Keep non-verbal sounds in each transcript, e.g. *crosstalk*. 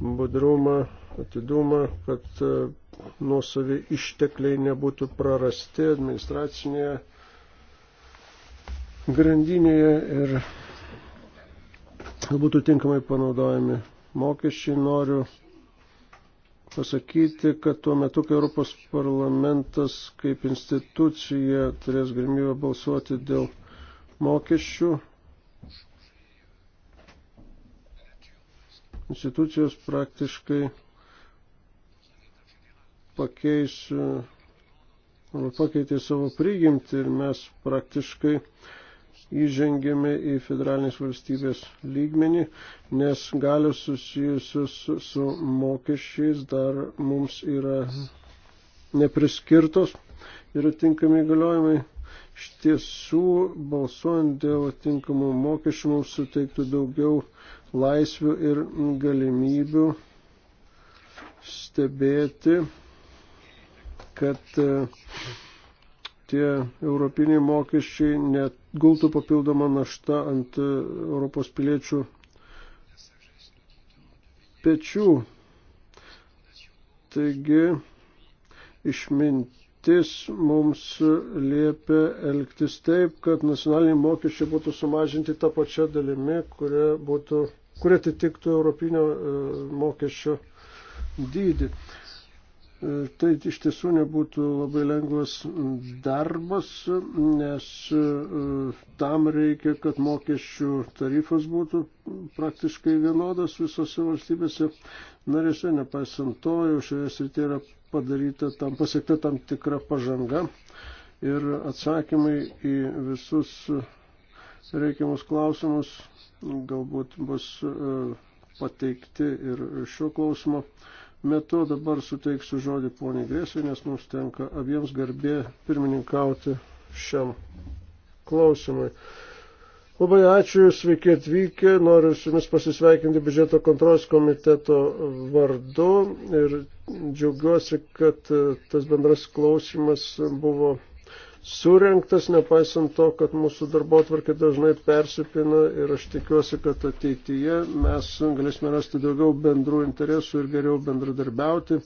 budrumą, atidumą, kad e, nuosavi ištekliai nebūtų prarasti administracinėje grandinėje ir būtų tinkamai panaudojami mokesčiai. Noriu pasakyti, kad tuo metu, kai Europos parlamentas kaip institucija turės galimybę balsuoti dėl mokesčių, institucijos praktiškai pakeis, e, pakeitė savo prigimtį ir mes praktiškai įžengėme į federalinės valstybės lygmenį, nes galios susijusios su, su mokesčiais dar mums yra nepriskirtos, yra tinkami galiojimai. Iš tiesų, balsuojant dėl tinkamų mokesčių mums suteiktų daugiau laisvių ir galimybių stebėti, kad e, tie europiniai mokesčiai netgultų papildomą naštą ant e, Europos piliečių pečių. Taigi išmintis mums liepia elgtis taip, kad nacionaliniai mokesčiai būtų sumažinti tą pačią dalimi, kuria būtų kurie atitiktų europinio e, mokesčio dydį. E, tai iš tiesų nebūtų labai lengvas darbas, nes e, tam reikia, kad mokesčių tarifas būtų praktiškai vienodas visose valstybėse narėse, nepaisant to, jau šioje srityje yra padaryta, tam pasiekta tam tikra pažanga ir atsakymai į visus reikiamus klausimus. Galbūt bus e, pateikti ir šio klausimo metu. Dabar suteiksiu žodį poniai Grėsui, nes mums tenka abiems garbė pirmininkauti šiam klausimui. Labai ačiū, sveiki atvykę, noriu su Jumis pasisveikinti biudžeto kontrolės komiteto vardu ir džiaugiuosi, kad tas bendras klausimas buvo surinktas, nepaisant to, kad mūsų darbo atvarkė dažnai persipina ir aš tikiuosi, kad ateityje mes galėsime rasti daugiau bendrų interesų ir geriau bendradarbiauti.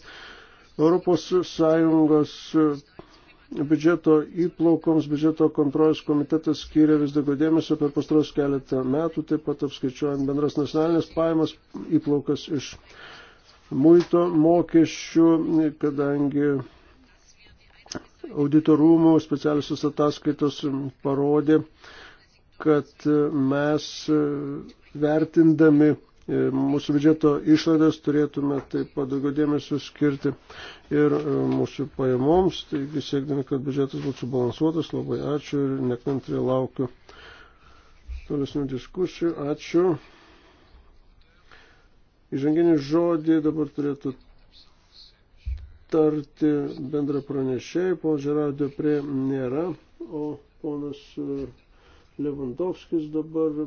Europos Sąjungos biudžeto įplaukoms biudžeto kontrolės komitetas skiria vis daugiau dėmesio per pastaros keletą metų, taip pat apskaičiuojant bendras nacionalinės pajamas įplaukas iš muito mokesčių, kadangi Auditorumų specialiusios ataskaitos parodė, kad mes e, vertindami e, mūsų biudžeto išlaidas turėtume taip pat daugiau dėmesio skirti ir e, mūsų pajamoms, taigi siekdami, kad biudžetas būtų subalansuotas, labai ačiū ir nekantriai laukiu tolesnių diskusijų. Ačiū. Įžanginį žodį dabar turėtų aptarti bendrą pranešėjai, pono Žerardo prie nėra, o ponas e, Levandovskis dabar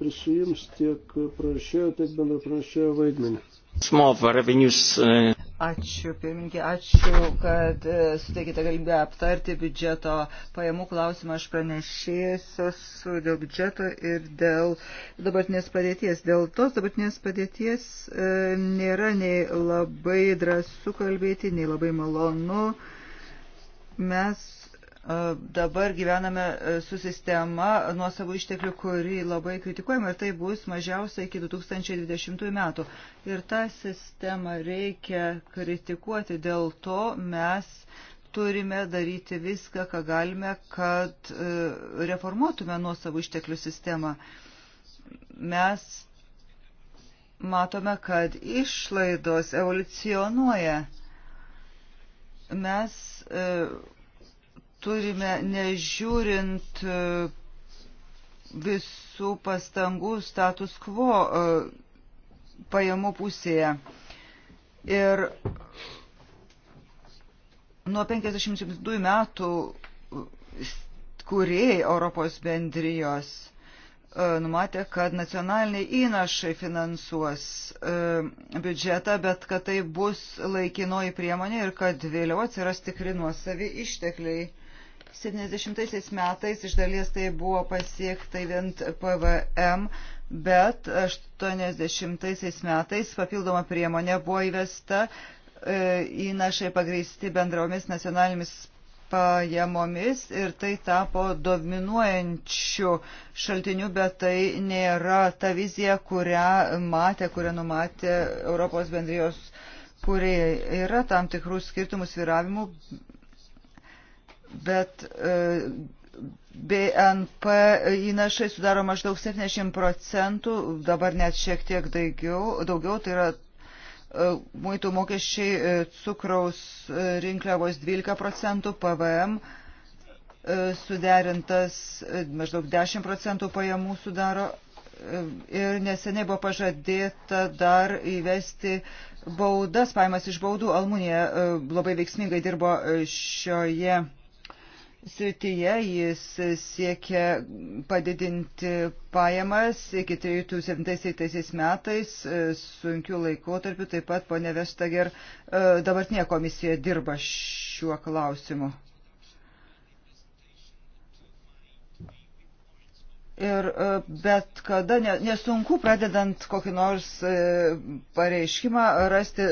prisijims tiek pranešėjo, tiek bendrą pranešėjo vaidmenį. Small revenues. Uh... Ačiū, pirmininkė, ačiū, kad e, suteikite galimybę aptarti biudžeto pajamų klausimą. Aš pranešėsiu dėl biudžeto ir dėl dabartinės padėties. Dėl tos dabartinės padėties e, nėra nei labai drąsu kalbėti, nei labai malonu. Mes dabar gyvename e, su sistema nuosavų išteklių, kuri labai kritikuojama ir tai bus mažiausia iki 2020 metų. Ir tą sistemą reikia kritikuoti, dėl to mes turime daryti viską, ką galime, kad e, reformuotume nuosavų išteklių sistemą. Mes matome, kad išlaidos evoliucionuoja. Mes e, turime, nežiūrint e, visų pastangų status quo e, pajamų pusėje. Ir nuo 52 metų e, kūrėjai Europos bendrijos numatė, kad nacionaliniai įnašai finansuos biudžetą, bet kad tai bus laikinoji priemonė ir kad vėliau atsiras tikri nuosavi ištekliai. 70 metais iš dalies tai buvo pasiekta vien PVM, bet 80 metais papildoma priemonė buvo įvesta e, įnašai pagrįsti bendromis nacionalinėmis pajamomis ir tai tapo dominuojančiu šaltiniu, bet tai nėra ta vizija, kurią matė, kurią numatė Europos bendrijos kuriai yra tam tikrų skirtumų sviravimų, bet e, BNP įnašai sudaro maždaug 70 procentų, dabar net šiek tiek daugiau, daugiau tai yra e, muitų mokesčiai e, cukraus rinkliavos 12 procentų, PVM suderintas maždaug 10 procentų pajamų sudaro ir neseniai buvo pažadėta dar įvesti baudas, paimas iš baudų. Almunija labai veiksmingai dirbo šioje srityje jis siekia padidinti pajamas iki 2007 metais, e, sunkių laikotarpių, taip pat ponė Vestager e, dabartinė komisija dirba šiuo klausimu. Ir e, bet kada, nesunku pradedant kokį nors pareiškimą, rasti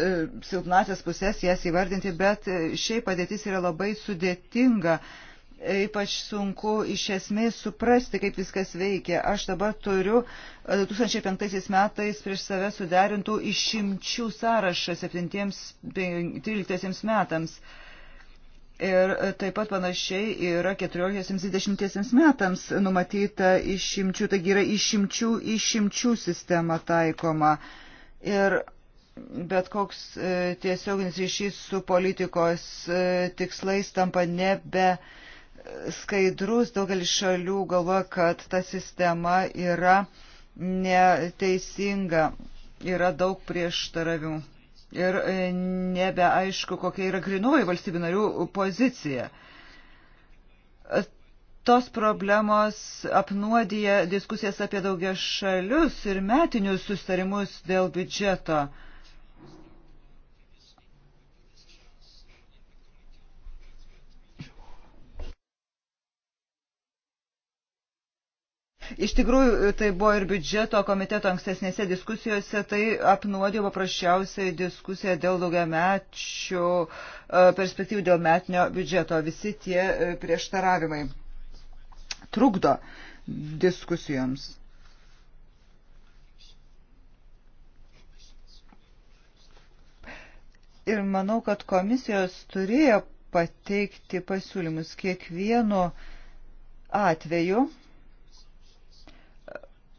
silpnasias pusės, jas įvardinti, bet šiaip padėtis yra labai sudėtinga. Uh, ypač sunku iš esmės suprasti, kaip viskas veikia. Aš dabar turiu 2005 e, metais prieš save suderintų išimčių sąrašą 7-13 metams. Ir e, taip pat panašiai yra 14-20 metams numatyta išimčių, taigi yra išimčių, išimčių sistema taikoma. Ir bet koks e, tiesioginis ryšys su politikos tikslais tampa nebe. be skaidrus, daugelis šalių galvoja, kad ta sistema yra neteisinga, yra daug prieštaravimų. Ir e, nebeaišku, kokia yra grinuoji valstybių narių pozicija. Tos problemos apnuodija diskusijas apie daugia šalius ir metinius sustarimus dėl biudžeto. Iš tikrųjų, tai buvo ir biudžeto komiteto ankstesnėse diskusijose, tai apnuodė paprasčiausiai diskusiją dėl daugiamečių e, perspektyvų, dėl metinio biudžeto. Visi tie e, prieštaravimai trukdo diskusijoms. Ir manau, kad komisijos turėjo pateikti pasiūlymus kiekvienu atveju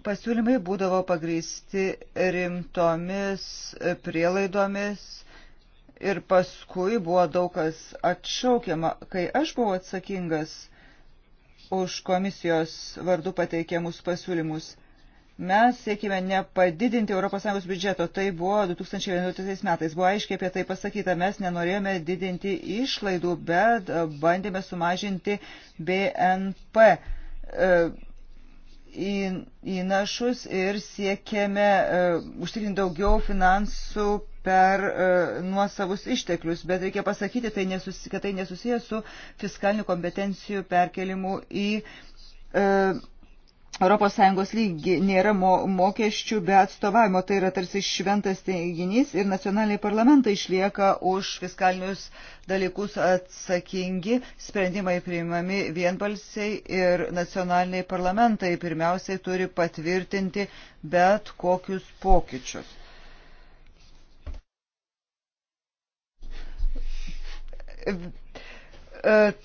Pasiūlymai būdavo pagrįsti rimtomis prielaidomis ir paskui buvo daug kas atšaukiama. Kai aš buvau atsakingas už komisijos vardų pateikiamus pasiūlymus, mes siekime nepadidinti ES biudžeto. Tai buvo 2011 metais. Buvo aiškiai apie tai pasakyta. Mes nenorėjome didinti išlaidų, bet bandėme sumažinti BNP. E, įnašus ir siekėme e, užtikrinti daugiau finansų per e, nuosavus išteklius, bet reikia pasakyti, tai nesus, kad tai nesusijęs su fiskalinių kompetencijų perkelimu į e, ES lygi nėra mo, mokesčių be atstovavimo, tai yra tarsi šventas teiginys ir nacionaliniai parlamentai išlieka už fiskalinius dalykus atsakingi, sprendimai priimami vienbalsiai ir nacionaliniai parlamentai pirmiausiai turi patvirtinti bet kokius pokyčius.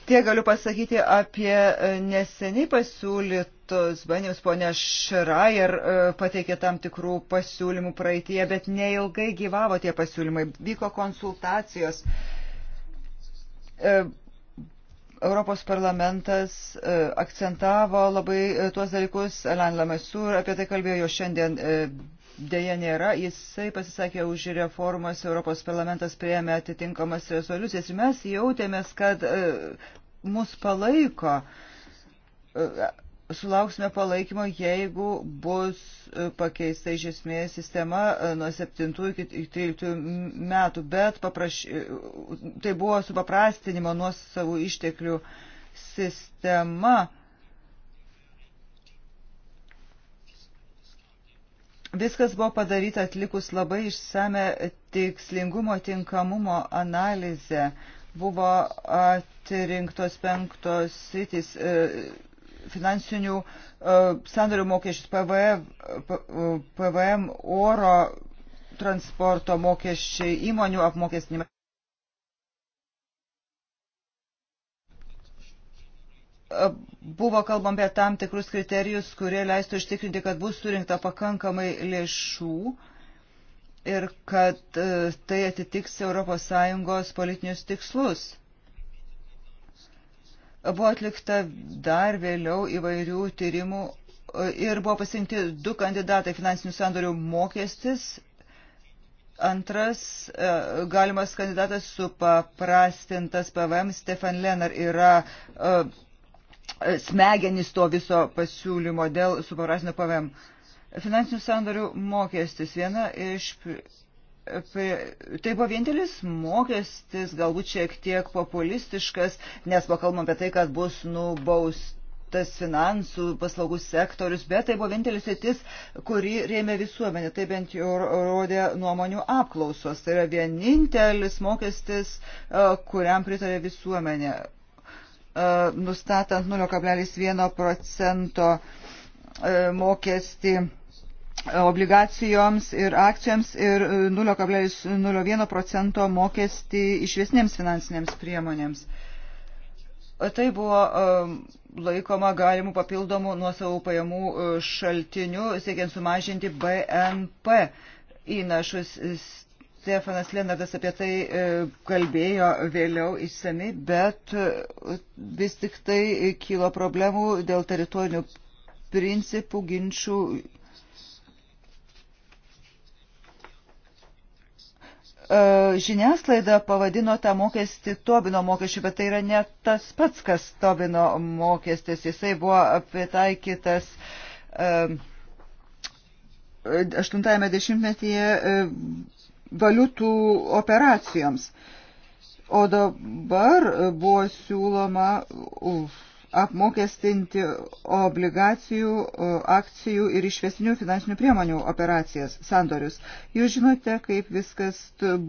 Tiek galiu pasakyti apie neseniai pasiūlytą tos bandymus ponia Šrajer e, pateikė tam tikrų pasiūlymų praeitie, bet neilgai gyvavo tie pasiūlymai. Vyko konsultacijos. E, Europos parlamentas e, akcentavo labai tuos dalykus, Alan Lamasur apie tai kalbėjo jo šiandien dėja nėra. Jisai pasisakė už reformas, Europos parlamentas prieėmė atitinkamas rezoliucijas ir mes jautėmės, kad mus palaiko sulauksime palaikymo, jeigu bus e, pakeista iš esmės sistema e, nuo 7 iki 13 metų, bet papraš... E, tai buvo supaprastinimo nuo savų išteklių sistema. Viskas buvo padaryta atlikus labai išsame tikslingumo tinkamumo analizę. Buvo atrinktos penktos sritis. E, finansinių e, sandorių mokesčius PVM, e, e, PVM oro transporto mokesčiai įmonių apmokestinimai. Buvo kalbam apie tam tikrus kriterijus, kurie leistų ištikrinti, kad bus surinkta pakankamai lėšų ir kad tai atitiks ES politinius tikslus. Buvo atlikta dar vėliau įvairių tyrimų e, ir buvo pasirinkti du kandidatai finansinių sandorių mokestis. Antras e, galimas kandidatas su paprastintas PVM Stefan Lenar yra e, smegenys to viso pasiūlymo dėl supaprastino PVM. Finansinių sandorių mokestis viena iš Tai buvo vienintelis mokestis, galbūt šiek tiek populistiškas, nes pakalbam apie tai, kad bus nubaust tas finansų paslaugų sektorius, bet tai buvo vienintelis sėtis, kuri rėmė visuomenė. Tai bent jau rodė nuomonių apklausos. Tai yra vienintelis mokestis, e, kuriam pritarė visuomenė. E, nustatant 0,1 procento e, mokestį obligacijoms ir akcijoms ir 0,01 e, procento mokestį išvesnėms finansinėms priemonėms. Tai buvo e, laikoma galimų papildomų nuosavų pajamų e, šaltinių, siekiant sumažinti BNP įnašus. Stefanas Lenardas apie tai kalbėjo vėliau išsami, bet vis tik tai kilo problemų dėl teritorinių principų ginčių E, žiniasklaida pavadino tą mokestį Tobino mokesčiu, bet tai yra ne tas pats, kas Tobino mokestis. Jisai buvo pritaikytas 80-ame e, dešimtmetyje e, valiutų operacijoms. O dabar buvo siūloma uf, apmokestinti obligacijų, akcijų ir išvesinių finansinių priemonių operacijas, sandorius. Jūs žinote, kaip viskas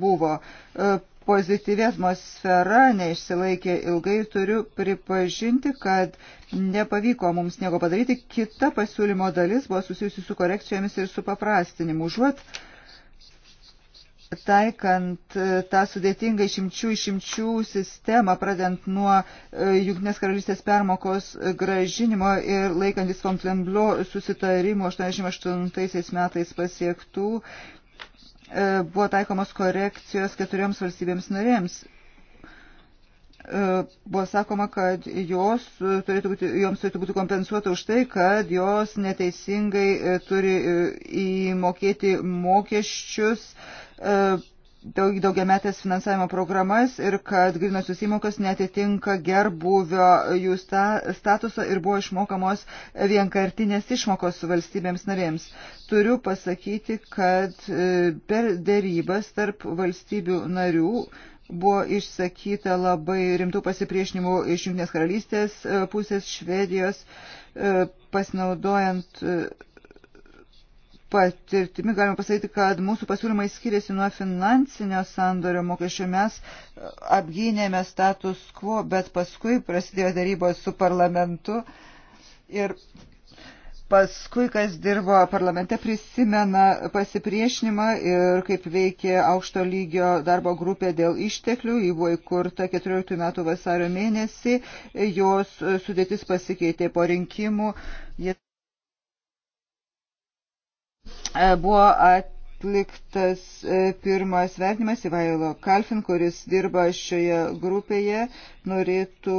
buvo. E, pozityvi atmosfera neišsilaikė ilgai ir turiu pripažinti, kad nepavyko mums nieko padaryti. Kita pasiūlymo dalis buvo susijusi su korekcijomis ir su paprastinimu. Užuot uh, taikant e, tą sudėtingą išimčių išimčių sistemą, pradant nuo e, Junktinės karalystės permokos e, gražinimo ir laikantis Fontainebleau susitarimo 88 metais pasiektų, buvo taikomos korekcijos keturioms valstybėms narėms. Buvo sakoma, kad jos turėtų būti, joms turėtų būti kompensuota už tai, kad jos neteisingai turi įmokėti mokesčius E, daug, daugiametės finansavimo programas ir kad grinosios įmokos netitinka gerbuvio jų sta, statuso ir buvo išmokamos vienkartinės išmokos valstybėms narėms. Turiu pasakyti, kad e, per dėrybas tarp valstybių narių buvo išsakyta labai rimtų pasipriešinimų iš Junktinės karalystės e, pusės Švedijos pasinaudojant patirtimi galima pasakyti, kad mūsų pasiūlymai skiriasi nuo finansinio sandorio mokesčio. Mes e, apgynėme status quo, bet paskui prasidėjo darybos su parlamentu ir paskui, kas dirbo parlamente, prisimena pasipriešinimą ir kaip veikė aukšto lygio darbo grupė dėl išteklių. Ji buvo įkurta 14 metų vasario mėnesį, jos e, sudėtis pasikeitė po rinkimų. Jie E, buvo atliktas e, pirmas vertinimas Ivailo Kalfin, kuris dirba šioje grupėje, norėtų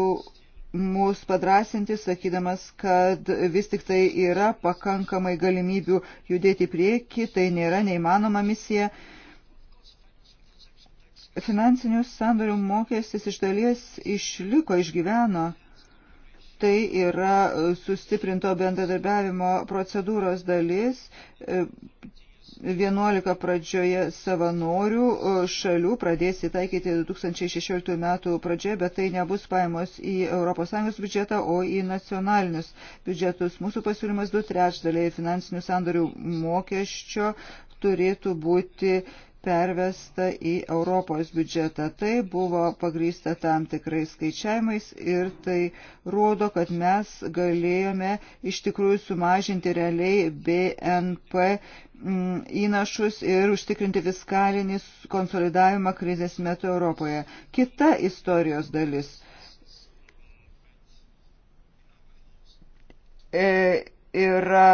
mus padrasinti, sakydamas, kad vis tik tai yra pakankamai galimybių judėti prieki, tai nėra neįmanoma misija. Finansinių sandorių mokestis iš dalies išliko, išgyveno Tai yra e, sustiprinto bendradarbiavimo procedūros dalis. 11 e, pradžioje savanorių e, šalių pradės įtaikyti 2016 metų pradžioje, bet tai nebus paėmos į ES biudžetą, o į nacionalinius biudžetus. Mūsų pasiūlymas du trečdaliai finansinių sandorių mokesčio turėtų būti pervesta į Europos biudžetą. Tai buvo pagrįsta tam tikrais skaičiavimais ir tai rodo, kad mes galėjome iš tikrųjų sumažinti realiai BNP mm, įnašus ir užtikrinti fiskalinį konsolidavimą krizės metu Europoje. Kita istorijos dalis. E, yra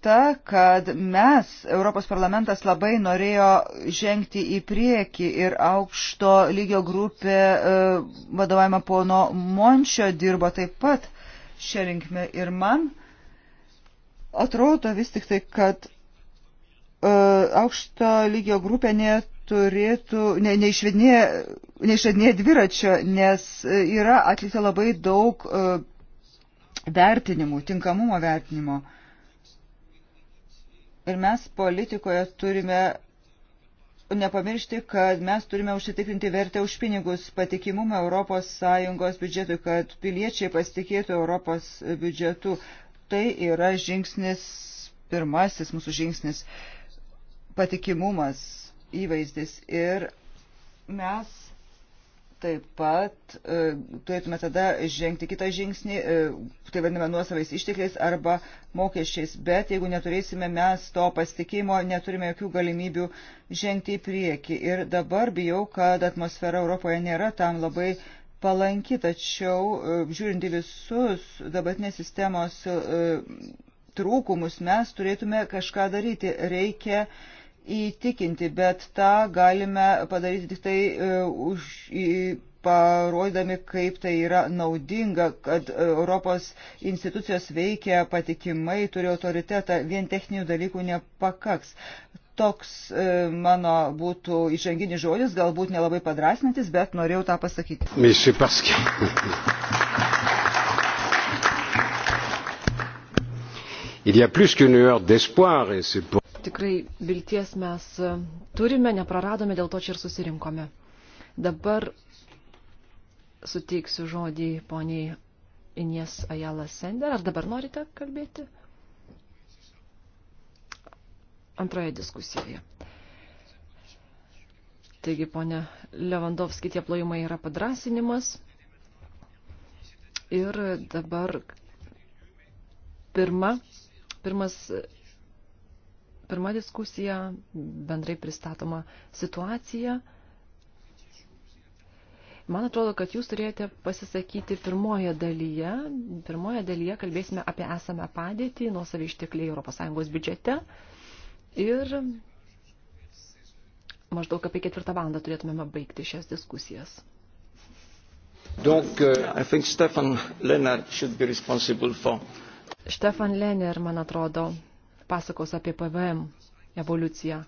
ta, kad mes, Europos parlamentas, labai norėjo žengti į priekį ir aukšto lygio grupė e, vadovavimą pono Mončio dirbo taip pat šią rinkmę. Ir man atrodo vis tik tai, kad e, aukšto lygio grupė neturėtų, ne, neišvedinėje neišvedinė dviračio, nes yra atlikta labai daug e, vertinimų, tinkamumo vertinimo. Uh, Ir mes politikoje turime nepamiršti, kad mes turime užsitikrinti vertę už pinigus, patikimumą ES biudžetui, kad piliečiai pasitikėtų Europos biudžetu. Tai yra žingsnis, pirmasis mūsų žingsnis, patikimumas, įvaizdis. Ir mes taip pat e, turėtume tada žengti kitą žingsnį, e, tai vadiname nuosavais ištekliais arba mokesčiais, bet jeigu neturėsime mes to pasitikimo, neturime jokių galimybių žengti į priekį. Ir dabar bijau, kad atmosfera Europoje nėra tam labai palanki, tačiau e, žiūrint į visus dabartinės sistemos e, trūkumus, mes turėtume kažką daryti. Reikia e, įtikinti, bet tą galime padaryti tik tai e, už, į, parodami, kaip tai yra naudinga, kad Europos institucijos veikia patikimai, turi autoritetą, vien techninių dalykų nepakaks. Toks e, mano būtų įžanginis žodis, galbūt nelabai padrasnintis, bet norėjau tą pasakyti. Il y a plus qu'une heure d'espoir et c'est pour tikrai vilties mes e, turime, nepraradome, dėl to čia ir susirinkome. Dabar suteiksiu žodį poniai Inies Ajala Sender. Ar dabar norite kalbėti? Antroje diskusijoje. Taigi, ponė Levandovski, tie plojimai yra padrasinimas. Ir dabar pirma, pirmas Pirma diskusija, bendrai pristatoma situacija. Man atrodo, kad jūs turėjote pasisakyti pirmoje dalyje. Pirmoje dalyje kalbėsime apie esamą padėtį, nuosavį ištekliai ES biudžete. Ir maždaug apie ketvirtą valandą turėtumėme baigti šias diskusijas. Donc, uh, I think Stefan Lenner should be responsible for. Stefan Lenner, man atrodo, pasakos apie PVM evoliuciją.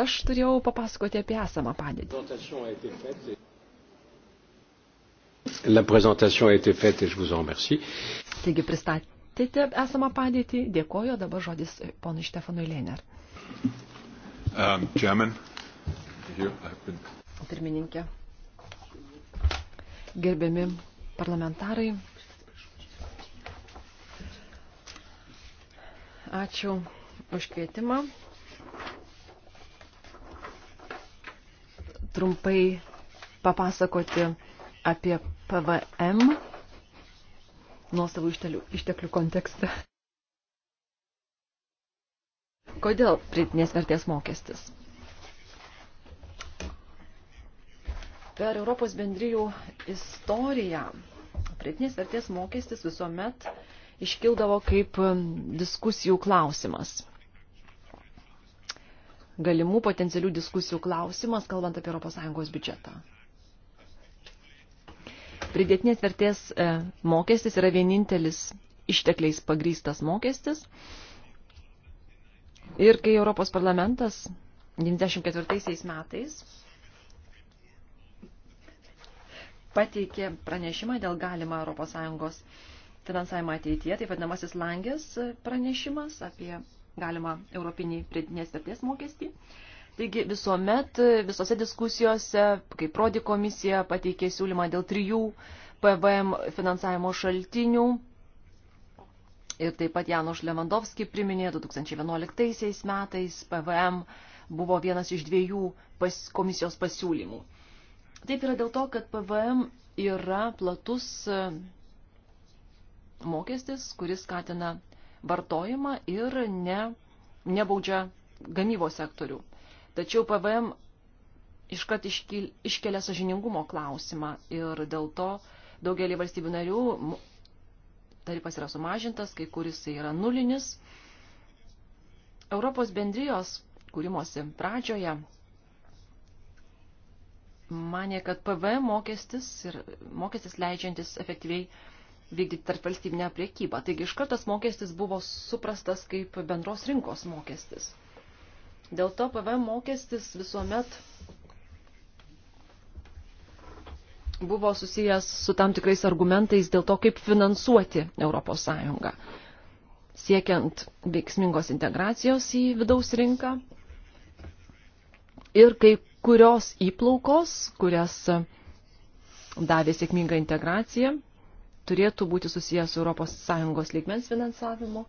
Aš turėjau papasakoti apie esamą padėtį. La présentation a été faite et je vous en remercie. Taigi pristatėte esamą padėtį, dėkoju, dabar žodis ponui Štefanui Lener. Um, German. Here, I've been... Pirmininkė. Gerbiami parlamentarai. Ačiū už kvietimą. Trumpai papasakoti apie PVM nuosavų išteklių kontekstą. Kodėl pridinės vertės mokestis? Per Europos bendrijų istoriją Pritinės vertės mokestis visuomet iškildavo kaip e, diskusijų klausimas. Galimų potencialių diskusijų klausimas, kalbant apie ES biudžetą. Pridėtinės vertės e, mokestis yra vienintelis ištekliais pagrystas mokestis. Ir kai Europos parlamentas 94 metais pateikė pranešimą dėl galima ES finansavimą ateityje, taip vadinamasis langės pranešimas apie galima europinį pridinės vertės mokestį. Taigi visuomet, visose diskusijose, kai Prodi komisija pateikė siūlymą dėl trijų PVM finansavimo šaltinių ir taip pat Janoš Levandovski priminė 2011 metais PVM buvo vienas iš dviejų pas, komisijos pasiūlymų. Taip yra dėl to, kad PVM yra platus e, mokestis, kuris skatina vartojimą ir ne, nebaudžia gamybos sektorių. Tačiau PVM iškart iškelia sažiningumo klausimą ir dėl to daugelį valstybių narių tarifas yra sumažintas, kai kuris yra nulinis. Europos bendrijos kūrimosi pradžioje manė, kad PVM mokestis ir mokestis leidžiantis efektyviai vykdyti tarp valstybinę priekybą. Taigi iš kartas mokestis buvo suprastas kaip bendros rinkos mokestis. Dėl to PVM mokestis visuomet buvo susijęs su tam tikrais argumentais dėl to, kaip finansuoti Europos Sąjungą, siekiant veiksmingos integracijos į vidaus rinką ir kaip kurios įplaukos, kurias davė sėkmingą integraciją, turėtų būti susijęs su ES lygmens finansavimu.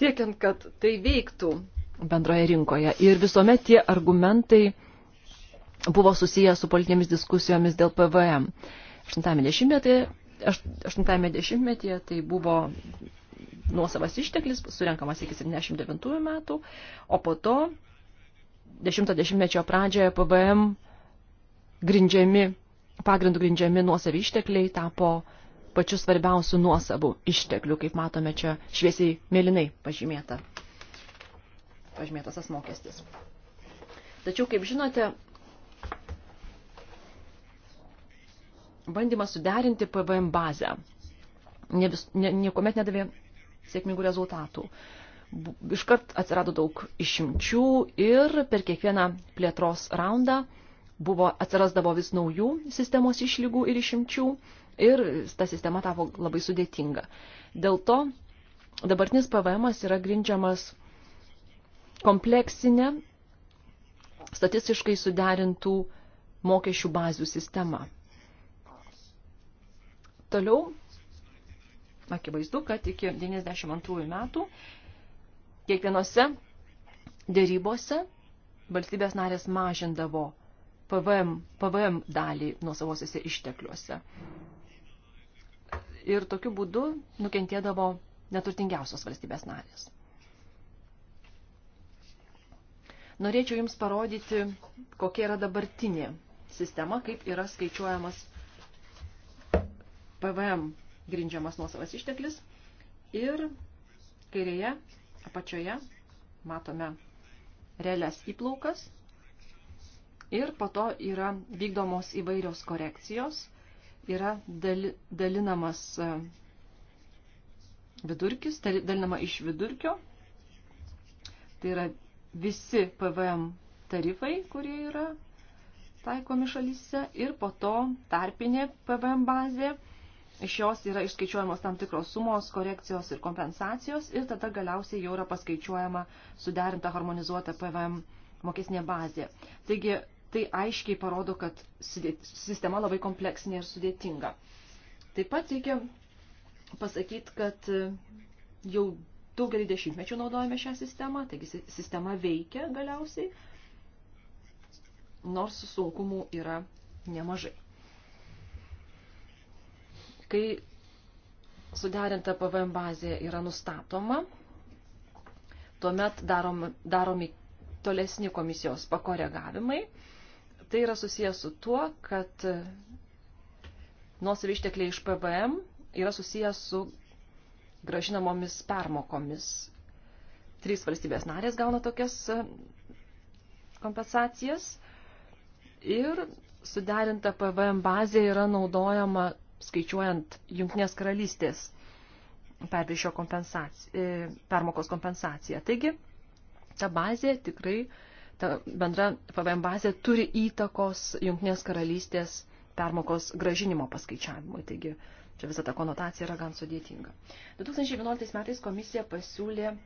Siekiant, kad tai veiktų bendroje rinkoje. Ir visuomet tie argumentai buvo susiję su politinėmis diskusijomis dėl PVM. 80-metyje tai buvo nuosavas išteklis bus surenkamas iki 79 metų, o po to 10-mečio pradžioje PVM grindžiami, pagrindų grindžiami nuosavi ištekliai tapo pačiu svarbiausiu nuosavu ištekliu, kaip matome čia šviesiai mėlynai pažymėta, pažymėtas tas mokestis. Tačiau, kaip žinote, bandymas suderinti PVM bazę ne vis, ne, niekuomet nedavė sėkmingų rezultatų. Iškart atsirado daug išimčių ir per kiekvieną plėtros raundą buvo, atsirasdavo vis naujų sistemos išlygų ir išimčių ir ta sistema tapo labai sudėtinga. Dėl to dabartinis PVM yra grindžiamas kompleksinė, statistiškai suderintų mokesčių bazių sistema. Toliau akivaizdu, kad iki 92 metų kiekvienose dėrybose valstybės narės mažindavo PVM, PVM dalį nuosavosiuose ištekliuose. Ir tokiu būdu nukentėdavo neturtingiausios valstybės narės. Norėčiau Jums parodyti, kokia yra dabartinė sistema, kaip yra skaičiuojamas PVM grindžiamas nuosavas išteklis. Ir kairėje, apačioje matome realias įplaukas. Ir po to yra vykdomos įvairios korekcijos, yra dali, dalinamas e, vidurkis, dalinama iš vidurkio. Tai yra visi PVM tarifai, kurie yra taikomi šalyse ir po to tarpinė PVM bazė Iš jos yra išskaičiuojamos tam tikros sumos, korekcijos ir kompensacijos ir tada galiausiai jau yra paskaičiuojama suderinta harmonizuota PVM mokesnė bazė. Taigi tai aiškiai parodo, kad sistema labai kompleksinė ir sudėtinga. Taip pat reikia pasakyti, kad e, jau daugelį dešimtmečių naudojame šią sistemą, taigi sistema veikia galiausiai, nors sunkumų yra nemažai. Kai suderinta PVM bazė yra nustatoma, tuomet darom, daromi tolesni komisijos pakoregavimai. Tai yra susijęs su tuo, kad nuosavį ištekliai iš PVM yra susijęs su gražinamomis permokomis. Trys valstybės narės gauna tokias e, kompensacijas ir suderinta PVM bazė yra naudojama skaičiuojant Junktinės karalystės perviršio kompensaciją, e, permokos kompensaciją. Taigi, ta bazė tikrai, ta bendra PVM bazė turi įtakos Junktinės karalystės permokos gražinimo paskaičiavimui. Taigi, čia visa ta konotacija yra gan sudėtinga. 2011 metais komisija pasiūlė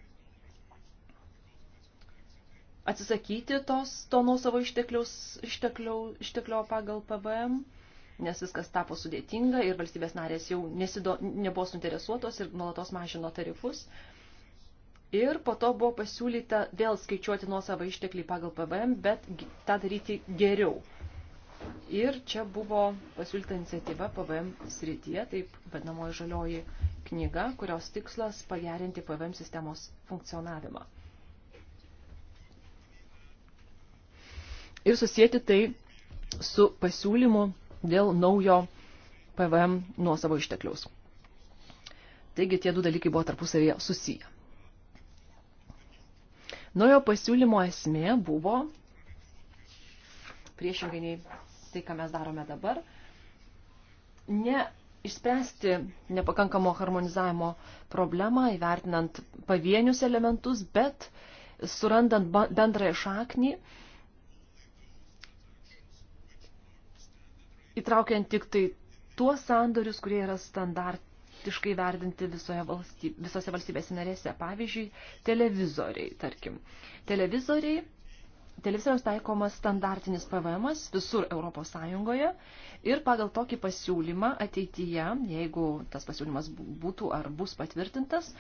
atsisakyti tos, to nuo savo ištekliaus, išteklio, išteklio pagal PVM nes viskas tapo sudėtinga ir valstybės narės jau nesido, nebuvo suinteresuotos ir nuolatos mažino tarifus. Ir po to buvo pasiūlyta vėl skaičiuoti nuosavą išteklį pagal PVM, bet tą daryti geriau. Ir čia buvo pasiūlyta iniciatyva PVM srityje, taip vadinamoji žalioji knyga, kurios tikslas pagerinti PVM sistemos funkcionavimą. Ir susijęti tai su pasiūlymu dėl naujo PVM nuo savo ištekliaus. Taigi tie du dalykai buvo tarpusavėje susiję. Naujo pasiūlymo esmė buvo, priešingai nei tai, ką mes darome dabar, ne išspręsti nepakankamo harmonizavimo problemą, įvertinant pavienius elementus, bet surandant bendrąją šaknį, uh, įtraukiant tik tai tuos sandorius, kurie yra standartiškai vertinti visoje valstybė, visose valstybėse narėse. Pavyzdžiui, televizoriai, tarkim. Televizoriai, televizoriams taikomas standartinis PVM visur Europos Sąjungoje ir pagal tokį pasiūlymą ateityje, jeigu tas pasiūlymas būtų ar bus patvirtintas,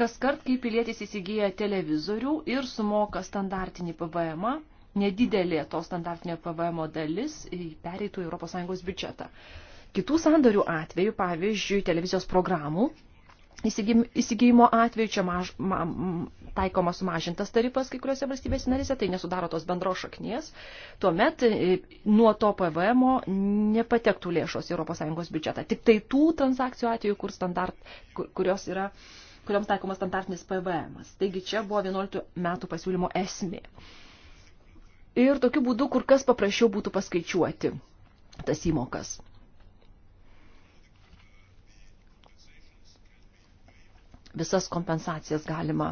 Kas kart, kai pilietis įsigyja televizorių ir sumoka standartinį PVM, nedidelė to standartinio PVM dalis pereitų į ES biudžetą. Kitų sandorių atveju, pavyzdžiui, televizijos programų įsigijimo atveju, čia maž, ma, taikomas sumažintas tarifas kai kuriuose valstybės narėse, tai nesudaro tos bendros šaknies, tuomet e, nuo to PVM nepatektų lėšos į ES biudžetą. Tik tai tų transakcijų atveju, kur standart, kur, kurios yra kurioms taikomas standartinis PVM. -as. Taigi čia buvo 11 metų pasiūlymo esmė ir tokiu būdu kur kas paprasčiau būtų paskaičiuoti tas įmokas. Visas kompensacijas galima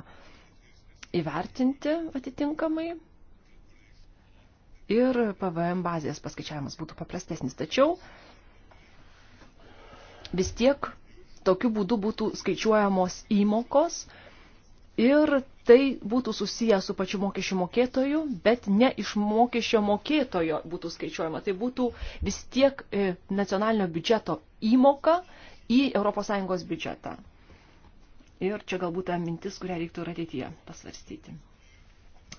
įvertinti atitinkamai ir PVM bazės paskaičiavimas būtų paprastesnis. Tačiau vis tiek tokiu būdu būtų skaičiuojamos įmokos, ir tai būtų susiję su pačiu mokesčių mokėtoju, bet ne iš mokesčio mokėtojo būtų skaičiuojama. Tai būtų vis tiek e, nacionalinio biudžeto įmoka į ES biudžetą. Ir čia galbūt ta mintis, kurią reiktų ir ateityje pasvarstyti.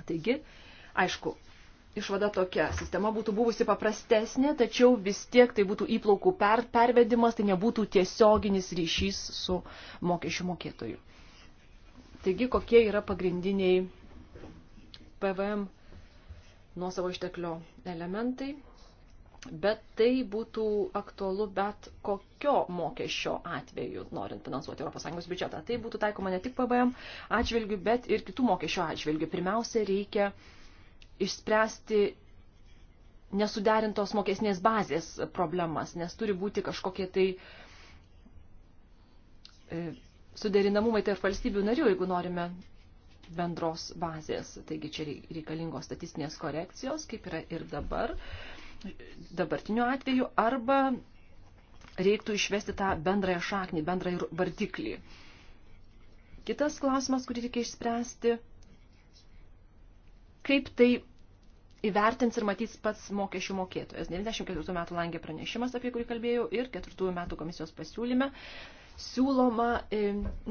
Taigi, aišku, išvada tokia. Sistema būtų buvusi paprastesnė, tačiau vis tiek tai būtų įplaukų per, pervedimas, tai nebūtų tiesioginis ryšys su mokesčių mokėtoju. Taigi, kokie yra pagrindiniai PVM nuo savo išteklio elementai, bet tai būtų aktualu bet kokio mokesčio atveju, norint finansuoti ES biudžetą. Tai būtų taikoma ne tik PVM atžvilgių, bet ir kitų mokesčio atžvilgių. Pirmiausia, reikia išspręsti nesuderintos mokesnės bazės problemas, nes turi būti kažkokie tai e, suderinamumai tarp valstybių narių, jeigu norime bendros bazės. Taigi čia reikalingos statistinės korekcijos, kaip yra ir dabar, dabartiniu atveju, arba reiktų išvesti tą bendrąją šaknį, bendrąją vardiklį. Kitas klausimas, kurį reikia išspręsti, kaip tai įvertins ir matys pats mokesčių mokėtojas. 94 metų langė pranešimas, apie kurį kalbėjau, ir 4 metų komisijos pasiūlyme siūloma e,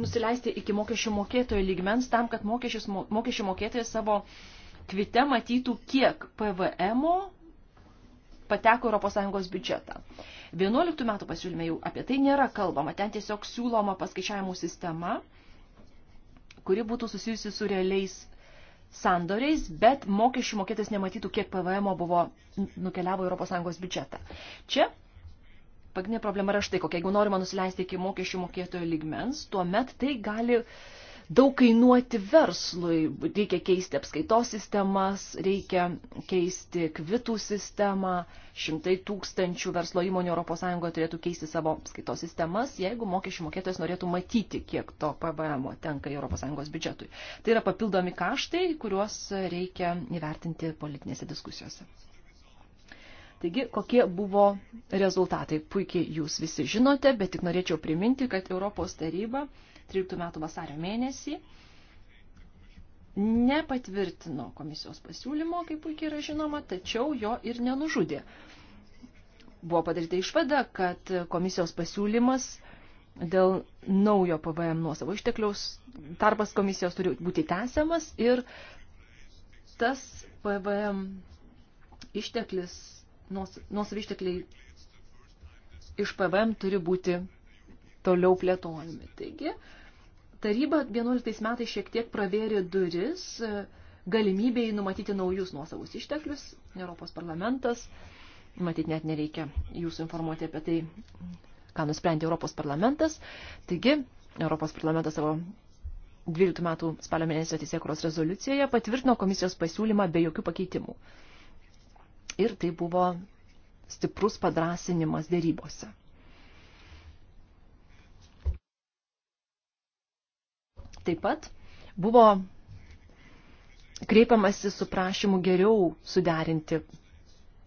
nusileisti iki mokesčių mokėtojo lygmens tam, kad mokesčių mokėtojas savo tvite matytų, kiek PVM pateko ES biudžetą. 11 metų pasiūlyme jau apie tai nėra kalbama, ten tiesiog siūloma paskaičiavimų sistema, kuri būtų susijusi su realiais sandoriais, bet mokesčių mokėtas nematytų, kiek PVM buvo nukeliavo į ES biudžetą. Čia pagrindinė problema yra štai kokia. Jeigu norima nusileisti iki mokesčių mokėtojo ligmens, tuomet tai gali daug kainuoti verslui. Reikia keisti apskaitos sistemas, reikia keisti kvitų sistemą. Šimtai tūkstančių verslo įmonių ES turėtų keisti savo apskaitos sistemas, jeigu mokesčių mokėtojas norėtų matyti, kiek to PVM tenka ES biudžetui. Tai yra papildomi kaštai, kuriuos reikia įvertinti politinėse diskusijose. Taigi, kokie buvo rezultatai? Puikiai jūs visi žinote, bet tik norėčiau priminti, kad Europos taryba 13 metų vasario mėnesį nepatvirtino komisijos pasiūlymo, kaip puikiai yra žinoma, tačiau jo ir nenužudė. Buvo padaryta išvada, kad komisijos pasiūlymas dėl naujo PVM nuosavo ištekliaus darbas komisijos turi būti tęsiamas ir tas PVM išteklis nuosavų ištekliai iš PVM turi būti toliau plėtojami. Taigi, taryba 11 metais šiek tiek pravėrė duris galimybėjai numatyti naujus nuosavus išteklius. Europos parlamentas, matyt, net nereikia jūsų informuoti apie tai, ką nusprendė Europos parlamentas. Taigi, Europos parlamentas savo 12 metų spalio mėnesio teisėkuros rezoliucijoje patvirtino komisijos pasiūlymą be jokių pakeitimų ir tai buvo stiprus padrasinimas dėrybose. Taip pat buvo kreipiamasi su prašymu geriau suderinti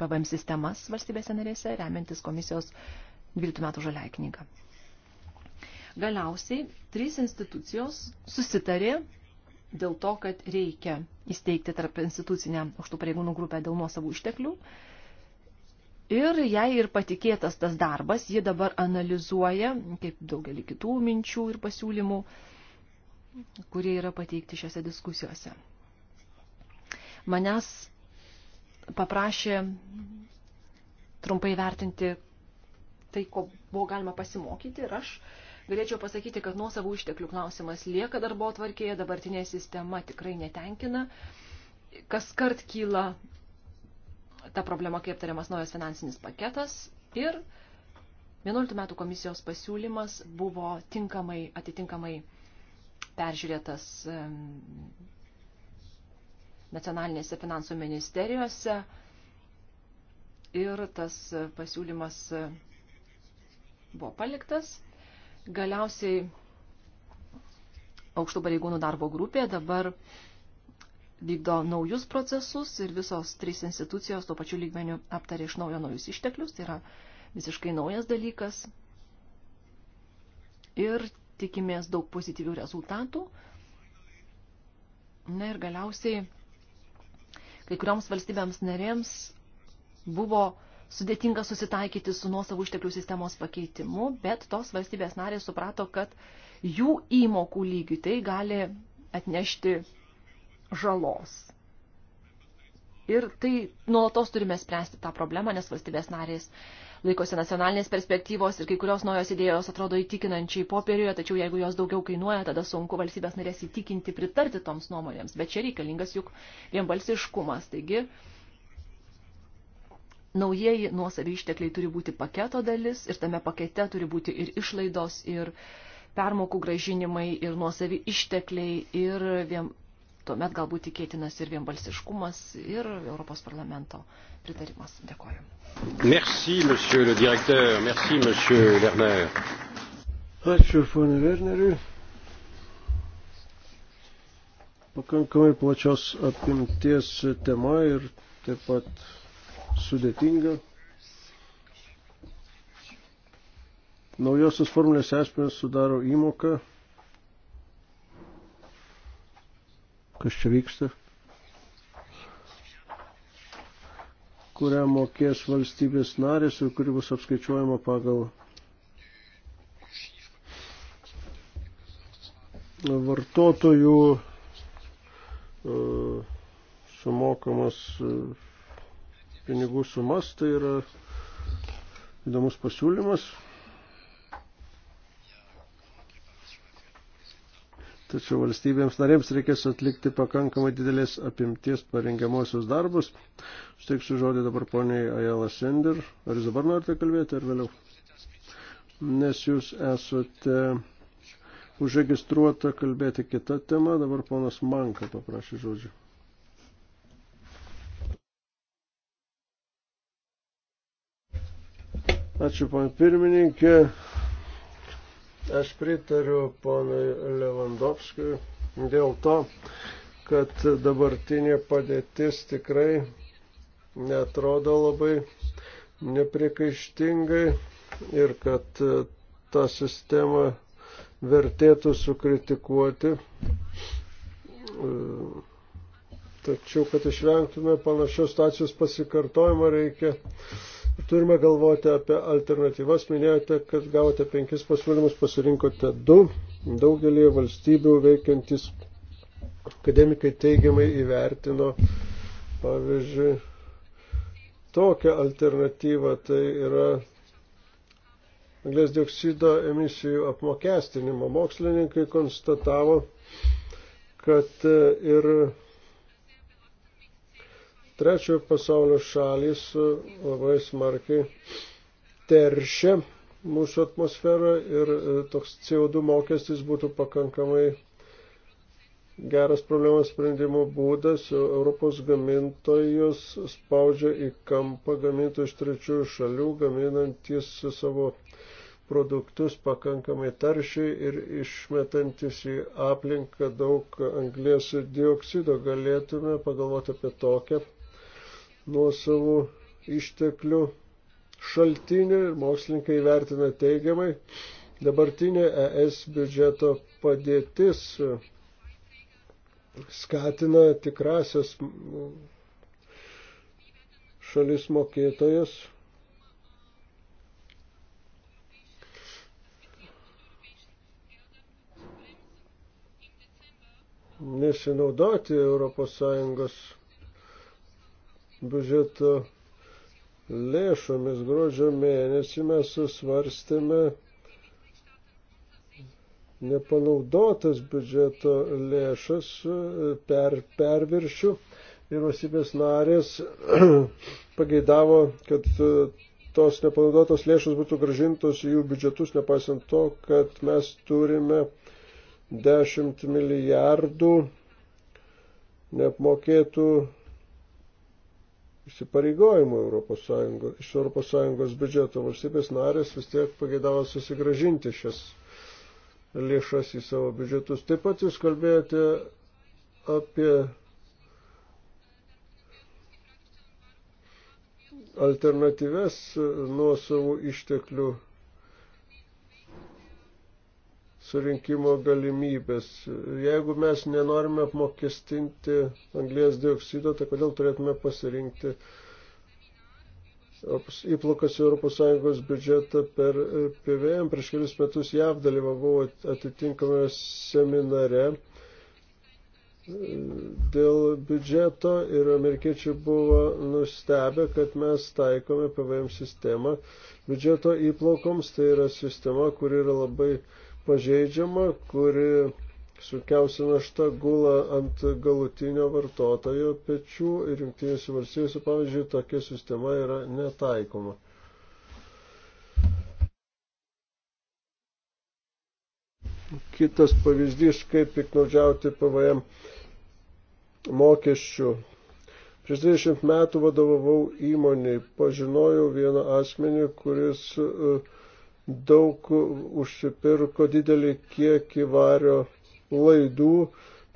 PVM sistemas valstybėse narėse, remiantis komisijos 12 metų žaliai knygą. Galiausiai trys institucijos susitarė dėl to, kad reikia įsteigti tarp institucinę aukštų pareigūnų grupę dėl nuosavų išteklių. Ir jai ir patikėtas tas darbas, ji dabar analizuoja, kaip daugelį kitų minčių ir pasiūlymų, kurie yra pateikti šiose diskusijose. Manęs paprašė trumpai vertinti tai, ko buvo galima pasimokyti ir aš uh, galėčiau pasakyti, kad nuosavų išteklių klausimas lieka darbo tvarkėje, dabartinė sistema tikrai netenkina. Kas kart kyla ta problema, kai aptariamas naujas finansinis paketas ir 11 metų komisijos pasiūlymas buvo tinkamai, atitinkamai peržiūrėtas nacionalinėse finansų ministerijose ir tas pasiūlymas buvo paliktas. Galiausiai aukštų pareigūnų darbo grupė dabar vykdo naujus procesus ir visos trys institucijos tuo pačiu lygmeniu aptarė iš naujo naujus išteklius. Tai yra visiškai naujas dalykas. Ir tikimės daug pozityvių rezultatų. Na ir galiausiai kai kurioms valstybėms narėms buvo sudėtinga susitaikyti su nuosavų išteklių sistemos pakeitimu, bet tos valstybės narės suprato, kad jų įmokų lygių tai gali atnešti žalos. Ir tai nuolatos turime spręsti tą problemą, nes valstybės narės laikosi nacionalinės perspektyvos ir kai kurios naujos idėjos atrodo įtikinančiai popieriuje, tačiau jeigu jos daugiau kainuoja, tada sunku valstybės narės įtikinti pritarti toms nuomonėms. Bet čia reikalingas juk vienbalsiškumas. Taigi, uh, naujieji nuosavi ištekliai turi būti paketo dalis ir tame pakete turi būti ir išlaidos, ir permokų gražinimai, ir nuosavi ištekliai, ir vien, tuomet galbūt tikėtinas ir vienbalsiškumas, ir Europos parlamento pritarimas. Dėkoju. Merci, monsieur le directeur. Merci, monsieur Lerner. Ačiū, ponė Werneriui. Pakankamai plačios apimties tema ir taip pat sudėtinga. Naujosios formulės esmės sudaro įmoką. Kas čia vyksta? kurią mokės valstybės narės ir kuri bus apskaičiuojama pagal vartotojų e, sumokamas uh, pinigų sumas, tai yra įdomus pasiūlymas. Tačiau valstybėms narėms reikės atlikti pakankamai didelės apimties parengiamosios darbus. Steiksiu žodį dabar poniai Ajala Sender. Ar jūs dabar norite kalbėti ar vėliau? Nes jūs esate užregistruota kalbėti kitą temą, dabar ponas Manka paprašė žodžio. Ačiū, pan pirmininkė. Aš pritariu ponui Levandovskui dėl to, kad dabartinė padėtis tikrai netrodo labai neprikaištingai ir kad tą sistemą vertėtų sukritikuoti. Tačiau, kad išvengtume panašios stacijos pasikartojimo, reikia Turime galvoti apie alternatyvas. Minėjote, kad gavote penkis pasiūlymus, pasirinkote du. Daugelį valstybių veikiantis akademikai teigiamai įvertino, pavyzdžiui, tokią alternatyvą, tai yra anglės dioksido emisijų apmokestinimo. Mokslininkai konstatavo, kad ir Trečiojo pasaulio šalis e, labai smarkiai teršia mūsų atmosferą ir e, toks CO2 mokestis būtų pakankamai geras problemos sprendimo būdas. Europos gamintojus spaudžia į kampą gamintojų iš trečiųjų šalių, gaminantis savo produktus pakankamai taršiai ir išmetantis į aplinką daug anglės dioksido galėtume pagalvoti apie tokią nuo savų išteklių šaltinių ir mokslininkai vertina teigiamai. Dabartinė ES biudžeto padėtis skatina tikrasias šalis mokėtojas nesinaudoti ES biudžeto lėšomis gruodžio mėnesį mes susvarstėme nepanaudotas biudžeto lėšas e, per perviršių ir valstybės narės *clears throat* pageidavo, kad e, tos nepanaudotos lėšos būtų gražintos į jų biudžetus, nepaisant to, kad mes turime 10 milijardų neapmokėtų įsipareigojimų Europos Sąjungo, iš Europos Sąjungos biudžeto. Valstybės narės vis tiek pageidavo susigražinti šias lėšas į savo biudžetus. Taip pat jūs kalbėjote apie alternatyves nuo savo išteklių surinkimo galimybės. Jeigu mes nenorime apmokestinti anglės dioksido, tai kodėl turėtume pasirinkti įplokas ES biudžetą per PVM. Prieš kelius metus JAV dalyvavau atitinkamame seminare dėl biudžeto ir amerikiečiai buvo nustebę, kad mes taikome PVM sistemą biudžeto įplokoms. Tai yra sistema, kuri yra labai uh, pažeidžiama, kuri sunkiausia našta gula ant galutinio vartotojo pečių ir jungtinėse valstybėse, pavyzdžiui, tokia sistema yra netaikoma. Kitas pavyzdys, kaip piknaudžiauti PVM mokesčių. Prieš 20 metų vadovavau įmoniai, pažinojau vieną asmenį, kuris uh, daug užsipirko didelį kiekį vario laidų,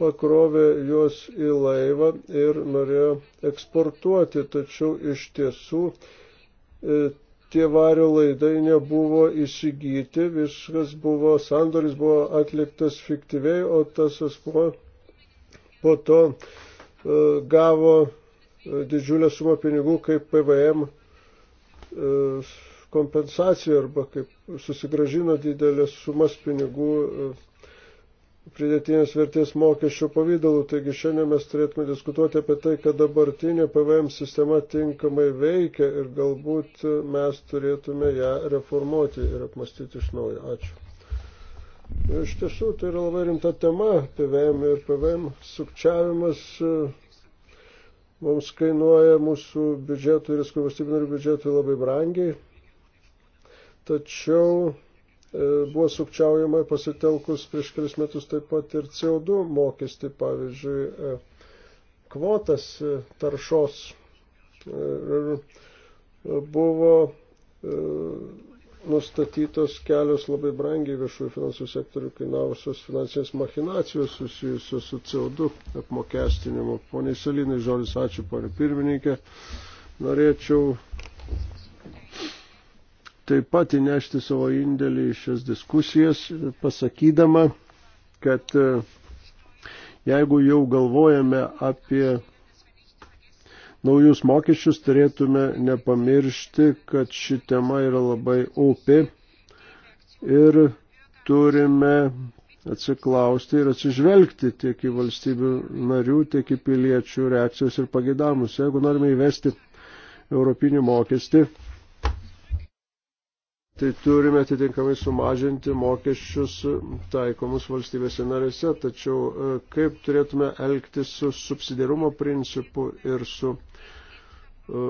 pakrovė juos į laivą ir norėjo eksportuoti, tačiau iš tiesų e, tie vario laidai nebuvo įsigyti, viskas buvo, sandoris buvo atliktas fiktyviai, o tas asmo po to e, gavo e, didžiulę sumą pinigų kaip PVM kompensaciją arba kaip susigražino didelės sumas pinigų e, pridėtinės vertės mokesčio pavydalu. Taigi šiandien mes turėtume diskutuoti apie tai, kad dabartinė PVM sistema tinkamai veikia ir galbūt e, mes turėtume ją reformuoti ir apmastyti iš naujo. Ačiū. Iš tiesų, tai yra labai rimta tema, PVM ir PVM sukčiavimas e, mums kainuoja mūsų biudžetų ir valstybinarių biudžetų labai brangiai tačiau e, buvo sukčiaujama pasitelkus prieš kelis metus taip pat ir CO2 mokestį, pavyzdžiui, e, kvotas e, taršos. Ir buvo nustatytos kelios labai brangiai viešųjų finansų sektorių kainavusios finansinės machinacijos susijusios su CO2 apmokestinimu. Pone Salinai, žodis ačiū, pone pirmininkė. Norėčiau taip pat įnešti savo indėlį į šias diskusijas, pasakydama, kad e, jeigu jau galvojame apie naujus mokesčius, turėtume nepamiršti, kad ši tema yra labai opi ir turime atsiklausti ir atsižvelgti tiek į valstybių narių, tiek į piliečių reakcijos ir pagėdamus. Jeigu norime įvesti europinį mokestį, tai turime atitinkamai sumažinti mokesčius taikomus valstybėse narėse, tačiau e, kaip turėtume elgtis su subsidiarumo principu ir su e,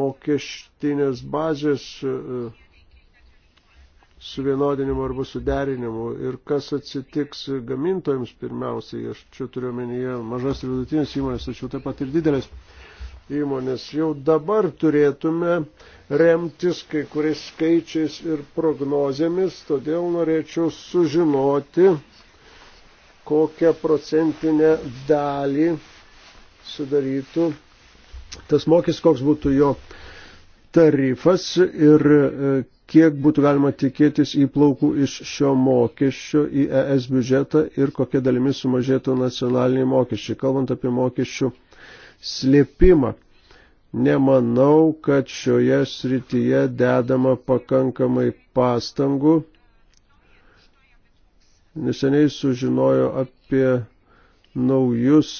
mokestinės bazės e, suvienodinimu arba suderinimu ir kas atsitiks gamintojams pirmiausiai, aš čia turiu omenyje mažas ir vidutinės įmonės, tačiau taip pat ir didelės įmonės. Jau dabar turėtume remtis kai kuriais skaičiais ir prognozėmis, todėl norėčiau sužinoti, kokią procentinę dalį sudarytų tas mokis, koks būtų jo tarifas ir e, kiek būtų galima tikėtis įplaukų iš šio mokesčio į ES biudžetą ir kokia dalimi sumažėtų nacionaliniai mokesčiai. Kalbant apie mokesčių slėpimą. Nemanau, kad šioje srityje dedama pakankamai pastangų. Neseniai sužinojo apie naujus,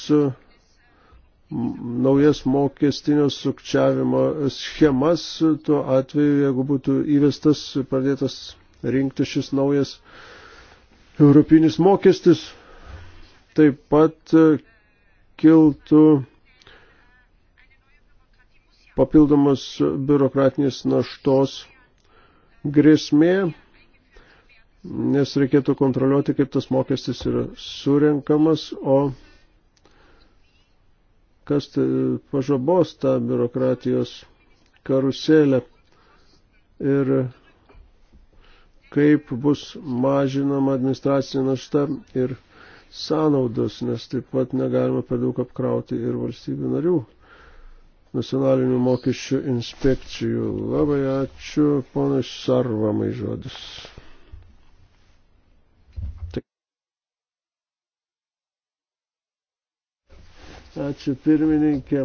naujas mokestinio sukčiavimo schemas tuo atveju, jeigu būtų įvestas, pradėtas rinkti šis naujas europinis mokestis. Taip pat kiltų papildomas biurokratinės naštos grėsmė, nes reikėtų kontroliuoti, kaip tas mokestis yra surenkamas, o kas pažabos tą biurokratijos karuselę ir kaip bus mažinama administracinė našta ir sąnaudos, nes taip pat negalima per daug apkrauti ir valstybių narių nacionalinių mokesčių inspekcijų. Labai ačiū, ponas Sarvamai žodis. Ačiū pirmininkė.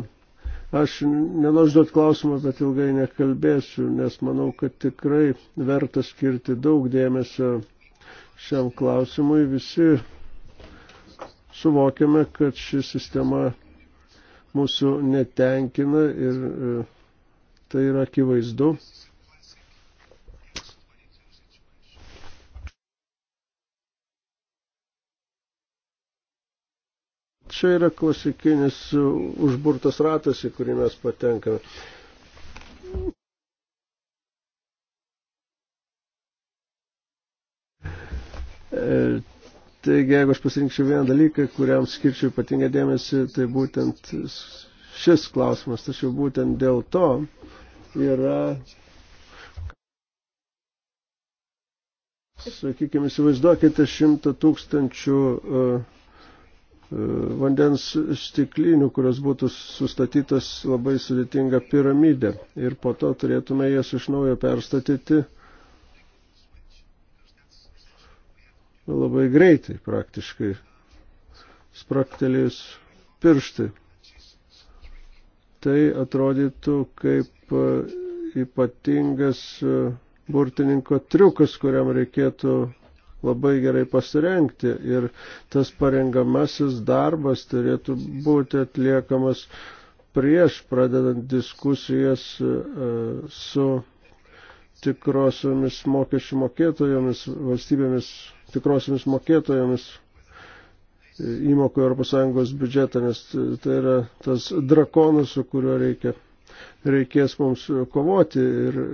Aš nenoriu duoti klausimą, bet ilgai nekalbėsiu, nes manau, kad tikrai verta skirti daug dėmesio šiam klausimui. Visi suvokiame, kad ši sistema mūsų netenkina ir e, tai yra akivaizdu. Čia yra klasikinis užburtas ratas, į kurį mes patenkame. E, Taigi, jeigu aš pasirinkčiau vieną dalyką, kuriam skirčiau ypatingą dėmesį, tai būtent šis klausimas, tačiau būtent dėl to yra, sakykime, įsivaizduokite šimtą tūkstančių uh, uh, vandens stiklinių, kurios būtų sustatytas labai sudėtinga piramidė ir po to turėtume jas iš naujo perstatyti uh, labai greitai praktiškai spraktelėjus pirštai. Tai atrodytų kaip e, ypatingas e, burtininko triukas, kuriam reikėtų labai gerai pasirengti ir tas parengamasis darbas turėtų būti atliekamas prieš pradedant diskusijas e, su tikrosiomis mokesčių mokėtojomis valstybėmis tikrosiamis mokėtojomis e, įmokų ES biudžetą, nes tai yra tas drakonas, su kuriuo reikia, reikės mums kovoti ir e,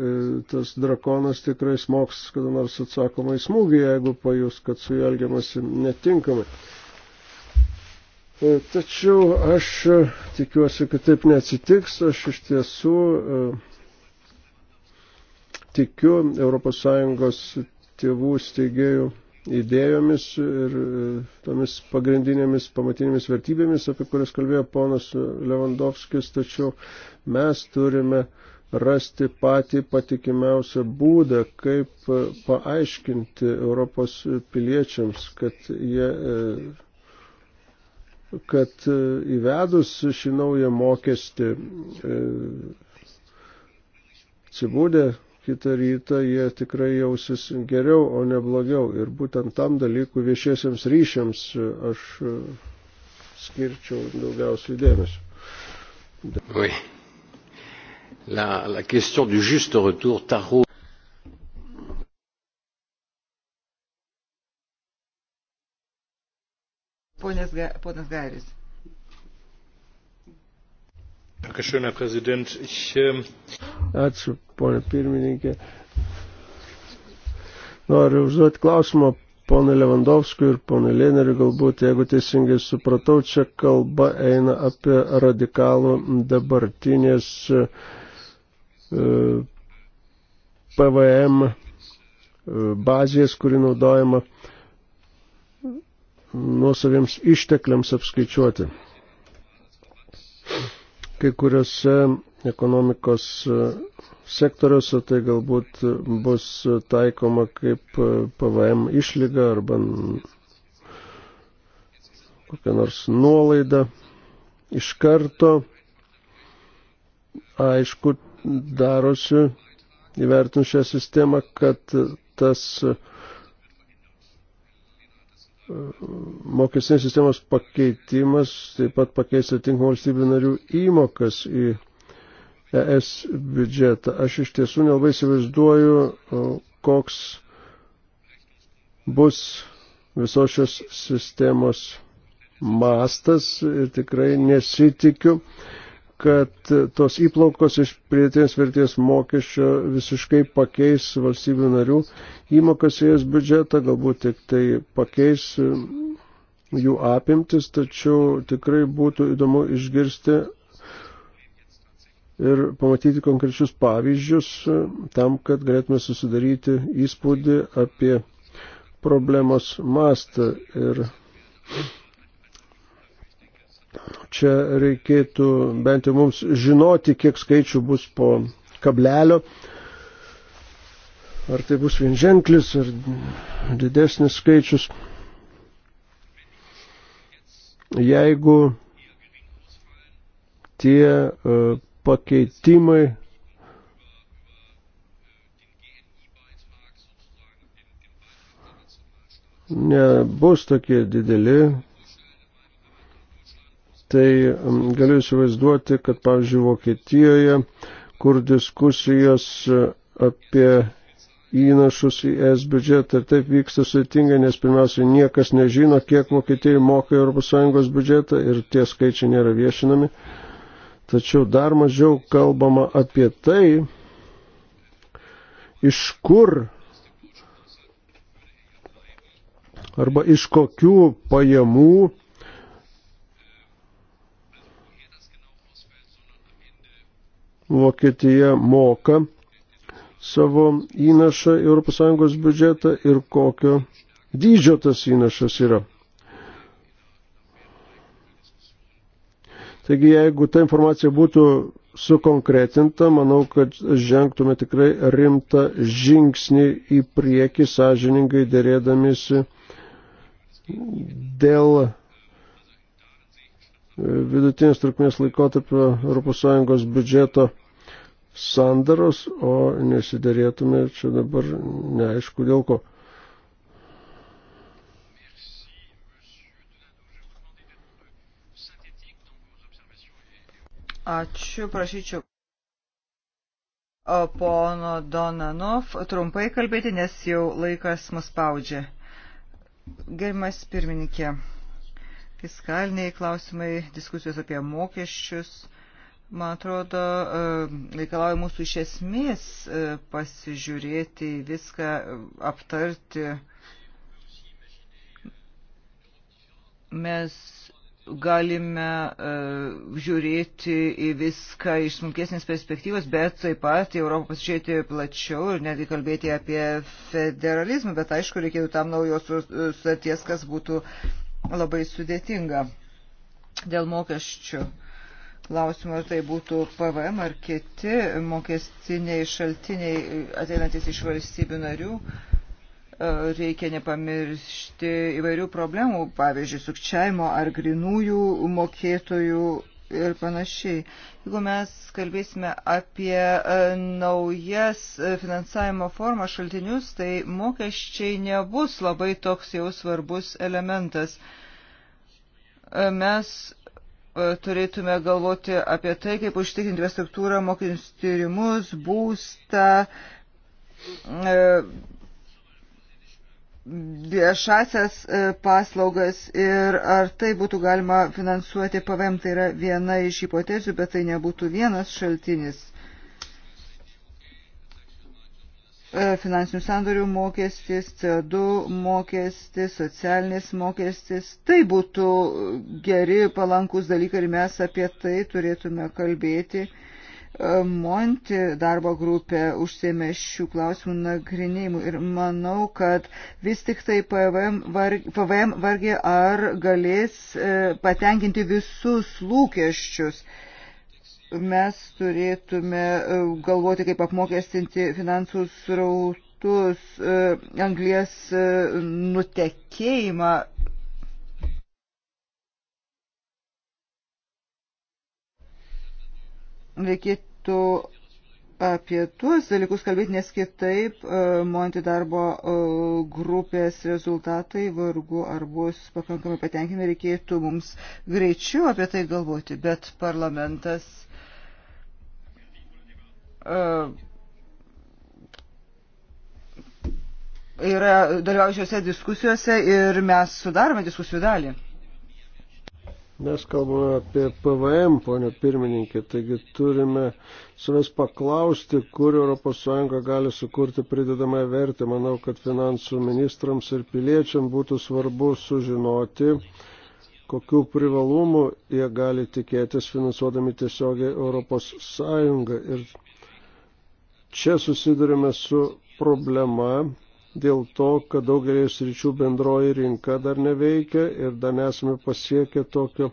tas drakonas tikrai smoks, kada nors atsakomai smūgį, jeigu pajus, kad su juo elgiamasi netinkamai. E, tačiau aš tikiuosi, kad taip neatsitiks, aš iš tiesų tikiu ES tėvų steigėjų idėjomis ir e, tomis pagrindinėmis pamatinėmis vertybėmis, apie kurias kalbėjo ponas Levandovskis, tačiau mes turime rasti patį patikimiausią būdą, kaip paaiškinti Europos piliečiams, kad jie e, kad e, įvedus šį naują mokestį atsibūdė kitą rytą jie tikrai jausis geriau, o ne blogiau. Ir būtent tam dalykui viešiesiams ryšiams aš e, skirčiau daugiausiai dėmesio. Oui. La, la question du juste retour, Tarot. Ponas, Ponas Gairis. Ähm, Ačiū, ponė pirmininkė. Noriu užduoti klausimą ponui Levandovskui ir ponui Leneriui, galbūt, jeigu teisingai supratau, čia kalba eina apie radikalų dabartinės e, PVM e, bazės, kuri naudojama nuosaviems ištekliams apskaičiuoti kai kuriuose ekonomikos e, sektoriuose tai galbūt bus taikoma kaip e, PVM išlyga arba kokia nors nuolaida iš karto aišku darosi įvertinus šią sistemą, kad tas uh, mokestinės sistemos pakeitimas taip pat pakeis atitinkamų valstybių narių įmokas į ES biudžetą. Aš iš tiesų nelabai įsivaizduoju, koks bus visos šios sistemos mastas ir tikrai nesitikiu, kad tos įplaukos iš pridėtinės vertės mokesčio visiškai pakeis valstybių narių įmokas į jas biudžetą, galbūt tik tai pakeis mm, jų apimtis, tačiau tikrai būtų įdomu išgirsti ir pamatyti konkrečius pavyzdžius mm, tam, kad galėtume susidaryti įspūdį apie problemos mastą. Ir Čia reikėtų bent jau mums žinoti, kiek skaičių bus po kablelio. Ar tai bus vienženklis, ar didesnis skaičius. Jeigu tie e, pakeitimai nebus tokie dideli, tai galiu įsivaizduoti, kad, pavyzdžiui, Vokietijoje, kur diskusijos e, apie įnašus į S biudžetą ir tai taip vyksta sudėtingai, nes pirmiausia, niekas nežino, kiek Vokietijai moka ES biudžetą ir tie skaičiai nėra viešinami. Tačiau dar mažiau kalbama apie tai, iš kur arba iš kokių pajamų Vokietija moka savo įnašą į ES biudžetą ir kokio dydžio tas įnašas yra. Taigi, jeigu ta informacija būtų sukonkretinta, manau, kad žengtume tikrai rimtą žingsnį į priekį, sąžiningai dėrėdamėsi dėl vidutinės trukmės laikotarpio ES biudžeto sandaros, o nesidarėtume čia dabar neaišku dėl ko. Ačiū, prašyčiau. O pono Donanov, trumpai kalbėti, nes jau laikas mus spaudžia. Gerimas pirmininkė, fiskaliniai klausimai, diskusijos apie mokesčius man atrodo, e, reikalauja mūsų iš esmės e, pasižiūrėti viską, e, aptarti. Mes galime žiūrėti į viską iš smulkesnės perspektyvos, bet taip pat į Europą pasižiūrėti plačiau ir netgi kalbėti apie federalizmą, bet aišku, reikėtų tam naujos sutarties, kas būtų labai sudėtinga dėl mokesčių. Uh, klausimų, ar tai būtų PVM ar kiti mokestiniai šaltiniai ateinantis iš valstybių narių. E, Reikia nepamiršti įvairių problemų, pavyzdžiui, sukčiavimo ar grinųjų mokėtojų ir panašiai. Jeigu mes kalbėsime apie e, naujas e, finansavimo formą šaltinius, tai mokesčiai nebus labai toks jau svarbus elementas. Mes E, turėtume galvoti apie tai, kaip užtikrinti infrastruktūrą, mokinius tyrimus, būstą, e, viešasias e, paslaugas ir ar tai būtų galima finansuoti PVM, tai yra viena iš hipotezių, bet tai nebūtų vienas šaltinis. E, finansinių sandorių mokestis, CO2 mokestis, socialinis mokestis. Tai būtų geri, palankus dalykai ir mes apie tai turėtume kalbėti. E, Monti darbo grupė užsėmė šių klausimų nagrinėjimų ir manau, kad vis tik tai PVM, varg, PVM vargiai ar galės e, patenkinti visus lūkesčius. E, mes turėtume e, galvoti, kaip apmokestinti finansų srautus, e, anglės e, nutekėjimą. Reikėtų apie tuos dalykus kalbėti, nes kitaip Monti darbo grupės rezultatai vargu ar bus pakankamai patenkinami, reikėtų mums greičiau apie tai galvoti, bet parlamentas E, yra dalyvaujančiose diskusijose ir mes sudarome diskusijų dalį. Mes kalbame apie PVM, ponio pirmininkė, taigi turime savęs paklausti, kur ES gali sukurti pridedamą vertę. Manau, kad finansų ministrams ir piliečiam būtų svarbu sužinoti, kokių privalumų jie gali tikėtis finansuodami tiesiogiai ES. Ir Čia susidurime su problema dėl to, kad daugelį sričių bendroji rinka dar neveikia ir dar nesame pasiekę tokio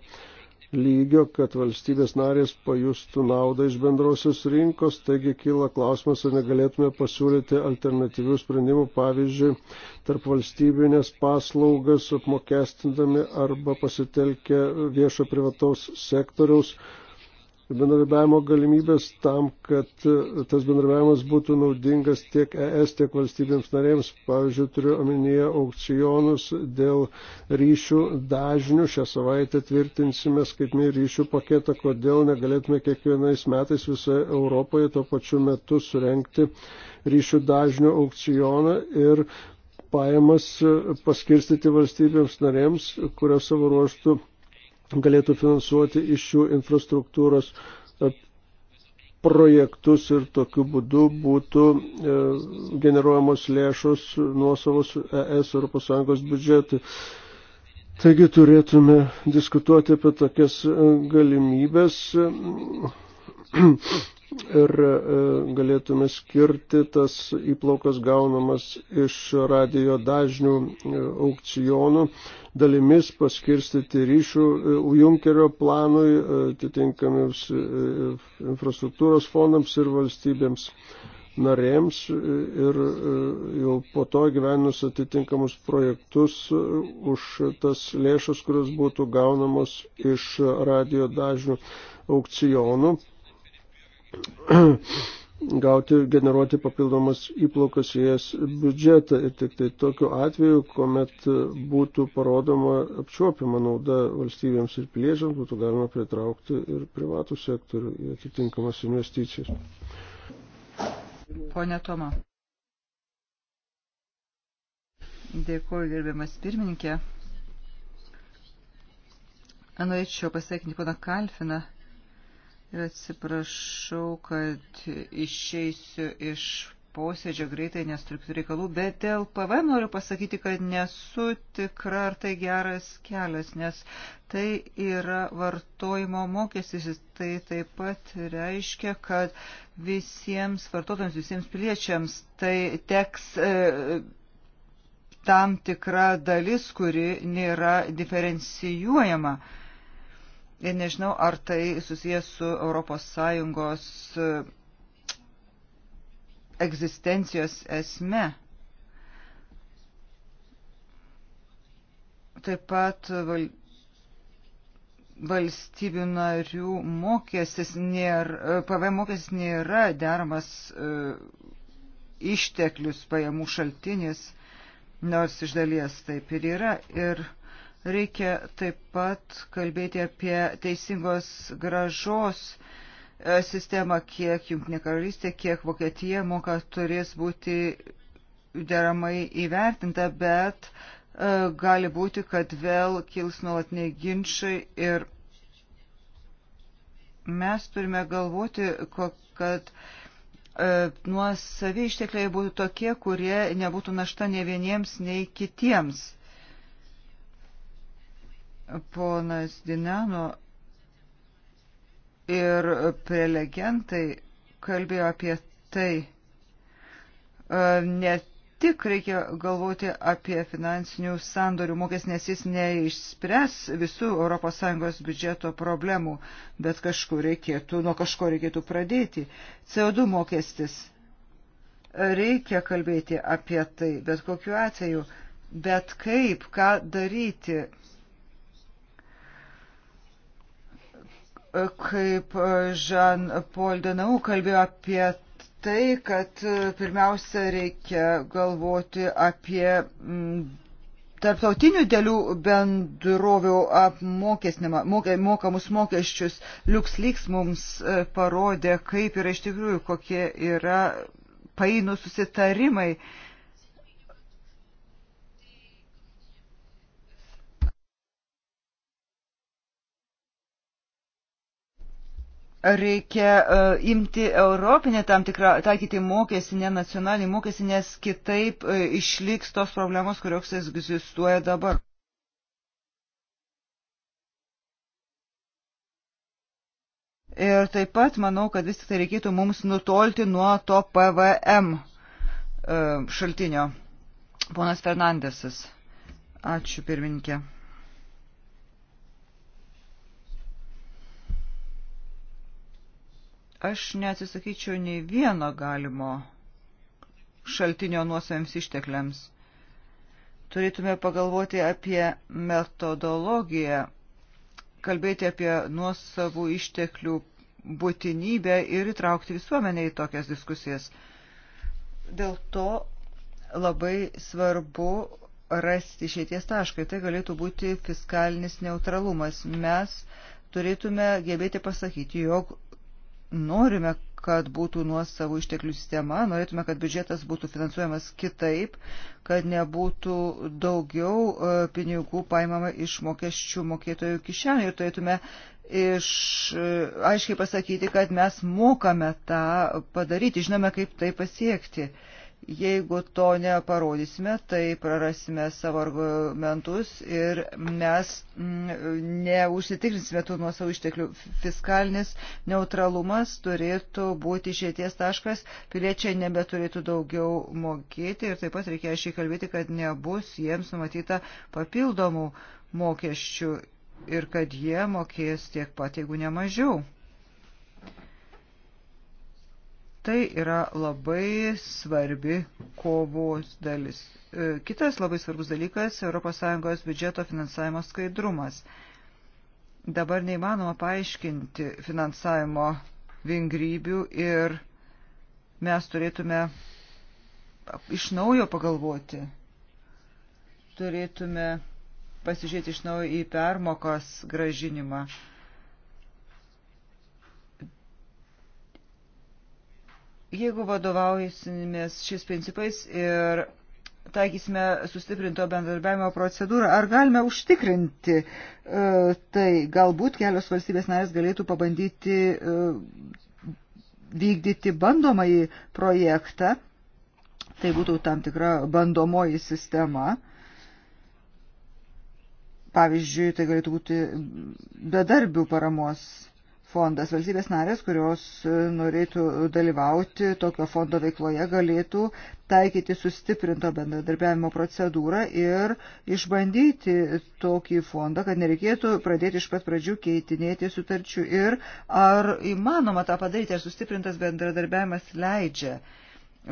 lygio, kad valstybės narės pajustų naudą iš bendrosios rinkos, taigi kyla klausimas, ar negalėtume pasiūlyti alternatyvių sprendimų, pavyzdžiui, tarp valstybinės paslaugas apmokestindami arba pasitelkę viešo privataus sektoriaus bendradarbiavimo galimybės tam, kad e, tas bendradarbiavimas būtų naudingas tiek ES, tiek valstybėms narėms. Pavyzdžiui, turiu omenyje aukcionus dėl ryšių dažnių. Šią savaitę tvirtinsime skaitmį ryšių paketą, kodėl negalėtume kiekvienais metais visoje Europoje tuo pačiu metu surenkti ryšių dažnių aukcioną ir pajamas e, paskirstyti valstybėms narėms, kurios savo ruoštų galėtų finansuoti iš šių infrastruktūros e, projektus ir tokiu būdu būtų e, generuojamos lėšos nuosavos ES ES biudžetui. Taigi turėtume diskutuoti apie tokias e, galimybės ir e, galėtume skirti tas įplaukas gaunamas iš radio dažnių e, aukcijonų dalimis paskirstyti ryšių e, Junkerio planui, atitinkamiams infrastruktūros fondams ir valstybėms narėms ir jau po to gyvenus atitinkamus projektus už tas lėšas, kurios būtų gaunamos iš radio dažnių aukcijonų *clears throat* gauti ir generuoti papildomas įplaukas į jas biudžetą. Ir tik tai tokiu atveju, kuomet būtų parodoma apčiuopiama nauda valstybėms ir piliečiams, būtų galima pritraukti ir privatų sektorių į atitinkamas investicijas. Pone Toma. Dėkuoju, gerbiamas pirmininkė. Norėčiau pasveikinti pana Kalfiną Ir atsiprašau, kad išeisiu iš posėdžio greitai, nes turiu reikalų, bet dėl PV noriu pasakyti, kad nesu tikra, ar tai geras kelias, nes tai yra vartojimo mokestis. Tai taip pat reiškia, kad visiems vartotojams, visiems piliečiams tai teks e, tam tikra dalis, kuri nėra diferencijuojama. E, Ir nežinau, ar tai susijęs su ES e, egzistencijos esme. Taip pat val, valstybių narių mokestis nėra, e, PVM mokestis nėra deramas e, išteklius pajamų šaltinis, nors iš dalies taip ir yra. Ir Reikia taip pat kalbėti apie teisingos gražos e, sistemą, kiek Junktinė karalystė, kiek Vokietija moka turės būti deramai įvertinta, bet e, gali būti, kad vėl kils nuolatiniai ginčiai ir mes turime galvoti, kad e, nuosavi ištekliai būtų tokie, kurie nebūtų našta ne vieniems, nei kitiems ponas Dinano ir prelegentai kalbėjo apie tai. E, ne tik reikia galvoti apie finansinių sandorių mokės, nes jis neišspręs visų ES biudžeto problemų, bet kažkur reikėtų, nuo kažko reikėtų pradėti. CO2 mokestis. Reikia kalbėti apie tai, bet kokiu atveju. Bet kaip, ką daryti, kaip e, Žan Paul Denau kalbėjo apie tai, kad e, pirmiausia reikia galvoti apie tarptautinių dėlių bendrovių apmokestinimą, mokamus mokesčius. LuxLeaks mums e, parodė, kaip yra iš tikrųjų, kokie yra painų susitarimai reikia uh, imti europinę tam tikrą, taikyti mokestį, ne nacionalinį mokestį, nes kitaip uh, išliks tos problemos, kurios egzistuoja dabar. Ir taip pat manau, kad vis tik tai reikėtų mums nutolti nuo to PVM uh, e, šaltinio. Ponas Fernandesas. Ačiū pirmininkė. Aš neatsisakyčiau nei vieno galimo šaltinio nuosavėms ištekliams. Turėtume pagalvoti apie metodologiją, kalbėti apie nuosavų išteklių būtinybę ir įtraukti visuomenę į tokias diskusijas. Dėl to labai svarbu rasti išėties taškai. Tai galėtų būti fiskalinis neutralumas. Mes turėtume gebėti pasakyti, jog norime, kad būtų nuosavų išteklių sistema, norėtume, kad biudžetas būtų finansuojamas kitaip, kad nebūtų daugiau e, pinigų paimama iš mokesčių mokėtojų kišenį ir turėtume iš, e, aiškiai pasakyti, kad mes mokame tą padaryti, žinome, kaip tai pasiekti. Uh, Jeigu to neparodysime, tai prarasime savo argumentus ir mes mm, neužsitikrinsime tų nuosavų išteklių. Fiskalinis neutralumas turėtų būti išėties taškas, piliečiai nebeturėtų daugiau mokėti ir taip pat reikia aiškiai kalbėti, kad nebus jiems numatyta papildomų mokesčių ir kad jie mokės tiek pat, jeigu ne mažiau. Tai yra labai svarbi kovos dalis. E, kitas labai svarbus dalykas - ES biudžeto finansavimo skaidrumas. Dabar neįmanoma paaiškinti finansavimo vingrybių ir mes turėtume iš naujo pagalvoti. Turėtume pasižiūrėti iš naujo į permokos gražinimą. Jeigu vadovaujasimės šis principais ir taikysime sustiprinto bendarbiavimo procedūrą, ar galime užtikrinti e, tai? Galbūt kelios valstybės narės galėtų pabandyti e, vykdyti bandomąjį projektą. Tai būtų tam tikra bandomoji sistema. Pavyzdžiui, tai galėtų būti bedarbių paramos fondas. Valstybės narės, kurios e, norėtų dalyvauti tokio fondo veikloje, galėtų taikyti sustiprinto bendradarbiavimo procedūrą ir išbandyti tokį fondą, kad nereikėtų pradėti iš pat pradžių keitinėti sutarčių. Ir ar įmanoma tą padaryti, ar sustiprintas bendradarbiavimas leidžia?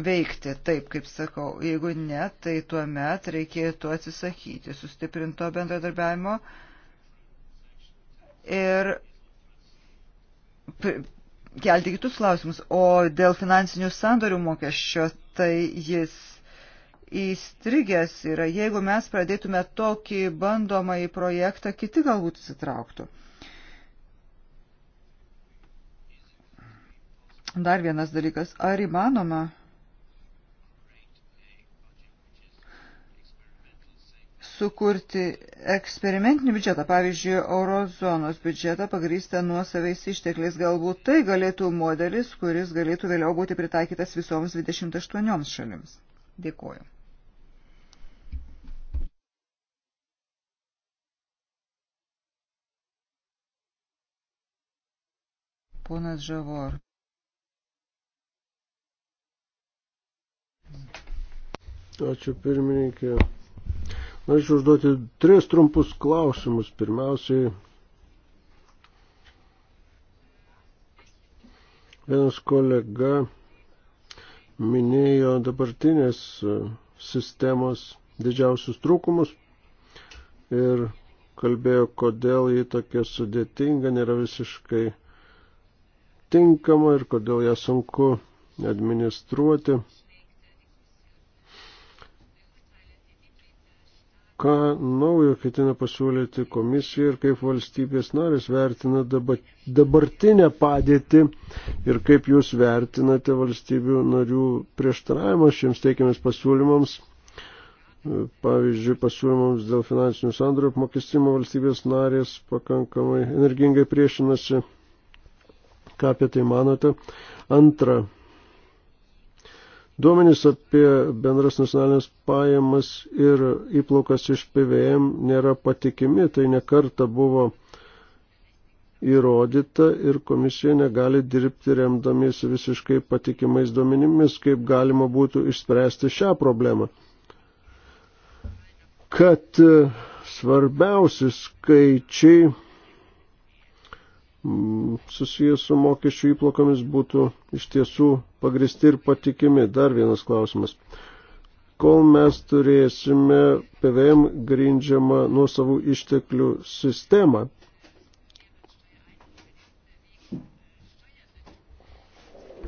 veikti taip, kaip sakau. Jeigu ne, tai tuo met reikėtų atsisakyti sustiprinto bendradarbiavimo ir kelti kitus klausimus. O dėl finansinių sandorių mokesčio, tai jis įstrigęs yra. Jeigu mes pradėtume tokį bandomąjį projektą, kiti galbūt įsitrauktų. Dar vienas dalykas. Ar įmanoma sukurti eksperimentinį biudžetą, pavyzdžiui, eurozonos biudžetą pagrįstą nuosavais ištekliais. Galbūt tai galėtų modelis, kuris galėtų vėliau būti pritaikytas visoms 28 šalims. Dėkuoju. Ponas Žavor. Ačiū pirmininkė. Norėčiau užduoti tris trumpus klausimus. Pirmiausiai, vienas kolega minėjo dabartinės e, sistemos didžiausius trūkumus ir kalbėjo, kodėl ji tokia sudėtinga, nėra visiškai tinkama ir kodėl ją sunku administruoti. Ką naujo ketina pasiūlyti komisija ir kaip valstybės narės vertina dabartinę padėtį ir kaip jūs vertinate valstybių narių prieštaravimą šiems teikiamės pasiūlymams, pavyzdžiui, pasiūlymams dėl finansinių sandorių apmokestimo valstybės narės pakankamai energingai priešinasi. Ką apie tai manote? Antra, Duomenys apie bendras nacionalinės pajamas ir įplaukas iš PVM nėra patikimi, tai nekarta buvo įrodyta ir komisija negali dirbti remdamiesi visiškai patikimais duomenimis, kaip galima būtų išspręsti šią problemą. Kad e, svarbiausi skaičiai susijęs su mokesčių įplokomis būtų iš tiesų pagristi ir patikimi. Dar vienas klausimas. Kol mes turėsime PVM grindžiamą nuo savų išteklių sistemą,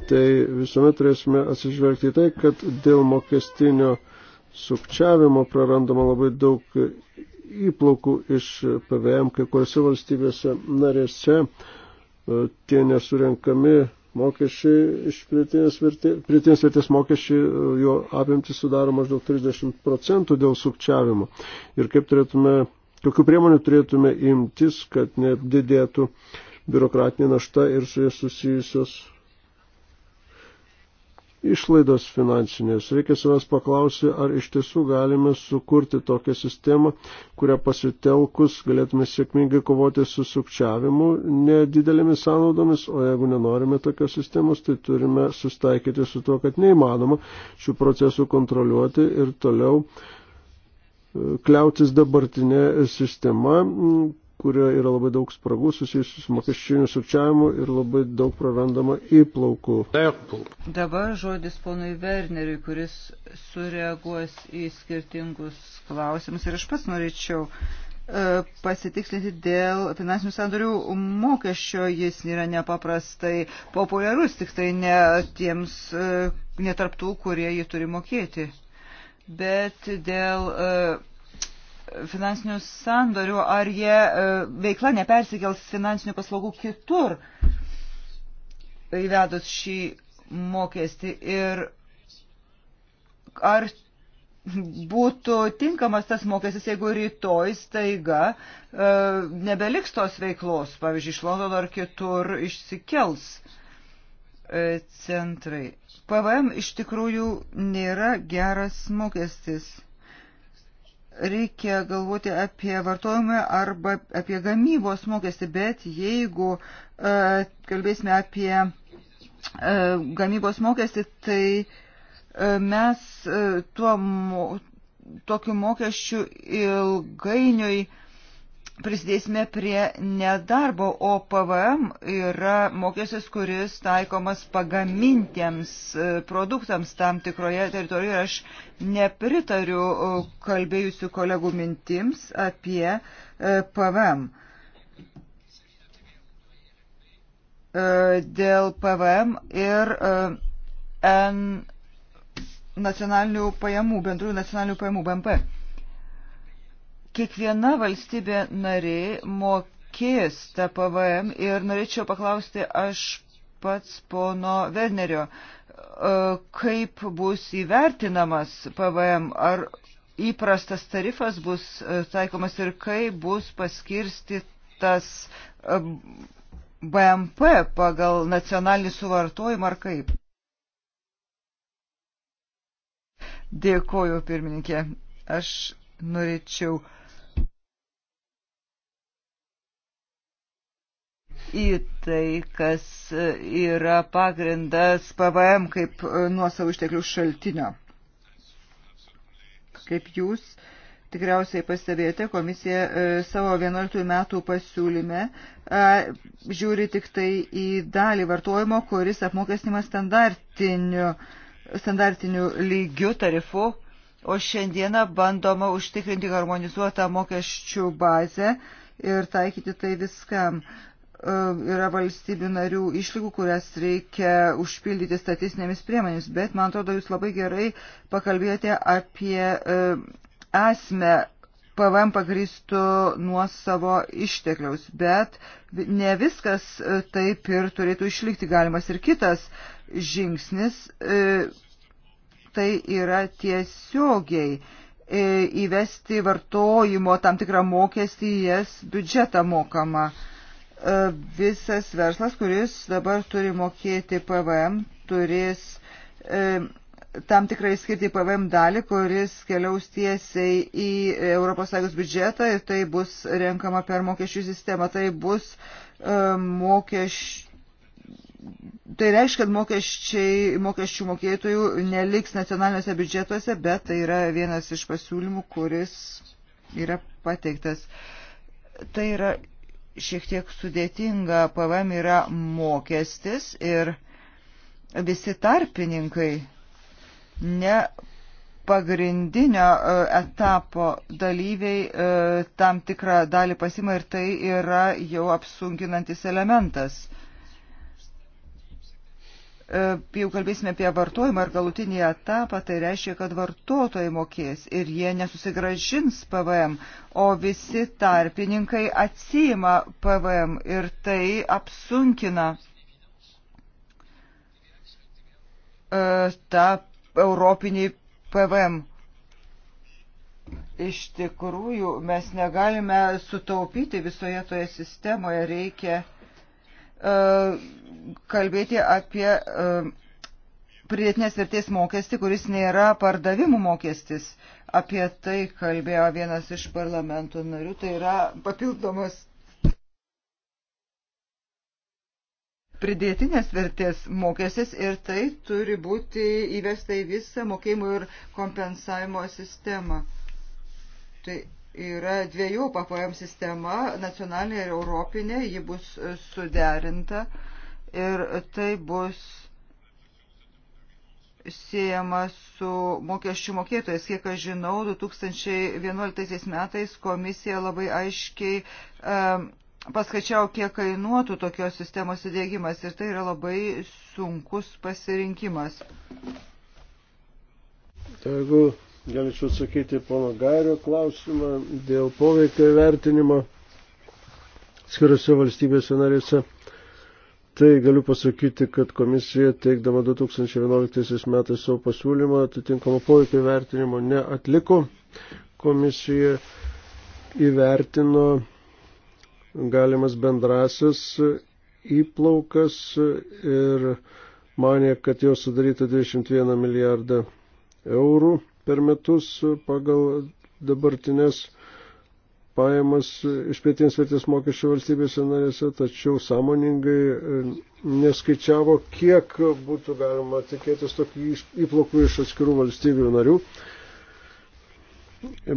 tai visuomet turėsime atsižvelgti į tai, kad dėl mokestinio sukčiavimo prarandama labai daug įplaukų iš PVM, kai kuriuose valstybėse narėse e, tie nesurenkami mokesčiai iš pritinės vertės, pritinės vertės mokesčiai, e, jo apimtis sudaro maždaug 30 procentų dėl sukčiavimo. Ir kaip turėtume, kokiu priemonių turėtume imtis, kad nedidėtų biurokratinė našta ir su jais susijusios išlaidos finansinės. Reikia savęs paklausti, ar iš tiesų galime sukurti tokią sistemą, kurią pasitelkus galėtume sėkmingai kovoti su sukčiavimu nedidelėmis sąnaudomis, o jeigu nenorime tokios sistemos, tai turime sustaikyti su to, kad neįmanoma šių procesų kontroliuoti ir toliau e, kliautis dabartinė sistema, kurioje yra labai daug spragų susijusių su mokesčiiniu sukčiavimu ir labai daug prarandama įplaukų. Dabar žodis ponui Werneriui, kuris sureaguos į skirtingus klausimus ir aš pats norėčiau e, pasitikslinti dėl finansinių sandorių mokesčio. Jis yra nepaprastai populiarus, tik tai ne tiems, e, netarptų, kurie jį turi mokėti. Bet dėl uh, finansinių sandorių, ar jie e, veikla nepersikels finansinių paslaugų kitur įvedus šį mokestį ir ar būtų tinkamas tas mokestis, jeigu rytoj staiga e, nebeliks tos veiklos, pavyzdžiui, iš Londono ar kitur išsikels e, centrai. PVM iš tikrųjų nėra geras mokestis reikia galvoti apie vartojimą arba apie gamybos mokestį, bet jeigu e, kalbėsime apie e, gamybos mokestį, tai e, mes e, tuo, mo, tokiu mokesčiu ilgainiui e, prisidėsime prie nedarbo, o PVM yra mokestis, kuris taikomas pagamintiems e, produktams tam tikroje teritorijoje. Aš nepritariu e, kalbėjusių kolegų mintims apie e, PVM. Dėl PVM ir N nacionalinių pajamų, bendrųjų nacionalinių pajamų BMP kiekviena valstybė narė mokės tą PVM ir norėčiau paklausti aš pats pono Wernerio, e, kaip bus įvertinamas PVM, ar įprastas tarifas bus e, taikomas ir kaip bus paskirstytas e, BMP pagal nacionalinį suvartojimą ar kaip. Dėkoju, pirmininkė. Aš norėčiau uh, į tai, kas yra pagrindas PVM kaip e, nuosavų išteklių šaltinio. Kaip jūs tikriausiai pastebėjote, komisija e, savo 11 metų pasiūlyme e, žiūri tik tai į dalį vartojimo, kuris apmokestimas standartiniu, standartiniu lygiu tarifu, o šiandieną bandoma užtikrinti harmonizuotą mokesčių bazę ir taikyti tai viskam. E, yra valstybių narių išlygų, kurias reikia užpildyti statistinėmis priemonėmis, bet man atrodo, jūs labai gerai pakalbėjote apie e, esmę PVM pagristų nuo savo ištekliaus, bet ne viskas e, taip ir turėtų išlikti galimas ir kitas žingsnis, tai yra tiesiogiai įvesti vartojimo tam tikrą mokestį į jas biudžetą mokamą. E, visas verslas, kuris dabar turi mokėti PVM, turės e, tam tikrai skirti PVM dalį, kuris keliaus tiesiai į ES biudžetą ir tai bus renkama per mokesčių sistemą. Tai bus e, mokesčių. Tai reiškia, kad mokesčiai, mokesčių mokėtojų neliks nacionaliniuose biudžetuose, bet tai yra vienas iš pasiūlymų, kuris yra pateiktas. Tai yra šiek tiek sudėtinga. PVM yra mokestis ir visi tarpininkai ne pagrindinio e, etapo dalyviai e, tam tikrą dalį pasima ir tai yra jau apsunkinantis elementas. E, jau kalbėsime apie vartojimą ir galutinį etapą, tai reiškia, kad vartotojai mokės ir jie nesusigražins PVM, o visi tarpininkai atsima PVM ir tai apsunkina e, tą europinį PVM. Iš tikrųjų, mes negalime sutaupyti visoje toje sistemoje, reikia uh, kalbėti apie e, pridėtinės vertės mokestį, kuris nėra pardavimų mokestis. Apie tai kalbėjo vienas iš parlamento narių, tai yra papildomas pridėtinės vertės mokestis ir tai turi būti įvesta į visą mokėjimų ir kompensavimo sistemą. Tai yra dviejų papojam sistema, nacionalinė ir europinė, ji bus e, suderinta ir tai bus siejama su mokesčių mokėtojais. Kiek aš žinau, 2011 metais komisija labai aiškiai um, e, paskačiau, kiek kainuotų tokios sistemos įdėgymas ir tai yra labai sunkus pasirinkimas. Jeigu Targu galėčiau atsakyti pono Gairio klausimą dėl poveikio įvertinimo skiriuose valstybėse narėse. Tai galiu pasakyti, kad komisija teikdama 2011 metais savo pasiūlymą atitinkamo poveikio įvertinimo neatliko. Komisija įvertino galimas bendrasis įplaukas ir manė, kad jau sudaryta 21 milijardą eurų per metus pagal dabartinės pajamas iš pietinės vertės mokesčių valstybėse narėse, tačiau sąmoningai e, neskaičiavo, kiek būtų galima tikėtis tokių įplaukų iš atskirų valstybių narių.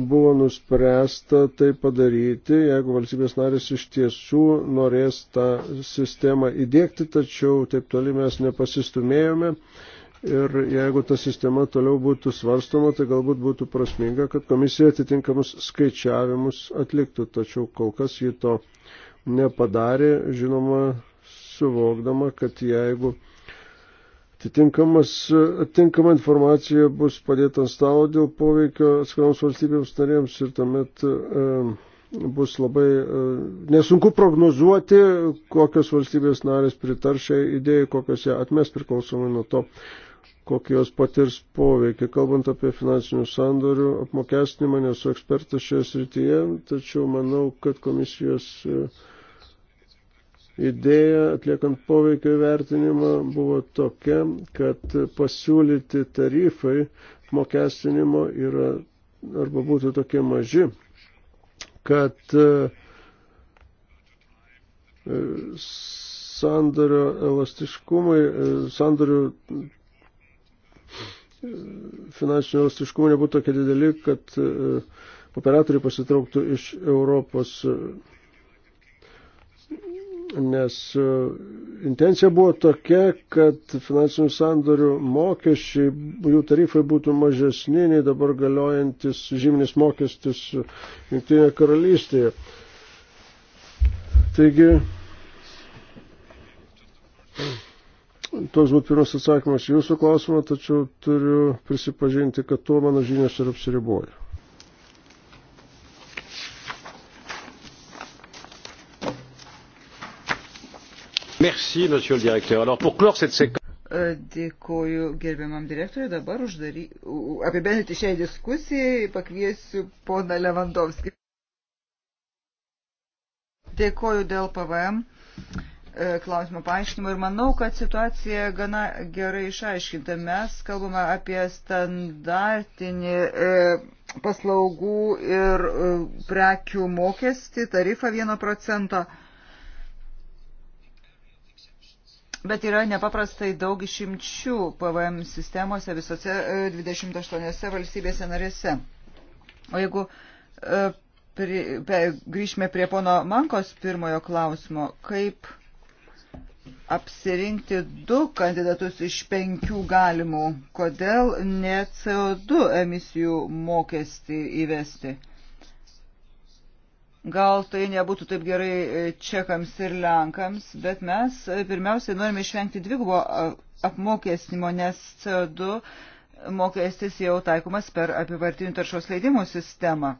Buvo nuspręsta tai padaryti, jeigu valstybės narės iš tiesų norės tą sistemą įdėkti, tačiau taip toli mes nepasistumėjome. Ir jeigu ta sistema toliau būtų svarstoma, tai galbūt būtų prasminga, kad komisija atitinkamus skaičiavimus atliktų, tačiau kol kas ji to nepadarė, žinoma, suvokdama, kad jeigu atitinkama informacija bus padėta ant stalo dėl poveikio atskiroms valstybėms narėms ir tuomet e, bus labai e, nesunku prognozuoti, kokios valstybės narės pritaršia idėjai, kokios ją atmes priklausomai nuo to, kokį jos patirs poveikį. Kalbant apie finansinių sandorių apmokestinimą, nesu ekspertas šioje srityje, tačiau manau, kad komisijos e, idėja atliekant poveikio vertinimą buvo tokia, kad pasiūlyti tarifai apmokestinimo yra arba būtų tokie maži, kad e, e, sandario elastiškumai, sandarių finansinio elastiškumo nebūtų tokia dideli, kad e, operatoriai pasitrauktų iš Europos, e, nes e, intencija buvo tokia, kad finansinių sandorių mokesčiai, jų tarifai būtų mažesni nei dabar galiojantis žyminis mokestis Junktinėje karalystėje. Taigi, Toks būtų pirmas atsakymas jūsų klausimą, tačiau turiu prisipažinti, kad tuo mano žinios ir apsiriboja. Merci, monsieur le directeur. Alors, pour clore cette séquence. E, dėkoju gerbiamam direktoriui. Dabar uždary... apibendrinti šią diskusiją pakviesiu poną Levandovskį. Dėkoju dėl PVM. E, klausimo paaiškinimo ir manau, kad situacija gana gerai išaiškinta. Mes kalbame apie standartinį e, paslaugų ir e, prekių mokestį, tarifą 1 procento. Bet yra nepaprastai daug išimčių PVM sistemose visose 28 valstybėse narėse. O jeigu pri, pe, grįžime prie pono Mankos pirmojo klausimo, kaip apsirinkti du kandidatus iš penkių galimų. Kodėl ne CO2 emisijų mokestį įvesti? Gal tai nebūtų taip gerai e, čekams ir lenkams, bet mes e, pirmiausiai norime išvengti dvigubo apmokestinimo, nes CO2 mokestis jau taikomas per apivartinių taršos leidimų sistemą.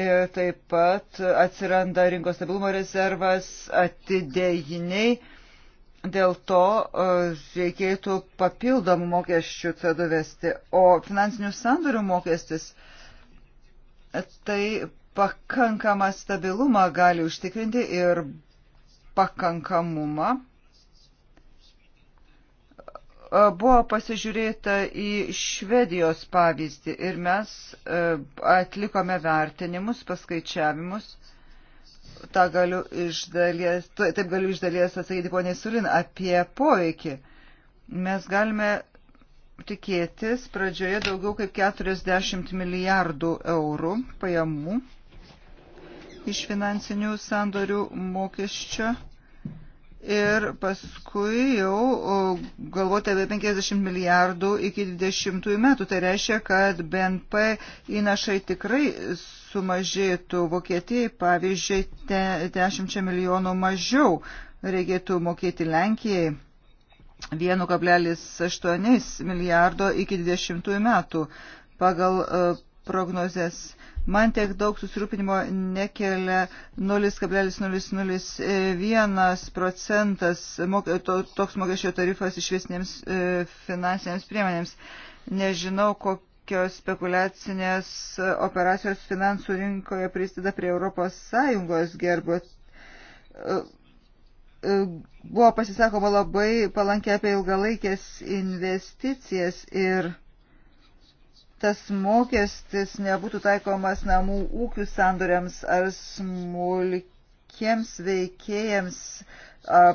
Ir taip pat atsiranda rinkos stabilumo rezervas, atidėjiniai. Dėl to e, reikėtų papildomų mokesčių CEDU vesti. O finansinių sandorių mokestis tai pakankamą stabilumą gali užtikrinti ir pakankamumą Buvo pasižiūrėta į Švedijos pavyzdį ir mes e, atlikome vertinimus, paskaičiavimus. Ta galiu iš dalies, taip galiu iš dalies atsakyti poniai Sulin apie poveikį. Mes galime tikėtis pradžioje daugiau kaip 40 milijardų eurų pajamų iš finansinių sandorių mokesčio ir paskui jau galvoti apie 50 milijardų iki 20 metų. Tai reiškia, kad BNP įnašai tikrai sumažėtų. Vokietijai, pavyzdžiui, 10 milijonų mažiau reikėtų mokėti Lenkijai 1,8 milijardo iki 20 metų pagal prognozes. Man tiek daug susirūpinimo nekelia 0,001 procentas toks mokesčio tarifas išvesnėms e, finansinėms priemonėms. Nežinau, kokios spekulacinės operacijos finansų rinkoje prisideda prie ES gerbo e, e, buvo pasisakoma labai palankiai apie ilgalaikės investicijas ir tas mokestis nebūtų taikomas namų ūkių sandoriams ar smulkiems veikėjams,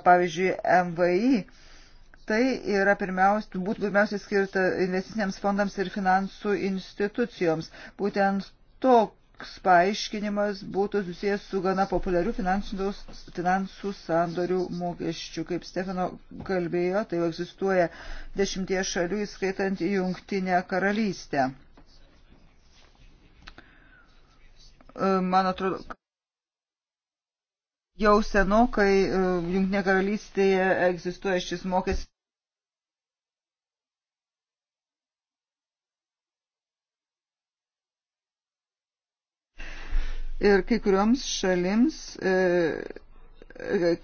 pavyzdžiui, MVI. Tai yra pirmiausia, būtų pirmiausia skirta investiciniams fondams ir finansų institucijoms. Būtent to toks paaiškinimas būtų susijęs su gana populiariu finansų sandorių mokesčiu. Kaip Stefano kalbėjo, tai jau egzistuoja dešimtie šalių, įskaitant jungtinę karalystę. E, man atrodo, jau senokai e, jungtinė karalystėje egzistuoja šis mokestis. ir kai kurioms šalims e, e,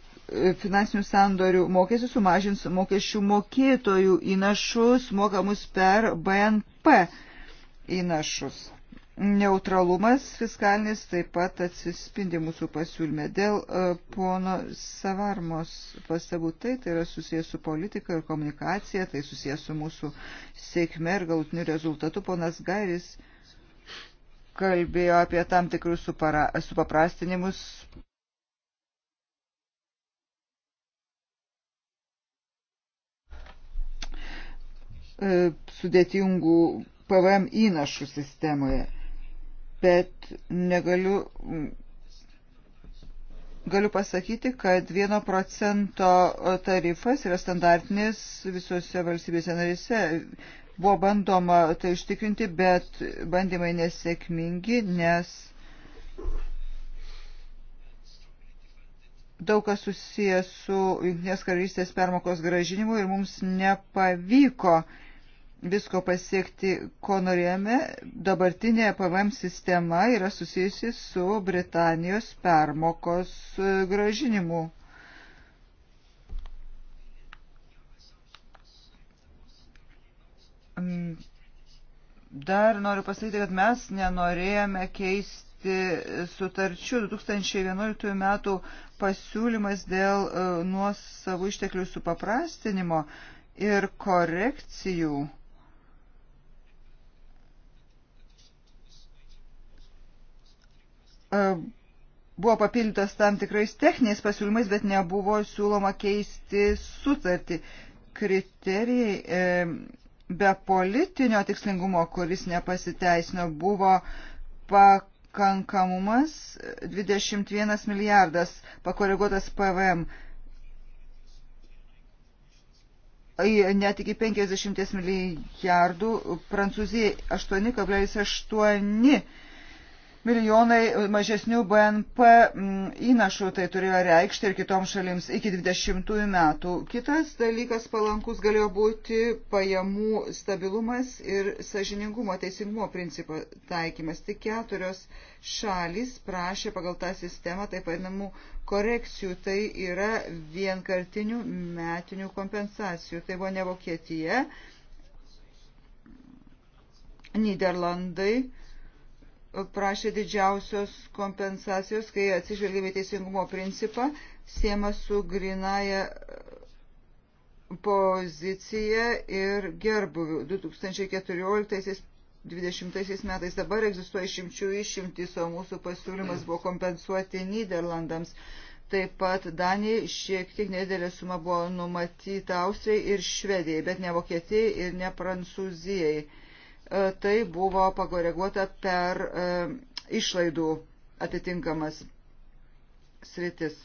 finansinių sandorių mokesčių sumažins mokesčių mokėtojų įnašus mokamus per BNP įnašus. Neutralumas fiskalinis taip pat atsispindi mūsų pasiūlyme. Dėl e, pono Savarmos pastabų tai, tai yra susijęs su politika ir komunikacija, tai susijęs su mūsų sėkme ir galutiniu rezultatu. Ponas Gairis uh, kalbėjo apie tam tikrus supaprastinimus. E, sudėtingų PVM įnašų sistemoje, bet negaliu galiu pasakyti, kad 1 procento tarifas yra standartinis visose valstybėse narise. Buvo bandoma tai ištikrinti, bet bandymai nesėkmingi, nes daug kas susijęs su Junktinės karalystės permokos gražinimu ir mums nepavyko visko pasiekti, ko norėjome. Dabartinė PVM sistema yra susijusi su Britanijos permokos e, gražinimu. Mm, dar noriu pasakyti, kad mes nenorėjome keisti sutarčių 2011 metų pasiūlymas dėl e, nuosavų išteklių supaprastinimo ir korekcijų. E, buvo papildytas tam tikrais techniniais pasiūlymais, bet nebuvo siūloma keisti sutartį. Kriterijai. E, be politinio tikslingumo, kuris nepasiteisino, buvo pakankamumas 21 e, milijardas pakoreguotas PVM net iki 50 milijardų, Prancūzija 8,8 milijonai mažesnių BNP mm, įnašų tai turėjo reikšti ir kitoms šalims iki 20 metų. Kitas dalykas palankus galėjo būti pajamų stabilumas ir sažiningumo teisingumo principo taikymas. Tik keturios šalis prašė pagal tą sistemą taip vadinamų korekcijų, tai yra vienkartinių metinių kompensacijų. Tai buvo ne Vokietija, Niderlandai, prašė didžiausios kompensacijos, kai atsižvelgėme teisingumo principą, siema su grinaja e, pozicija ir gerbuviu. 2014-2020 metais dabar egzistuoja išimčių išimtys, o mūsų pasiūlymas buvo kompensuoti Niderlandams. Taip pat Danijai šiek tiek nedėlė suma buvo numatyta Austrijai ir Švedijai, bet ne Vokietijai ir ne Prancūzijai E, tai buvo pagoreguota per e, išlaidų atitinkamas sritis.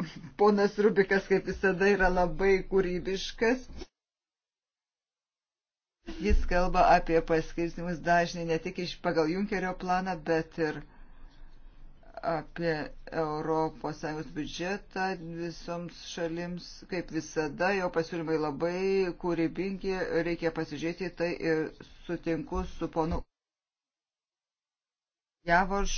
*laughs* Ponas Rubikas, kaip visada, yra labai kūrybiškas. Jis kalba apie paskirstimus dažnį ne tik iš pagal Junkerio planą, bet ir uh, apie ES biudžetą visoms šalims. Kaip visada, jo pasiūlymai labai kūrybingi, reikia pasižiūrėti tai ir sutinku su ponu Javoš,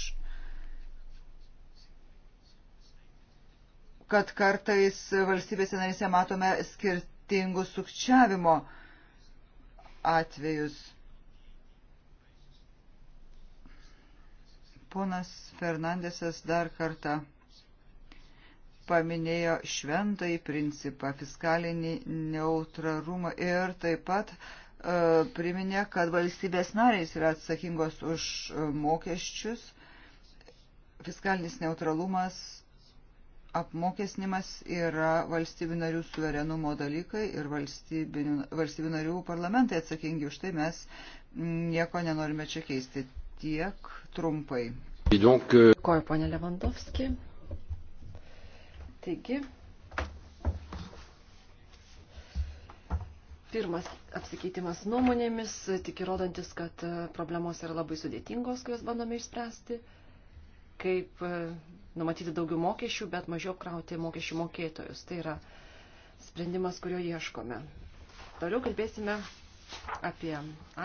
kad kartais valstybėse narėse matome skirtingus sukčiavimo atvejus Ponas Fernandesas dar kartą paminėjo šventąjį principą, fiskalinį neutrarumą ir taip pat e, priminė, kad valstybės nariais yra atsakingos už mokesčius. Fiskalinis neutralumas, apmokesnimas yra valstybių narių suverenumo dalykai ir valstybių, valstybių narių parlamentai atsakingi už tai mes nieko nenorime čia keisti tiek trumpai. Euh, Dėkoju, ponė Levandovski. Taigi, pirmas apsikeitimas nuomonėmis, tik įrodantis, kad e, problemos yra labai sudėtingos, kurias bandome išspręsti, kaip e, numatyti daugiau mokesčių, bet mažiau krauti mokesčių mokėtojus. Tai yra sprendimas, kurio ieškome. Toliau kalbėsime apie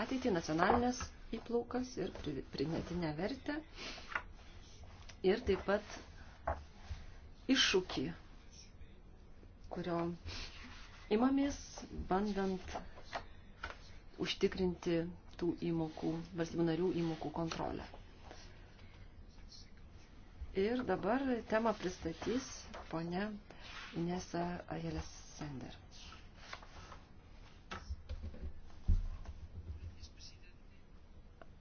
ateitį, nacionalinės įplaukas ir pridėtinę vertę ir taip pat iššūkį, kurio imamės bandant užtikrinti tų įmokų, valstybių narių įmokų kontrolę. Ir dabar temą pristatys ponia Inesa Ajeles Sender.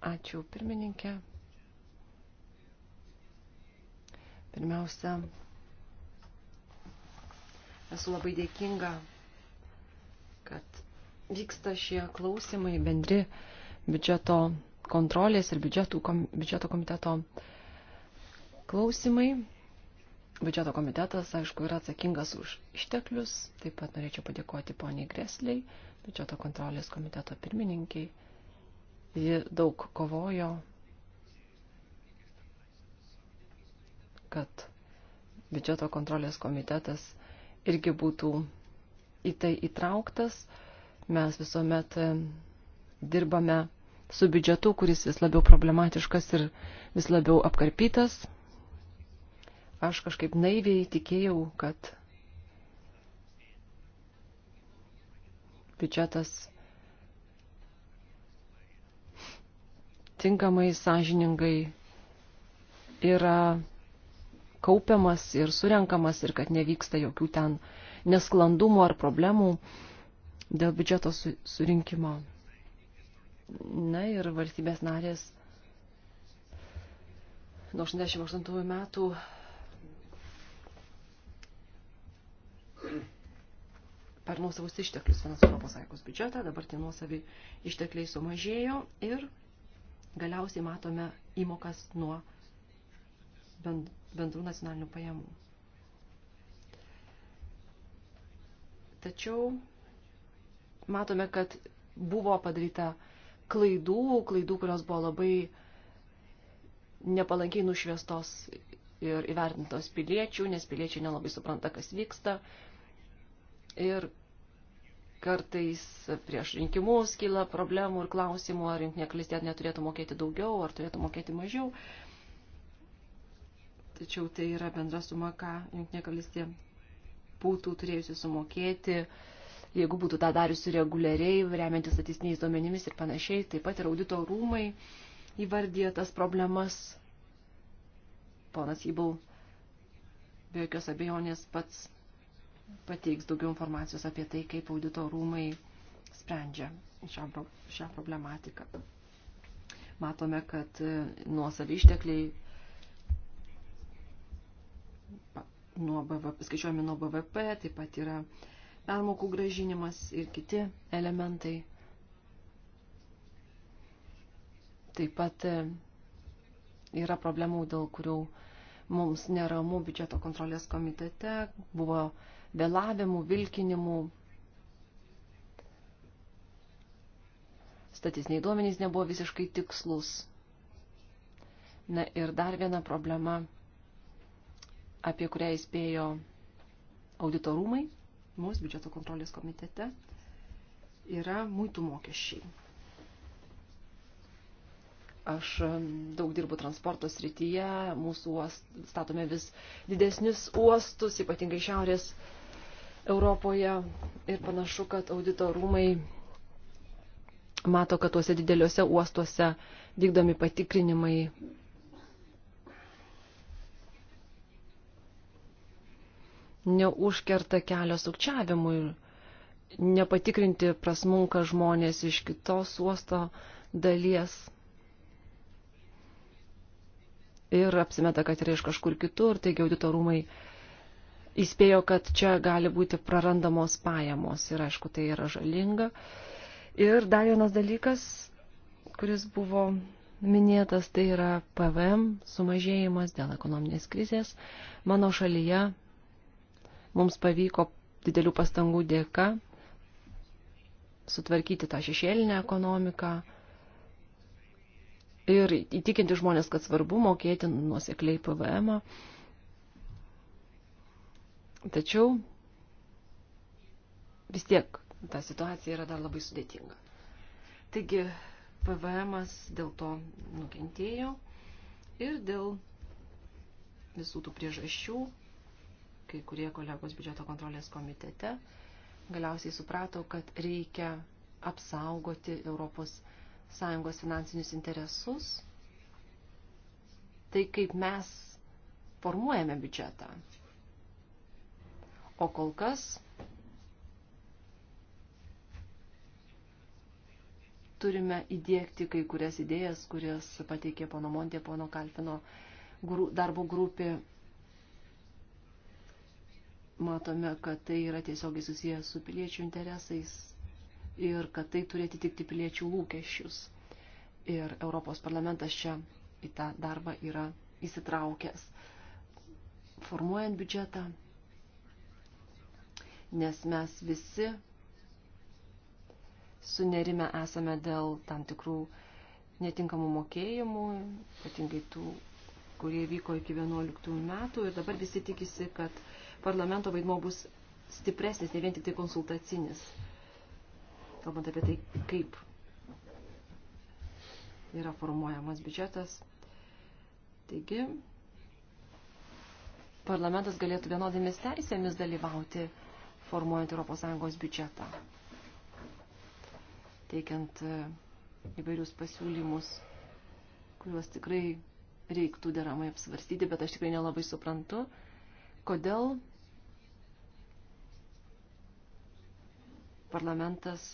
Ačiū pirmininkė. Pirmiausia, esu labai dėkinga, kad vyksta šie klausimai bendri biudžeto kontrolės ir biudžetų, kom, biudžeto komiteto klausimai. Biudžeto komitetas, aišku, yra atsakingas už išteklius. Taip pat norėčiau padėkoti poniai Gresliai, biudžeto kontrolės komiteto pirmininkiai Ji daug kovojo, kad biudžeto kontrolės komitetas irgi būtų į tai įtrauktas. Mes visuomet e, dirbame su biudžetu, kuris vis labiau problematiškas ir vis labiau apkarpytas. Aš kažkaip naiviai tikėjau, kad biudžetas tinkamai, sąžiningai yra kaupiamas ir surenkamas ir kad nevyksta jokių ten nesklandumų ar problemų dėl biudžeto surinkimo. Na ir valstybės narės nuo 88 metų per nuosavus išteklius finansuoja Europos Sąjungos biudžetą, dabar tie nuosavi ištekliai sumažėjo ir galiausiai matome įmokas nuo bendrų nacionalinių pajamų. Tačiau matome, kad buvo padaryta klaidų, klaidų, kurios buvo labai nepalankiai nušviestos ir įvertintos piliečių, nes piliečiai nelabai supranta, kas vyksta. Ir kartais prieš rinkimus kyla problemų ir klausimų, ar jungtinė kalistė neturėtų mokėti daugiau, ar turėtų mokėti mažiau. Tačiau tai yra bendra suma, ką jungtinė kalistė būtų turėjusi sumokėti, jeigu būtų tą dariusi reguliariai, remiantis statistiniais duomenimis ir panašiai. Taip pat ir audito rūmai įvardė tas problemas. Ponas Jybal be jokios abejonės pats pateiks daugiau informacijos apie tai, kaip audito rūmai sprendžia šią, šią problematiką. Matome, kad e, nuosavi ištekliai nuo BVP, skaičiuojami nuo BVP, taip pat yra permokų gražinimas ir kiti elementai. Taip pat e, yra problemų, dėl kurių mums neramu biudžeto kontrolės komitete. Buvo vėlavimų, vilkinimų. Statistiniai duomenys nebuvo visiškai tikslus. Na ir dar viena problema, apie kurią įspėjo auditorumai, mūsų biudžeto kontrolės komitete, yra muitų mokesčiai. Aš daug dirbu transporto srityje, mūsų uost, statome vis didesnius uostus, ypatingai šiaurės Europoje ir panašu, kad audito rūmai mato, kad tuose dideliuose uostuose vykdomi patikrinimai neužkerta kelio sukčiavimui. Nepatikrinti prasmunka žmonės iš kitos uosto dalies ir apsimeta, kad yra iš kažkur kitur, taigi auditorumai rūmai įspėjo, kad čia gali būti prarandamos pajamos ir aišku, tai yra žalinga. Ir dar vienas dalykas, kuris buvo minėtas, tai yra PVM sumažėjimas dėl ekonominės krizės. Mano šalyje mums pavyko didelių pastangų dėka sutvarkyti tą šešėlinę ekonomiką ir įtikinti žmonės, kad svarbu mokėti nuosekliai PVM. -ą Tačiau vis tiek ta situacija yra dar labai sudėtinga. Taigi PVM dėl to nukentėjo ir dėl visų tų priežasčių, kai kurie kolegos biudžeto kontrolės komitete galiausiai suprato, kad reikia apsaugoti Europos Sąjungos finansinius interesus. Tai kaip mes formuojame biudžetą, O kol kas turime įdėkti kai kurias idėjas, kurias pateikė pono Montė, pono Kalfino darbo grupė. Matome, kad tai yra tiesiogiai susijęs su piliečių interesais ir kad tai turi atitikti piliečių lūkesčius. Ir Europos parlamentas čia į tą darbą yra įsitraukęs. Formuojant biudžetą, nes mes visi sunerime esame dėl tam tikrų netinkamų mokėjimų, ypatingai tų, kurie vyko iki 11 metų ir dabar visi tikisi, kad parlamento vaidmo bus stipresnis, ne vien tik tai konsultacinis, kalbant apie tai, kaip yra formuojamas biudžetas. Taigi, parlamentas galėtų vienodomis teisėmis dalyvauti formuojant ES biudžetą, teikiant e, įvairius pasiūlymus, kuriuos tikrai reiktų deramai apsvarstyti, bet aš tikrai nelabai suprantu, kodėl parlamentas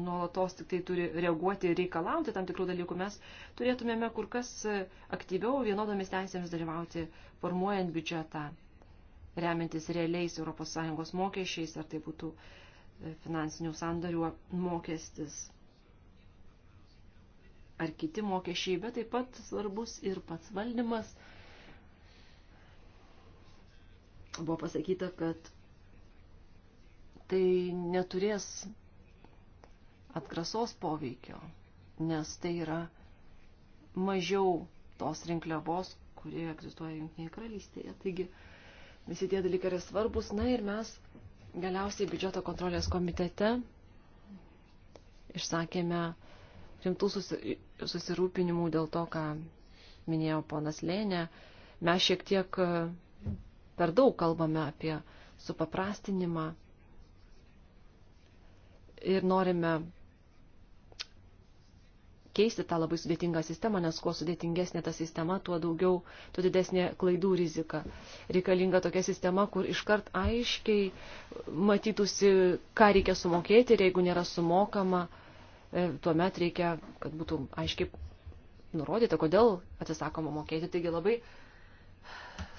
nuolatos tik tai turi reaguoti ir reikalauti tam tikrų dalykų, mes turėtumėme kur kas aktyviau vienodomis teisėmis dalyvauti, formuojant biudžetą, remiantis realiais ES mokesčiais, ar tai būtų e, finansinių sandarių mokestis ar kiti mokesčiai, bet taip pat svarbus ir pats valdymas. Buvo pasakyta, kad tai neturės atgrasos poveikio, nes tai yra mažiau tos rinkliavos, kurie egzistuoja Junktinėje karalystėje. Taigi visi tie dalykai yra svarbus. Na ir mes galiausiai biudžeto kontrolės komitete išsakėme rimtų susirūpinimų dėl to, ką minėjo ponas Lėnė. Mes šiek tiek e, per daug kalbame apie supaprastinimą ir norime keisti tą labai sudėtingą sistemą, nes kuo sudėtingesnė ta sistema, tuo daugiau, tuo didesnė klaidų rizika. Reikalinga tokia sistema, kur iškart aiškiai matytųsi, ką reikia sumokėti ir jeigu nėra sumokama, e, tuomet reikia, kad būtų aiškiai nurodyta, kodėl atsisakoma mokėti. Taigi labai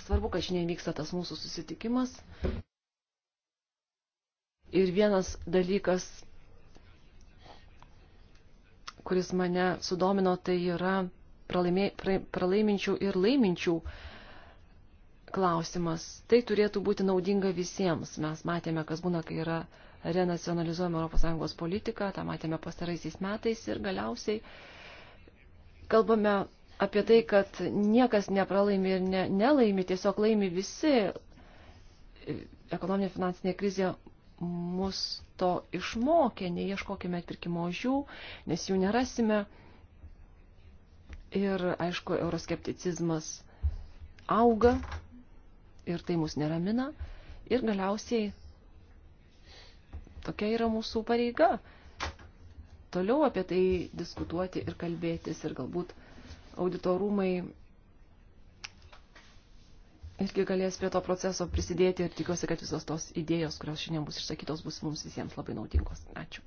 svarbu, kad šiandien vyksta tas mūsų susitikimas. Ir vienas dalykas kuris mane sudomino, tai yra pralaimė, pra, pralaiminčių ir laiminčių klausimas. Tai turėtų būti naudinga visiems. Mes matėme, kas būna, kai yra renacionalizuojama ES politika, tą matėme pastaraisiais metais ir galiausiai kalbame apie tai, kad niekas nepralaimi ir ne, nelaimi, tiesiog laimi visi. Ekonominė finansinė krizė mus to išmokė, neieškokime atpirkimo žių, nes jų nerasime. Ir, aišku, euroskepticizmas auga ir tai mus neramina. Ir galiausiai tokia yra mūsų pareiga toliau apie tai diskutuoti ir kalbėtis ir galbūt auditorumai irgi galės prie to proceso prisidėti ir tikiuosi, kad visos tos idėjos, kurios šiandien bus išsakytos, bus mums visiems labai naudingos. Ačiū.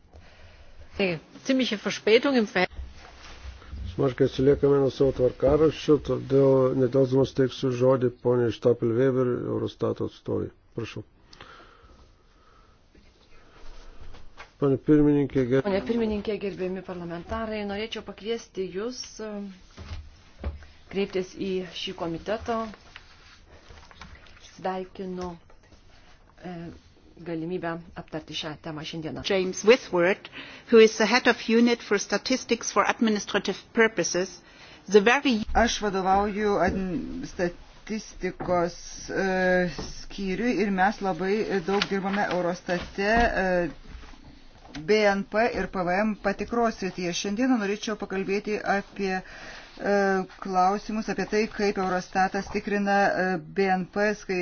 Smarkiai atsiliekame nuo savo tvarkaraščių, todėl nedelsdamas teiksiu žodį poniai Štapel Weber, Eurostato atstovai. Prašau. Pane pirmininkė, ger... Pane pirmininkė, gerbiami parlamentarai, norėčiau pakviesti jūs um, kreiptis į šį komitetą, sveikinu e, galimybę aptarti šią temą šiandieną. James Withward, who is the head of unit for statistics for administrative purposes, the very... Aš vadovauju administrativ statistikos e, skyriui ir mes labai daug dirbame Eurostate, e, BNP ir PVM patikros srityje. Šiandieną norėčiau pakalbėti apie e, E, klausimus apie tai, kaip Eurostatas tikrina e, BNP kai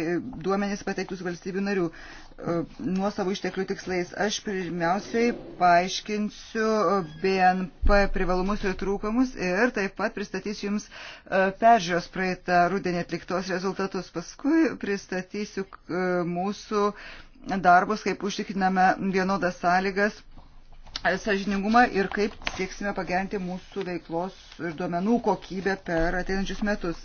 duomenys pateiktus valstybių narių e, nuo savo išteklių tikslais. Aš pirmiausiai paaiškinsiu BNP privalumus ir trūkumus ir taip pat pristatysiu Jums peržiūros praeitą rudenį atliktos rezultatus. Paskui pristatysiu mūsų darbus, kaip užtikriname vienodas sąlygas sažiningumą ir kaip sieksime pagerinti mūsų veiklos ir duomenų kokybę per ateinančius metus.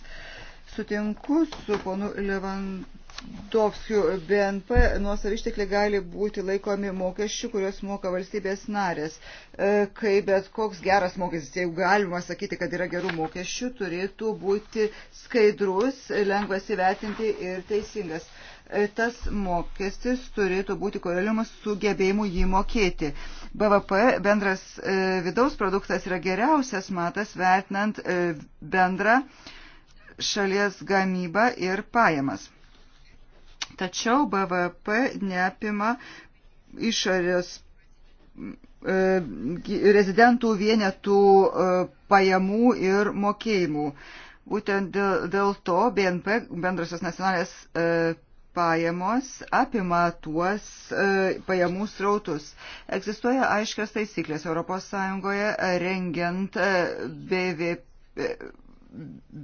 Sutinku su ponu Levandovskiu, BNP nuosavi ištekliai gali būti laikomi mokesčių, kuriuos moka valstybės narės. E, kai bet koks geras mokestis, jeigu galima sakyti, kad yra gerų mokesčių, turėtų būti skaidrus, lengvas įvertinti ir teisingas E, tas mokestis turėtų būti koreliamas su gebėjimu jį mokėti. BVP bendras e, vidaus produktas yra geriausias matas vertinant e, bendrą šalies gamybą ir pajamas. Tačiau BVP neapima išorės rezidentų vienetų pajamų ir mokėjimų. Būtent dėl, dėl to BNP, bendrasios nacionalės pajamos apima tuos e, pajamų srautus. Egzistuoja aiškios taisyklės ES rengiant e, BVP, e,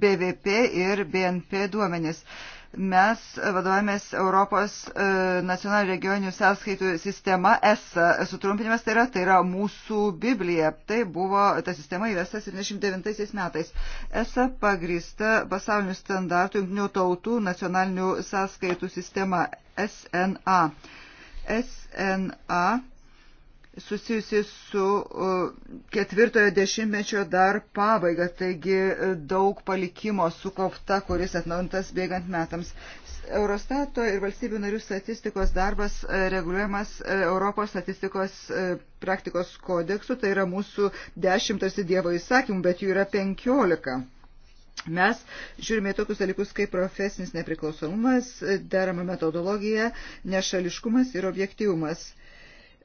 BVP ir BNP duomenis. E, mes vadovavomės Europos e, nacionalinių regioninių sąskaitų sistema ESA. Sutrumpinimas tai yra, tai yra mūsų Biblija. Tai buvo ta sistema įvesta 79 metais. ESA pagrįsta pasaulinių standartų jungtinių tautų nacionalinių sąskaitų sistema SNA. SNA susijusi su e, ketvirtojo dešimtmečio dar pabaiga, taigi e, daug palikimo sukaupta, kuris atnaujintas bėgant metams. Eurostato ir valstybių narių statistikos darbas e, reguliuojamas Europos statistikos praktikos kodeksu, tai yra mūsų dešimtasi Dievo įsakymų, bet jų yra penkiolika. Mes žiūrime tokius dalykus kaip profesinis nepriklausomumas, derama metodologija, nešališkumas ir objektyvumas.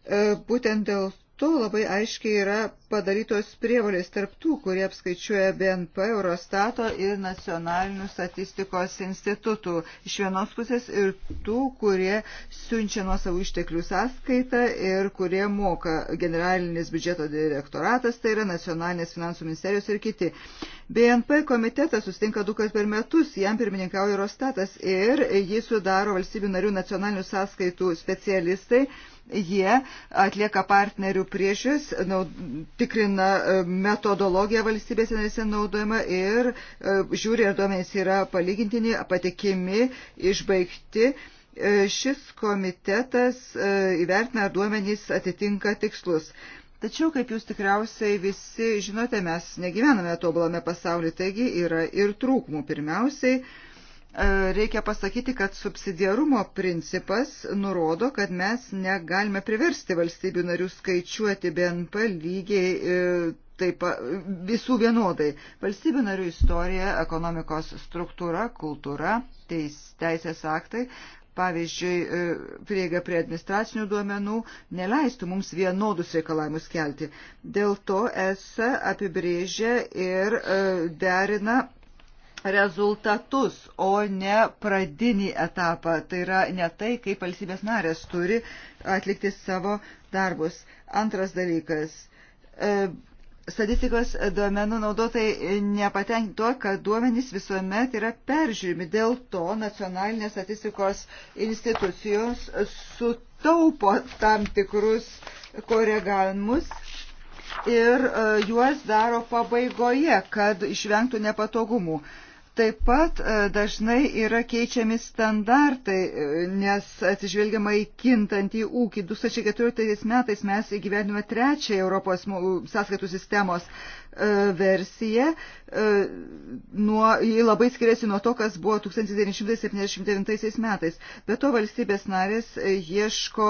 E, būtent dėl to labai aiškiai yra padarytos prievalės tarptų, kurie apskaičiuoja BNP, Eurostato ir nacionalinių statistikos institutų iš vienos pusės ir tų, kurie siunčia nuo savo išteklių sąskaitą ir kurie moka generalinis biudžeto direktoratas, tai yra nacionalinės finansų ministerijos ir kiti. BNP komitetas sustinka du kart per metus, jam pirmininkauja Eurostatas ir jį sudaro valstybių narių nacionalinių sąskaitų specialistai Jie atlieka partnerių priežius, tikrina e, metodologiją valstybės narėse naudojama ir e, žiūri, ar duomenys yra palygintini, patikimi, išbaigti e, šis komitetas įvertina, ar duomenys atitinka tikslus. Tačiau, kaip jūs tikriausiai visi žinote, mes negyvename tobulame pasaulyje, taigi yra ir trūkumų. Pirmiausiai, E, reikia pasakyti, kad subsidiarumo principas nurodo, kad mes negalime priversti valstybių narių skaičiuoti BNP lygiai e, taip, visų vienodai. Valstybių narių istorija, ekonomikos struktūra, kultūra, teis, teisės aktai, pavyzdžiui, e, prieiga prie administracinių duomenų neleistų mums vienodus reikalavimus kelti. Dėl to ES apibrėžia ir derina rezultatus, o ne pradinį etapą. Tai yra ne tai, kaip valstybės narės turi atlikti savo darbus. Antras dalykas. E, statistikos duomenų naudotojai nepatenkinti tuo, kad duomenys visuomet yra peržiūrimi. Dėl to nacionalinės statistikos institucijos sutaupo tam tikrus koregavimus ir e, juos daro pabaigoje, kad išvengtų nepatogumų. Uh, Taip pat e, dažnai yra keičiami standartai, e, nes atsižvelgiama į kintantį ūkį. 2014 metais mes įgyvenime trečią Europos sąskaitų sistemos e, versiją. Nuo, ji labai skiriasi nuo to, kas buvo 1979 metais. Be to valstybės narės ieško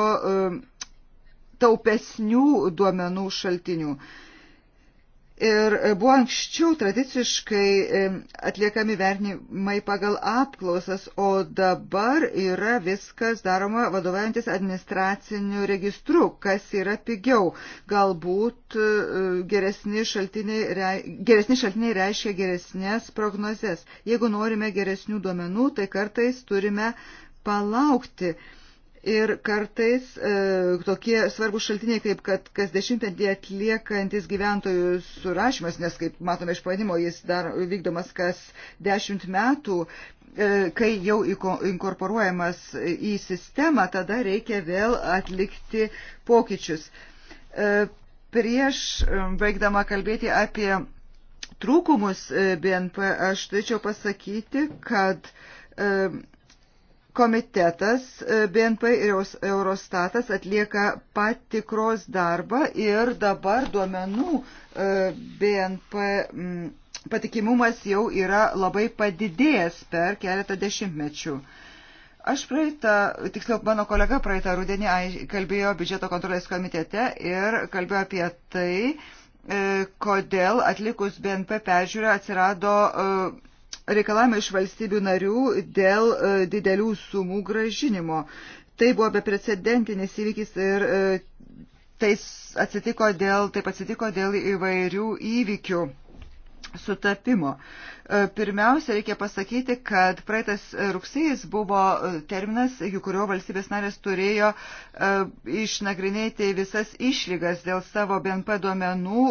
taupesnių duomenų šaltinių. Ir e, buvo anksčiau tradiciškai e, atliekami vertinimai pagal apklausas, o dabar yra viskas daroma vadovaujantis administraciniu registru, kas yra pigiau. Galbūt e, geresni šaltiniai, geresni šaltiniai reiškia geresnės prognozes. Jeigu norime geresnių duomenų, tai kartais turime palaukti. Ir kartais e, tokie svarbus šaltiniai, kaip kad kas dešimtmetį atliekantis gyventojų surašymas, nes kaip matome iš pavadimo, jis dar vykdomas kas dešimt metų, e, kai jau inkorporuojamas į sistemą, tada reikia vėl atlikti pokyčius. E, prieš e, baigdama kalbėti apie trūkumus e, BNP, aš turėčiau pasakyti, kad e, komitetas e, BNP ir Eurostatas atlieka patikros darbą ir dabar duomenų e, BNP patikimumas jau yra labai padidėjęs per keletą dešimtmečių. Aš praeitą, tiksliau mano kolega praeitą rudenį kalbėjo biudžeto kontrolės komitete ir kalbėjo apie tai, e, kodėl atlikus BNP peržiūrą atsirado reikalavimai iš valstybių narių dėl e, didelių sumų gražinimo. Tai buvo beprecedentinis įvykis ir tai atsitiko dėl, taip atsitiko dėl įvairių įvykių sutapimo. E, pirmiausia, reikia pasakyti, kad praeitas rugsėjas buvo terminas, iki kurio valstybės narės turėjo e, išnagrinėti visas išlygas dėl savo BNP duomenų,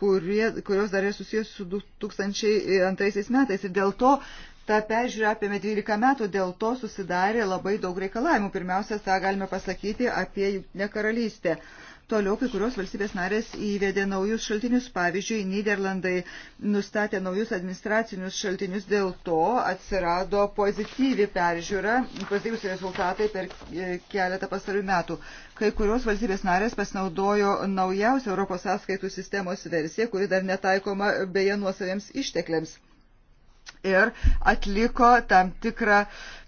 kurie, kurios dar yra susijęs su 2002 metais. Ir dėl to ta peržiūra apėmė 12 metų, dėl to susidarė labai daug reikalavimų. Pirmiausia, tą galime pasakyti apie Junktinę karalystę. Toliau kai kurios valstybės narės įvedė naujus šaltinius. Pavyzdžiui, Niderlandai nustatė naujus administracinius šaltinius, dėl to atsirado pozityvi peržiūra, pozityvus rezultatai per e, keletą pastarųjų metų. Kai kurios valstybės narės pasinaudojo naujausią Europos sąskaitų sistemos versiją, kuri dar netaikoma beje nuosaviems ištekliams ir atliko tam tikrą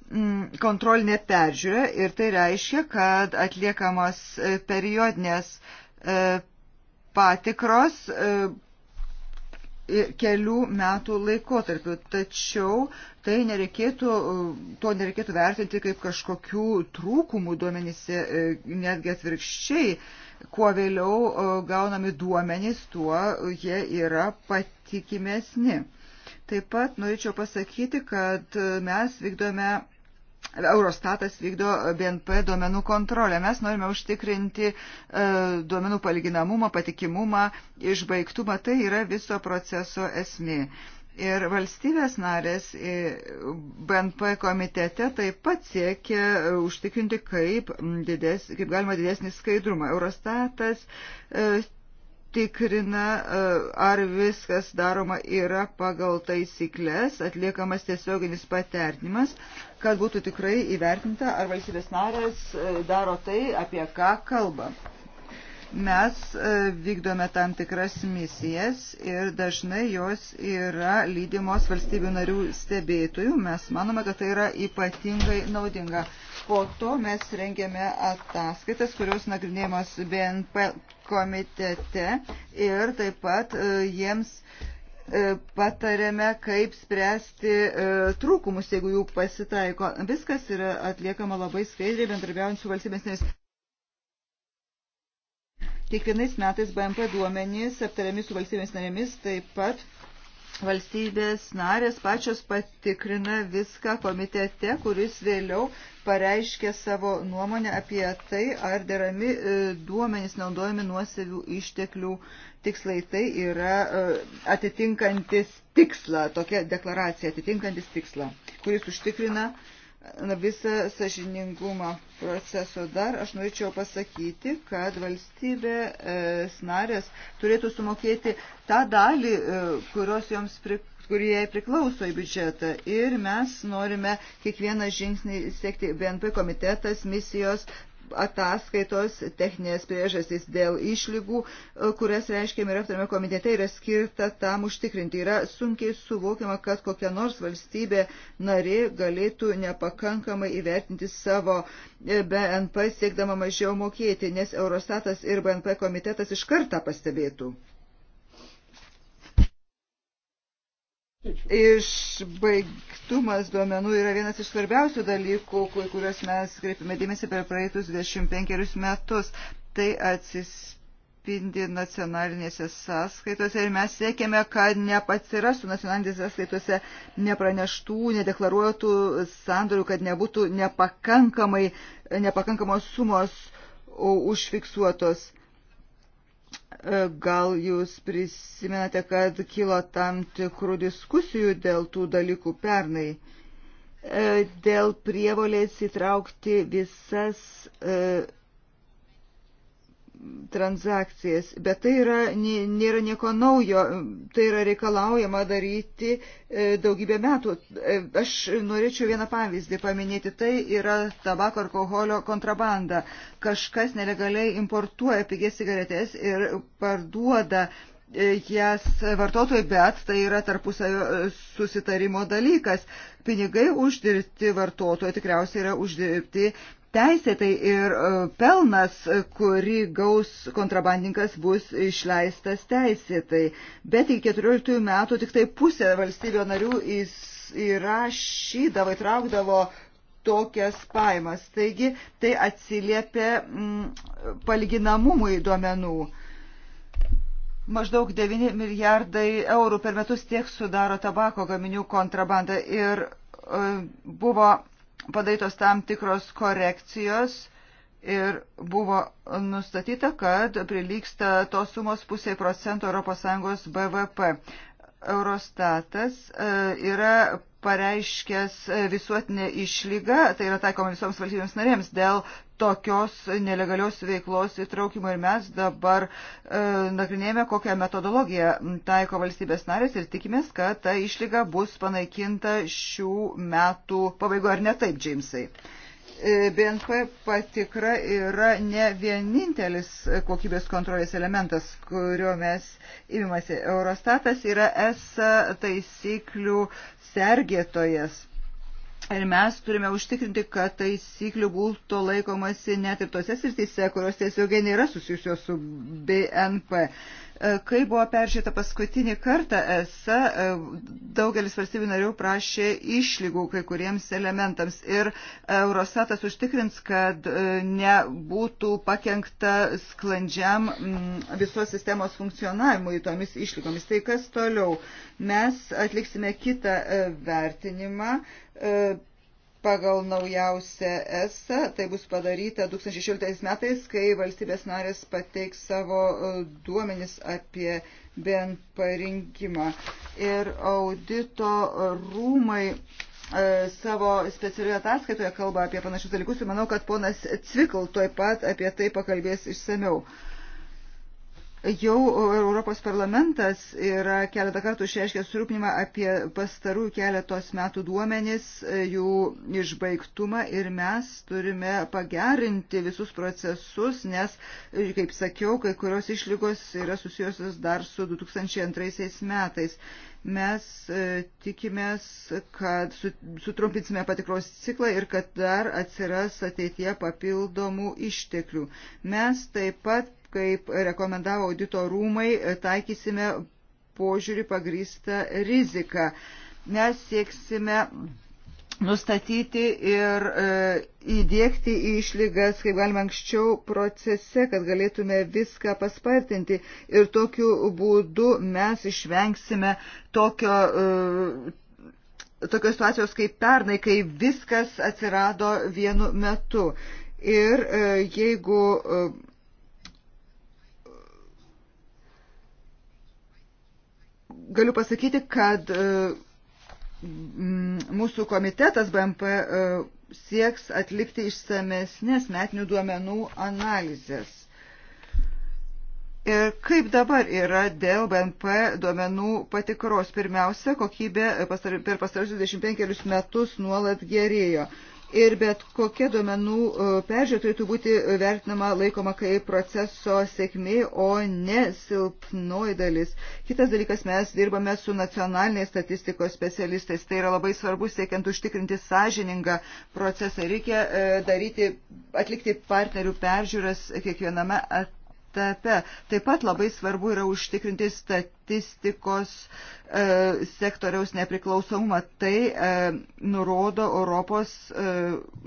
Mm, kontrolinė peržiūra ir tai reiškia, kad atliekamos e, periodinės e, patikros e, kelių metų laikotarpiu. Tačiau tai nereikėtų, to nereikėtų vertinti kaip kažkokių trūkumų duomenyse, netgi atvirkščiai. Kuo vėliau gaunami duomenys, tuo jie yra patikimesni. Taip pat norėčiau pasakyti, kad mes vykdome Eurostatas vykdo BNP duomenų kontrolę. Mes norime užtikrinti e, duomenų palyginamumą, patikimumą, išbaigtumą. Tai yra viso proceso esmė. Ir valstybės narės e, BNP komitete taip pat siekia užtikrinti kaip, dides, kaip galima didesnį skaidrumą. Eurostatas e, tikrina, e, ar viskas daroma yra pagal taisyklės, atliekamas tiesioginis paternimas, kad būtų tikrai įvertinta, ar valstybės narės e, daro tai, apie ką kalba. Mes e, vykdome tam tikras misijas ir dažnai jos yra lydimos valstybių narių stebėtojų. Mes manome, kad tai yra ypatingai naudinga. Po to mes rengėme ataskaitas, kurios nagrinėjimas BNP komitete ir taip pat e, jiems e, patarėme, kaip spręsti trūkumus, jeigu jų pasitaiko. Viskas yra atliekama labai skaidriai, bendrabiaujant su valstybės nes. Kiekvienais metais BMP duomenys aptariami su valstybės narėmis, taip pat valstybės narės pačios patikrina viską komitete, kuris vėliau pareiškia savo nuomonę apie tai, ar derami e, duomenys naudojami nuosavių išteklių tikslai. Tai yra e, atitinkantis tikslą, tokia deklaracija atitinkantis tikslą, kuris užtikrina uh, visą sažiningumo proceso. Dar aš norėčiau pasakyti, kad valstybė e, snarės turėtų sumokėti tą dalį, e, kurios joms pri, kurie jai priklauso į biudžetą. Ir mes norime kiekvieną žingsnį sekti. BNP komitetas, misijos ataskaitos techninės priežastys dėl išlygų, e, kurias reiškėme ir aptarėme komitete, yra skirta tam užtikrinti. Yra sunkiai suvokiama, kad kokia nors valstybė narė galėtų nepakankamai įvertinti savo e, BNP siekdama mažiau mokėti, nes Eurostatas ir BNP komitetas iš kartą pastebėtų. Išbaigtumas duomenų yra vienas iš svarbiausių dalykų, kuriuos mes kreipime dėmesį per praeitus 25 metus. Tai atsispindi nacionalinėse sąskaitose ir mes siekiame, kad nepatsirastų nacionalinėse sąskaitose nepraneštų, nedeklaruotų sandorių, kad nebūtų nepakankamai, nepakankamos sumos užfiksuotos E, gal jūs prisimenate, kad kilo tam tikrų diskusijų dėl tų dalykų pernai, e, dėl prievolės įtraukti visas e, transakcijas, bet tai yra, nėra nieko naujo, tai yra reikalaujama daryti e, daugybę metų. E, aš norėčiau vieną pavyzdį paminėti, tai yra tabako alkoholio kontrabanda. Kažkas nelegaliai importuoja pigės cigaretės ir parduoda e, jas vartotojai, bet tai yra tarpusavio susitarimo dalykas. Pinigai uždirbti vartotojo tikriausiai yra uždirbti teisėtai ir e, pelnas, kurį gaus kontrabandininkas, bus išleistas teisėtai. Bet iki 14 metų tik tai pusė valstybė narių įrašydavo, įtraukdavo tokias paimas. Taigi tai atsiliepia mm, palyginamumui duomenų. Maždaug 9 milijardai eurų per metus tiek sudaro tabako gaminių kontrabanda ir e, buvo padarytos tam tikros korekcijos ir buvo nustatyta, kad prilyksta tos sumos pusiai procento ES BVP. Eurostatas e, yra pareiškęs e, visuotinę išlygą, tai yra taikoma visoms valstybėms narėms, dėl tokios nelegalios veiklos įtraukimo. Ir mes dabar e, nagrinėjame, kokią metodologiją taiko valstybės narės ir tikimės, kad ta išlyga bus panaikinta šių metų pabaigoje. Ar ne taip, Džeimsai? E, E, BNP patikra yra ne vienintelis kokybės kontrolės elementas, kurio mes imimasi. Eurostatas yra S taisyklių sergėtojas. Ir mes turime užtikrinti, kad taisyklių būtų laikomasi net ir tose srityse, kurios tiesiogiai nėra susijusios su BNP. E, kai buvo peržiūrėta paskutinį kartą ESA, e, daugelis valstybių narių prašė išlygų kai kuriems elementams ir Eurostatas užtikrins, kad e, nebūtų pakengta sklandžiam mm, visos sistemos funkcionavimui tomis išlygomis. Tai kas toliau? Mes atliksime kitą vertinimą pagal naujausią ESA. Tai bus padaryta 2016 metais, kai valstybės narės pateiks savo e, duomenis apie bent parinkimą. Ir audito rūmai e, savo specialioje ataskaitoje kalba apie panašius dalykus ir manau, kad ponas Cvikl toj pat apie tai pakalbės išsameu. Jau Europos parlamentas yra keletą kartų išreiškęs surūpnimą apie pastarųjų keletos metų duomenis, jų išbaigtumą ir mes turime pagerinti visus procesus, nes, kaip sakiau, kai kurios išlygos yra susijusios dar su 2002 metais. Mes e, tikimės, kad sutrumpinsime patikros ciklą ir kad dar atsiras ateitie papildomų išteklių. Mes taip pat kaip rekomendavo audito rūmai, taikysime požiūrį pagrįstą riziką. Mes sieksime nustatyti ir e, įdėkti į išlygas, kaip galima anksčiau, procese, kad galėtume viską paspartinti. Ir tokiu būdu mes išvengsime tokio, e, tokios situacijos kaip pernai, kai viskas atsirado vienu metu. Ir e, jeigu e, galiu pasakyti, kad e, mūsų komitetas BMP e, sieks atlikti išsamesnės metinių duomenų analizės. Ir kaip dabar yra dėl BNP duomenų patikros? Pirmiausia, kokybė e, per pastarusius 25 metus nuolat gerėjo ir bet kokia duomenų e, peržiūra turėtų būti vertinama laikoma kaip proceso sėkmė, o ne silpnoji dalis. Kitas dalykas, mes dirbame su nacionaliniais statistikos specialistais. Tai yra labai svarbu siekiant užtikrinti sąžiningą procesą. Reikia e, daryti, atlikti partnerių peržiūras kiekviename etape etape. Taip pat labai svarbu yra užtikrinti statistikos e, sektoriaus nepriklausomumą. Tai e, nurodo Europos e,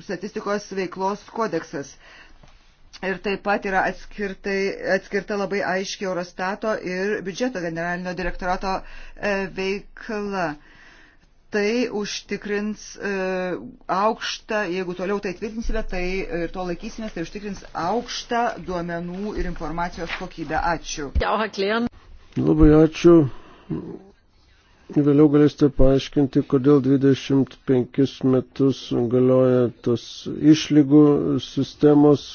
statistikos veiklos kodeksas. Ir taip pat yra atskirta labai aiškiai Eurostato ir biudžeto generalinio direktorato e, veikla. E, tai užtikrins e, aukštą, jeigu toliau tai tvirtinsime, tai ir to laikysimės, tai užtikrins aukštą duomenų ir informacijos kokybę. Ačiū. Labai ačiū. Vėliau galėsite paaiškinti, kodėl 25 metus galioja tos išlygų sistemos.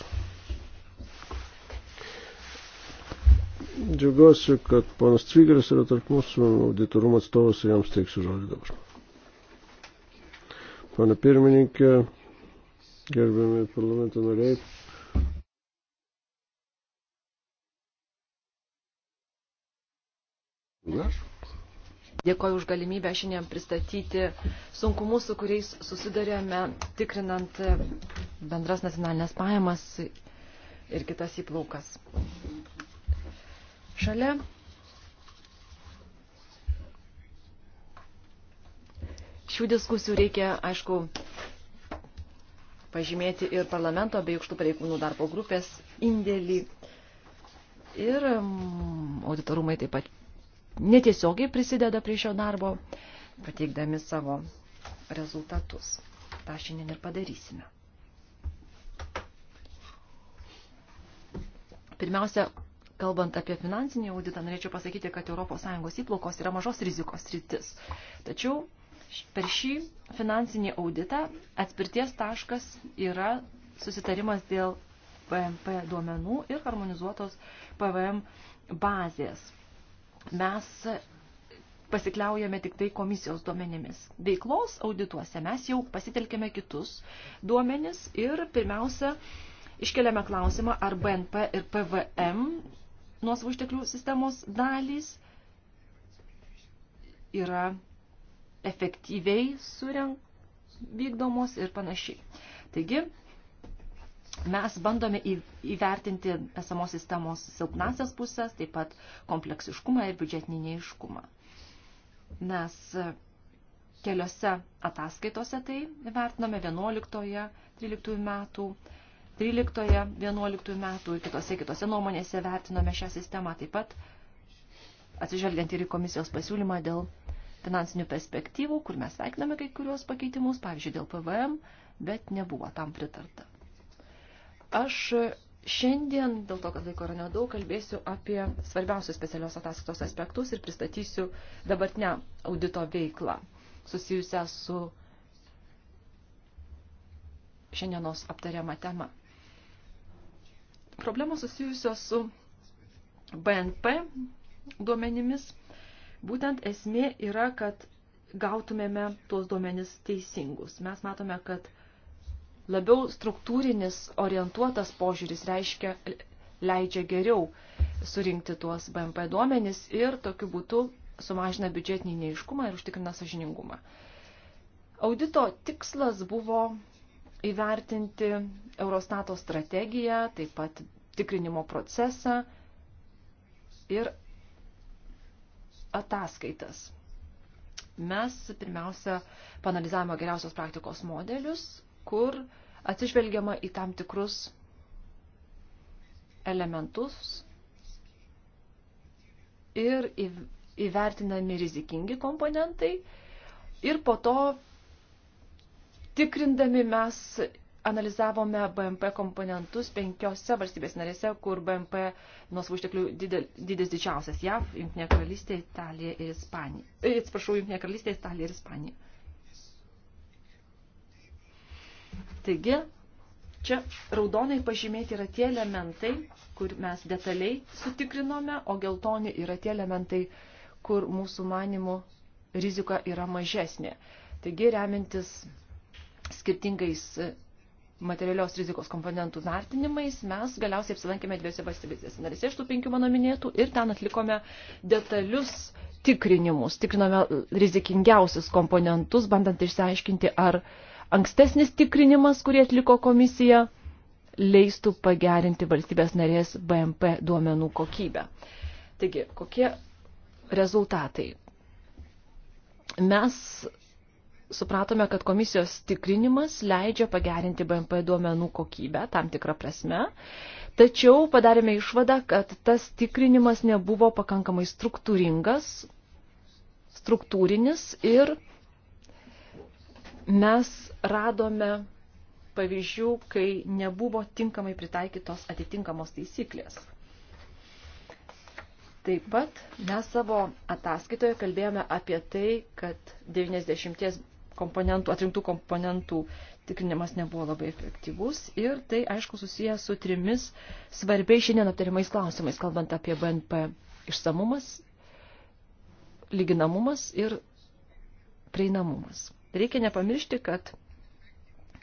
Džiaugiuosi, kad ponas Cvigeris yra tarp mūsų auditorumo atstovas ir jam steiksiu žodį dabar. Pane pirmininkė, gerbiami parlamento nariai. Dėkoju už galimybę šiandien pristatyti sunkumus, su kuriais susidarėme tikrinant bendras nacionalinės pajamas ir kitas įplaukas. Šalia Šių diskusijų reikia, aišku, pažymėti ir parlamento bei aukštų pareigūnų darbo grupės indėlį. Ir mm, auditorumai taip pat netiesiogiai prisideda prie šio darbo, pateikdami savo rezultatus. Ta šiandien ir padarysime. Pirmiausia, kalbant apie finansinį auditą, norėčiau pasakyti, kad ES įplaukos yra mažos rizikos rytis. Tačiau Per šį finansinį auditą atspirties taškas yra susitarimas dėl PMP duomenų ir harmonizuotos PVM bazės. Mes pasikliaujame tik tai komisijos duomenimis. Veiklos audituose mes jau pasitelkėme kitus duomenis ir pirmiausia iškeliame klausimą, ar BNP ir PVM nuosavų išteklių sistemos dalys yra efektyviai surenk, vykdomos ir panašiai. Taigi, mes bandome įvertinti esamos sistemos silpnasias pusės, taip pat kompleksiškumą ir biudžetinį neiškumą. Mes e, keliose ataskaitose tai vertinome 11-13 metų, 13-11 metų ir kitose kitose nuomonėse vertinome šią sistemą taip pat, atsižvelgiant ir į komisijos pasiūlymą dėl finansinių perspektyvų, kur mes sveikiname kai kurios pakeitimus, pavyzdžiui, dėl PVM, bet nebuvo tam pritarta. Aš šiandien, dėl to, kad laiko yra nedaug, kalbėsiu apie svarbiausius specialios ataskaitos aspektus ir pristatysiu dabartinę audito veiklą susijusią su šiandienos aptariama tema. Problemos susijusios su BNP duomenimis – Būtent esmė yra, kad gautumėme tuos duomenis teisingus. Mes matome, kad labiau struktūrinis orientuotas požiūris reiškia, leidžia geriau surinkti tuos BMP duomenis ir tokiu būtų sumažina biudžetinį neiškumą ir užtikrina sažiningumą. Audito tikslas buvo įvertinti Eurostato strategiją, taip pat tikrinimo procesą ir ataskaitas. Mes pirmiausia panalizavome geriausios praktikos modelius, kur atsižvelgiama į tam tikrus elementus ir įvertinami rizikingi komponentai ir po to tikrindami mes analizavome BMP komponentus penkiose valstybės narėse, kur BMP nuosavų išteklių didės didžiausias JAV, Junktinė karalystė, Italija ir Ispanija. E, atsiprašau, Junktinė karalystė, Italija ir Ispanija. Taigi, čia raudonai pažymėti yra tie elementai, kur mes detaliai sutikrinome, o geltoni yra tie elementai, kur mūsų manimų rizika yra mažesnė. Taigi, remintis skirtingais materialios rizikos komponentų vertinimais, mes galiausiai apsilankėme dviejose valstybėse narėse iš tų penkių mano minėtų ir ten atlikome detalius tikrinimus, tikrinome rizikingiausius komponentus, bandant išsiaiškinti, ar ankstesnis tikrinimas, kurį atliko komisija, leistų pagerinti valstybės narės BMP duomenų kokybę. Taigi, kokie rezultatai? Mes supratome, kad komisijos tikrinimas leidžia pagerinti BMP duomenų kokybę tam tikrą prasme, tačiau padarėme išvadą, kad tas tikrinimas nebuvo pakankamai struktūringas, struktūrinis ir mes radome pavyzdžių, kai nebuvo tinkamai pritaikytos atitinkamos taisyklės. Taip pat mes savo ataskaitoje kalbėjome apie tai, kad 90 komponentų, atrinktų komponentų tikrinimas nebuvo labai efektyvus ir tai, aišku, susijęs su trimis svarbiai šiandien aptarimais klausimais, kalbant apie BNP išsamumas, lyginamumas ir prieinamumas. Reikia nepamiršti, kad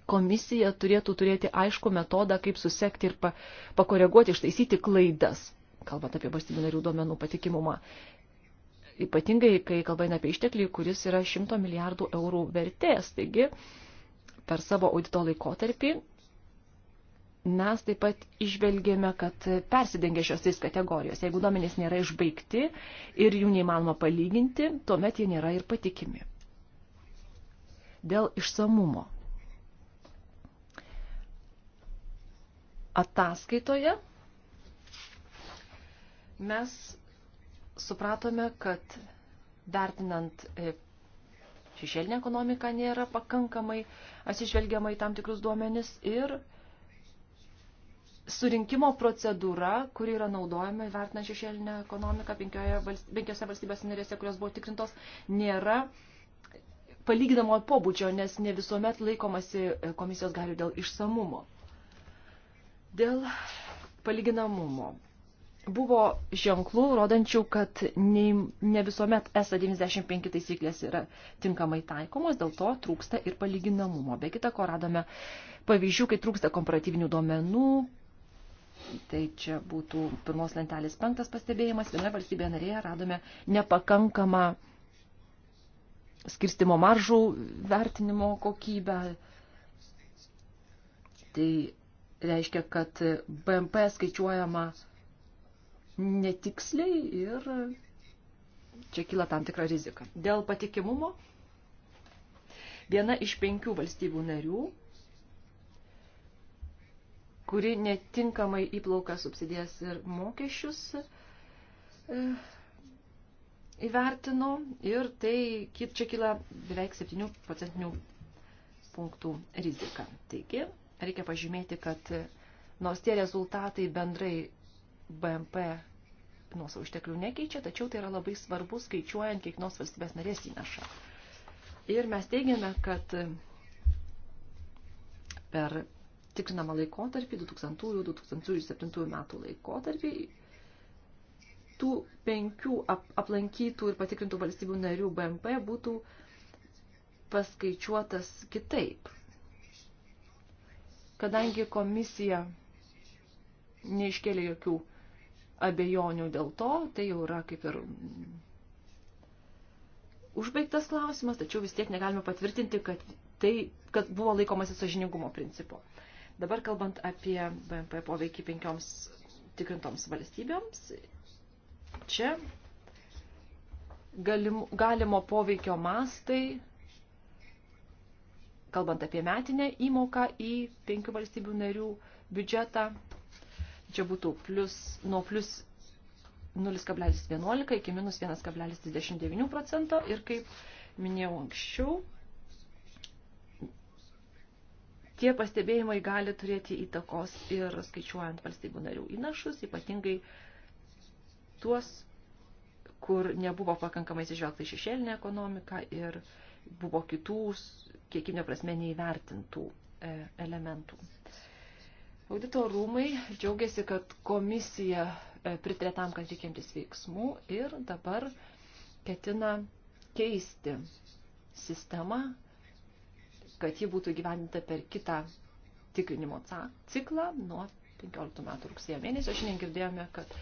komisija turėtų turėti aišku metodą, kaip susekti ir pa, pakoreguoti, ištaisyti klaidas, kalbant apie valstybių narių duomenų patikimumą ypatingai kai kalba eina apie išteklį, kuris yra 100 milijardų eurų vertės. Taigi, per savo audito laikotarpį mes taip pat išvelgėme, kad persidengia šios trys kategorijos. Jeigu duomenys nėra išbaigti ir jų neįmanoma palyginti, tuomet jie nėra ir patikimi. Dėl išsamumo. Ataskaitoje mes supratome, kad vertinant e, šešėlinę ekonomiką nėra pakankamai atsižvelgiama į tam tikrus duomenis ir surinkimo procedūra, kuri yra naudojama vertinant šešėlinę ekonomiką penkiose valstybės narėse, kurios buvo tikrintos, nėra palyginamo pobūdžio, nes ne visuomet laikomasi e, komisijos galių dėl išsamumo. Dėl palyginamumo buvo ženklų, rodančių, kad ne, ne visuomet ESA 95 taisyklės yra tinkamai taikomos, dėl to trūksta ir palyginamumo. Be kita ko radome pavyzdžių, kai trūksta komparatyvinių duomenų, tai čia būtų pirmos lentelės penktas pastebėjimas, vienoje valstybėje narėje radome nepakankamą skirstimo maržų vertinimo kokybę. Tai reiškia, kad BMP skaičiuojama netiksliai ir čia kyla tam tikra rizika. Dėl patikimumo viena iš penkių valstybių narių, kuri netinkamai įplauka subsidijas ir mokesčius, e, įvertino ir tai čia kyla beveik 7 procentinių punktų rizika. Taigi, reikia pažymėti, kad nors tie rezultatai bendrai BMP nuosavų išteklių nekeičia, tačiau tai yra labai svarbu skaičiuojant kiekvienos valstybės narės įnašą. Ir mes teigiame, kad per tikrinamą laikotarpį, 2000-2007 metų laikotarpį, tų penkių ap aplankytų ir patikrintų valstybių narių BMP būtų paskaičiuotas kitaip. Kadangi komisija neiškėlė jokių abejonių dėl to, tai jau yra kaip ir užbaigtas klausimas, tačiau vis tiek negalime patvirtinti, kad, tai, kad buvo laikomasi sažiningumo principo. Dabar kalbant apie BMP poveikį penkioms tikrintoms valstybėms, čia galim, galimo poveikio mastai, kalbant apie metinę įmoką į penkių valstybių narių biudžetą, čia būtų plus, nuo plus 0,11 iki minus 1,29 procento ir kaip minėjau anksčiau, tie pastebėjimai gali turėti įtakos ir skaičiuojant valstybių narių įnašus, ypatingai tuos, kur nebuvo pakankamai atsižvelgta į šešėlinę ekonomiką ir buvo kitų, kiekinio prasme, neįvertintų e, elementų. Audito rūmai džiaugiasi, kad komisija e, pritarė tam, kad reikiantis veiksmų ir dabar ketina keisti sistemą, kad ji būtų gyvendinta per kitą tikrinimo ciklą nuo 15 metų rugsėjo mėnesio. Šiandien girdėjome, kad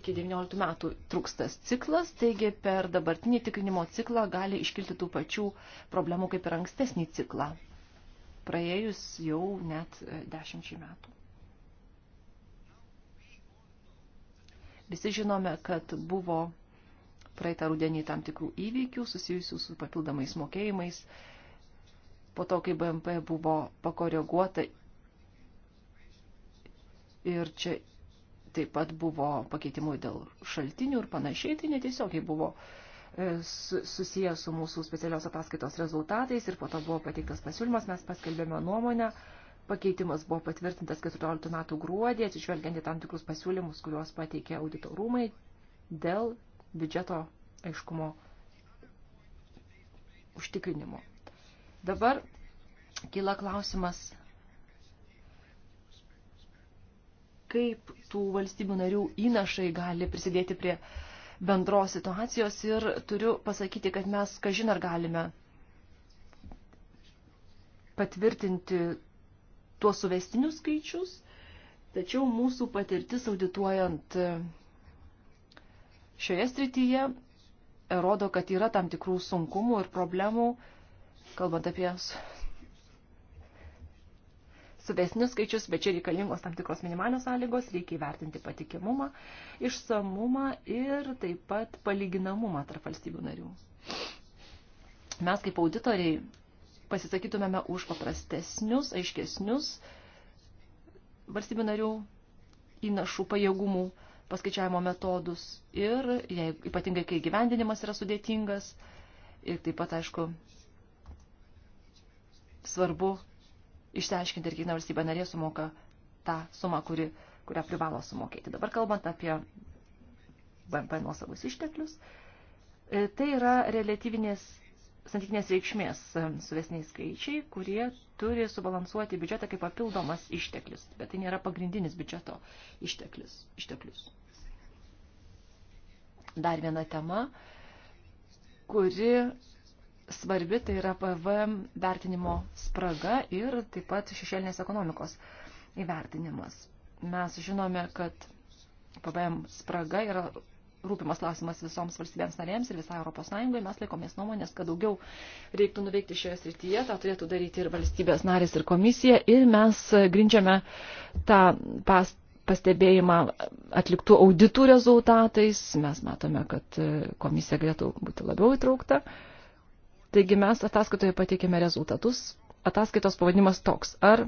iki 19 metų truks tas ciklas, taigi per dabartinį tikrinimo ciklą gali iškilti tų pačių problemų kaip ir ankstesnį ciklą, praėjus jau net 10 e, metų. Visi žinome, kad buvo praeitą rudenį tam tikrų įvykių susijusių su papildomais mokėjimais. Po to, kai BMP buvo pakoreguota ir čia taip pat buvo pakeitimų dėl šaltinių ir panašiai, tai netiesiogiai buvo e, susijęs su mūsų specialios ataskaitos rezultatais ir po to buvo pateiktas pasiūlymas, mes paskelbėme nuomonę Pakeitimas buvo patvirtintas 14 metų gruodį, atsižvelgiant į tam tikrus pasiūlymus, kuriuos pateikė audito rūmai dėl biudžeto aiškumo užtikrinimo. Dabar kyla klausimas, kaip tų valstybių narių įnašai gali prisidėti prie bendros situacijos ir turiu pasakyti, kad mes kažin ar galime patvirtinti tuos suvestinius skaičius, tačiau mūsų patirtis audituojant e, šioje srityje e, rodo, kad yra tam tikrų sunkumų ir problemų, kalbant apie suvesnius skaičius, bet čia reikalingos tam tikros minimalios sąlygos, reikia įvertinti patikimumą, išsamumą ir taip pat palyginamumą tarp valstybių narių. Mes kaip auditoriai pasisakytumėme už paprastesnius, aiškesnius valstybių narių įnašų pajėgumų paskaičiavimo metodus ir jei, ypatingai, kai gyvendinimas yra sudėtingas ir taip pat, aišku, svarbu išsiaiškinti, ar kiekviena valstybė narė sumoka tą sumą, kuri, kurią privalo sumokėti. Dabar kalbant apie BMP nuosavus išteklius, e, tai yra relatyvinės santykinės reikšmės e, suvesniai skaičiai, kurie turi subalansuoti biudžetą kaip papildomas išteklis, bet tai nėra pagrindinis biudžeto išteklis, išteklius. Dar viena tema, kuri svarbi, tai yra PVM vertinimo spraga ir taip pat šešėlinės ekonomikos įvertinimas. Mes žinome, kad PVM spraga yra rūpimas klausimas visoms valstybėms narėms ir visai Europos Sąjungoje. Mes laikomės nuomonės, kad daugiau reiktų nuveikti šioje srityje, tą turėtų daryti ir valstybės narės ir komisija. Ir mes grindžiame tą pas, pastebėjimą atliktų auditų rezultatais. Mes matome, kad komisija galėtų būti labiau įtraukta. Taigi mes ataskaitoje pateikėme rezultatus. Ataskaitos pavadimas toks. Ar